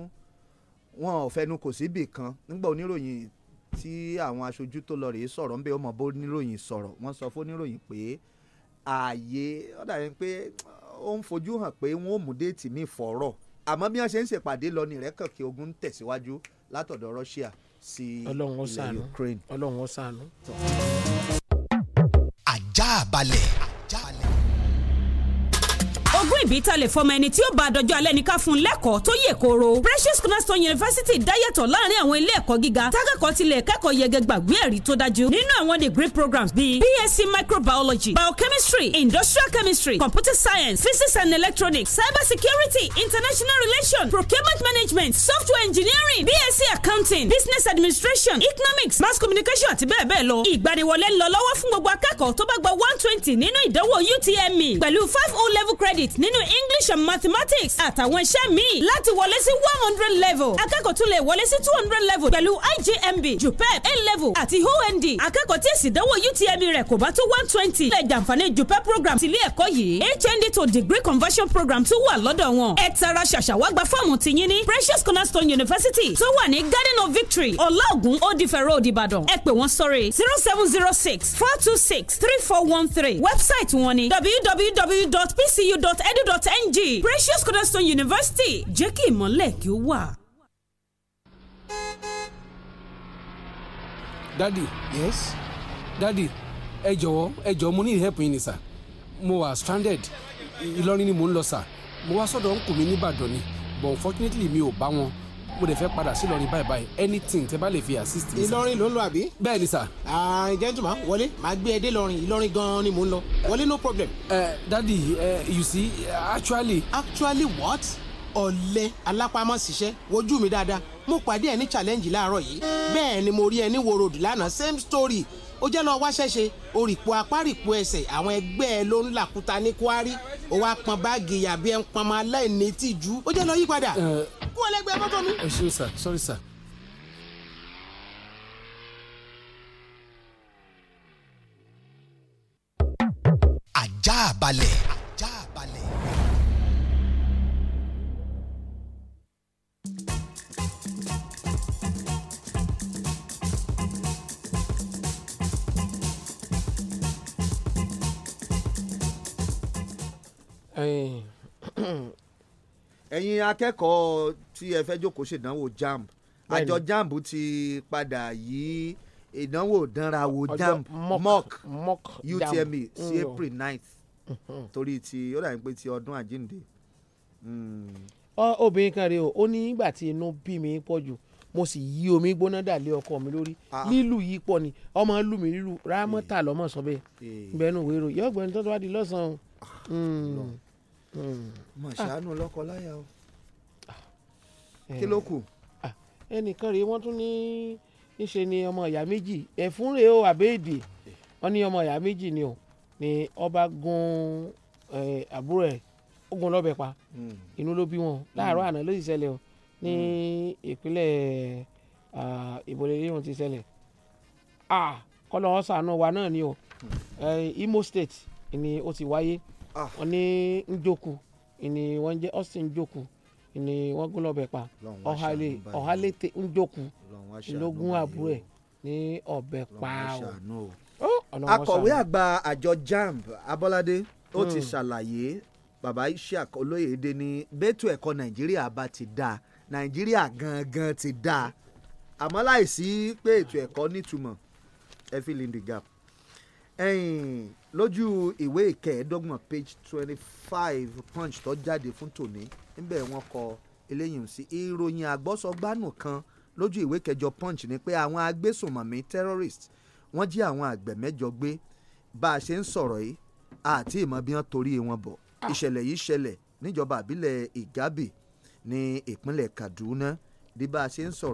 wọn ò fẹnu kò síbì kan nígbà oníròyìn tí àwọn aṣojú tó lọ rèé sọ̀rọ̀ ńbẹ́ ọmọ bó níròyìn sọ̀rọ̀ wọ́n sọ fún níròyìn pé ààyè ó dàbí pé ó ń fojú hàn pé wọ́n ò mú déètì míì fọ̀rọ̀ àmọ́ bí wọ́n ṣe ń ṣèpàdé lọ ní ìrẹ́kànkè ogun ń tẹ̀síwájú látọ̀dọ̀ Russia sí ilẹ̀ Ukraine. Ọlọ́run ó ṣàánú. Àjààbalẹ̀ ìbíta lè fọmọ ẹni tí ó bá àdọ́jọ́ alẹ́ ní fún lẹ́kọ̀ọ́ tó yè kóró. Precious Cornerstone University dáyàtọ̀ láàrin àwọn ilé ẹ̀kọ́ gíga tákàkọ́ tilẹ̀ kẹ́kọ̀ọ́ yege gbàgbé ẹ̀rí tó dájú nínú àwọn degree programs bíi BSc microbiology biochemistry industrial chemistry computer science physics and electronics cyber security international relations procurement management software engineering BSc accounting business administration economics mass communication àti bẹ́ẹ̀ bẹ́ẹ̀ lọ. ìgbaniwọlé ń lọ lọ́wọ́ fún gbogbo akẹ́kọ̀ọ́ tó bá gba one twenty nínú ìdánwò UTME pẹ̀lú five O level credit nínú nínú English and mathematics àtàwọn iṣẹ́ míì láti wọlé sí one hundred level akẹ́kọ̀ọ́ tún lè wọlé sí two hundred level pẹ̀lú IJMB Jupep A level àti OND akẹ́kọ̀ọ́ tí èsì ìdánwò UTME rẹ̀ kò bá tó one twenty lè jàǹfààní JUPEB program tìlé ẹ̀kọ́ yìí HND to degree conversion program tún wà lọ́dọ̀ wọn ẹ tara ṣàṣàwágbá fọ́ọ̀mù tìyín ní Precious Cornerstone University tó wà ní Garden of Victory ọlọ́ọ̀gùn òdìfẹ̀rọ̀ òdìbàdàn ẹ pè wọ́n sórí zero seven zero six four two six three four one three website wọn ni www.pcu.edu edu.ng Precious Cornerstone University jẹ́ kí ìmọ̀lẹ̀ kí ó wà. dadi yes dadi ẹ jọ̀wọ́ ẹ jọ̀wọ́ mo ní help yín ni mo wà stranded Ìlọrin ni mo ń lọ sà mo wá sọ́dọ̀ ń kù níbàdàn ni but unfortunately mi ò bá wọn mo dẹ̀ fẹ́ padà sí Ìlọrin báyìí báyìí anything tẹ bá lè fi assist mi. Ìlọrin ló ń lọ àbí. bẹ́ẹ̀ ni sà. ààrin wọlé màá gbé ẹ dé Ìlọrin gan-an ni mò ń lọ wọlé no problem. ẹ dadi you see actually. actually what? ọ̀lẹ alápámọ́síṣẹ́ wojú mi dáadáa mo pàdé ẹ challenge láàárọ̀ yìí bẹ́ẹ̀ ni mo rí ẹ wo road lánàá same story ó jẹ́ lọ́ọ́ wáṣẹ́ṣe orìpò apárìpò ẹsẹ̀ àwọn ẹgbẹ́ ẹ ló ń làkúta ní kwari ó wá pọn báàgì yàbí ẹ ń pọn ọmọ aláìní tìjú ó jẹ́ lọ́ọ́ yípadà kú ẹlẹgbẹ mọ́tò mi. ẹ ṣeun sir sorry sir. ajá balẹ̀. ajá ẹ̀yin akẹ́kọ̀ọ́ tí ẹ fẹ́ jókòó ṣèdánwò jamb àjọ jamb ti padà yí ìdánwò dánrawò jamb mock utme sí mm. april 9th mm-hmm. torí ti ó dàbí pé ti ọdún àjíǹde. Mm. obìnrin kan rèé o ó ní ìgbà tí inú bí mi pọ̀ jù mo sì yí omi gbóná dà lé ọkọ mi lórí ah. lílù yìí pọ̀ ni ọmọ lù mí lílù rámọ́tà eh. lọ́mọ sọ bẹ́ẹ̀ bẹ́ẹ̀ nù wérò yọ̀gbẹ́ni tó wá di lọ́sàn-án mọ̀ ṣàánú lọ́kọ-láyà o ah. kí ló kù. Ah, ẹnìkan rèé wọ́n tún ní níṣe ni ọmọ ìyá méjì ẹ̀fún o àbẹ́ẹ̀dì wọ́n ní ọmọ ìyá méjì ni o ni ọba gun àbúrò ẹ̀ ó gun lọ́bẹ pa hmm. inú ló bí wọn láàárọ̀ hmm. àná ló sì ṣẹlẹ̀ o ní hmm. ìpínlẹ̀ ìbòlè rírun ti ṣẹlẹ̀ ah, kọ́lọ́ ọ̀sán wa náà ni o Imo State ni ó ti wáyé. Mm Ah. wọ́n ní njoku ni wọ́n jẹ́ austin njoku ni wọ́n gún lọ́bẹ̀ pa ọ̀hálẹ̀ ọ̀hálẹ̀ tẹ njoku lógún àbúrò ẹ̀ ní ọ̀bẹ̀ pa o. akọ̀wé àgbà àjọ jamb abọ́ládé ó ti hmm. ṣàlàyé bàbá Isiaq Olóyèdè ní bẹ́tù ẹ̀kọ́ nàìjíríà bá ti dáa nàìjíríà gangan ti dáa àmọ́ láìsí pé ètò ẹ̀kọ́ nítumọ̀ ẹ fi lindi gap. ẹ̀yìn lójú ìwé ìkẹẹ̀ẹ́dọ́gbọ̀n page twenty five punch tó jáde fún tòní níbẹ̀ wọ́n kọ eléyìí sí ìròyìn àgbọ́sọgbánù kan lójú ìwé kẹjọ punch ni pé àwọn agbésùnmọ̀mí terrorist wọ́n jí àwọn àgbẹ̀ mẹ́jọ gbé bá a ṣe ń sọ̀rọ̀ yìí àti ìmọ̀ bí wọ́n torí wọn bọ̀ ah. ìṣẹ̀lẹ̀ yìí ṣẹlẹ̀ níjọba àbílẹ̀ Ìgábì ní ìpínlẹ̀ Kaduna bí bá a ṣe ń sọ̀rọ̀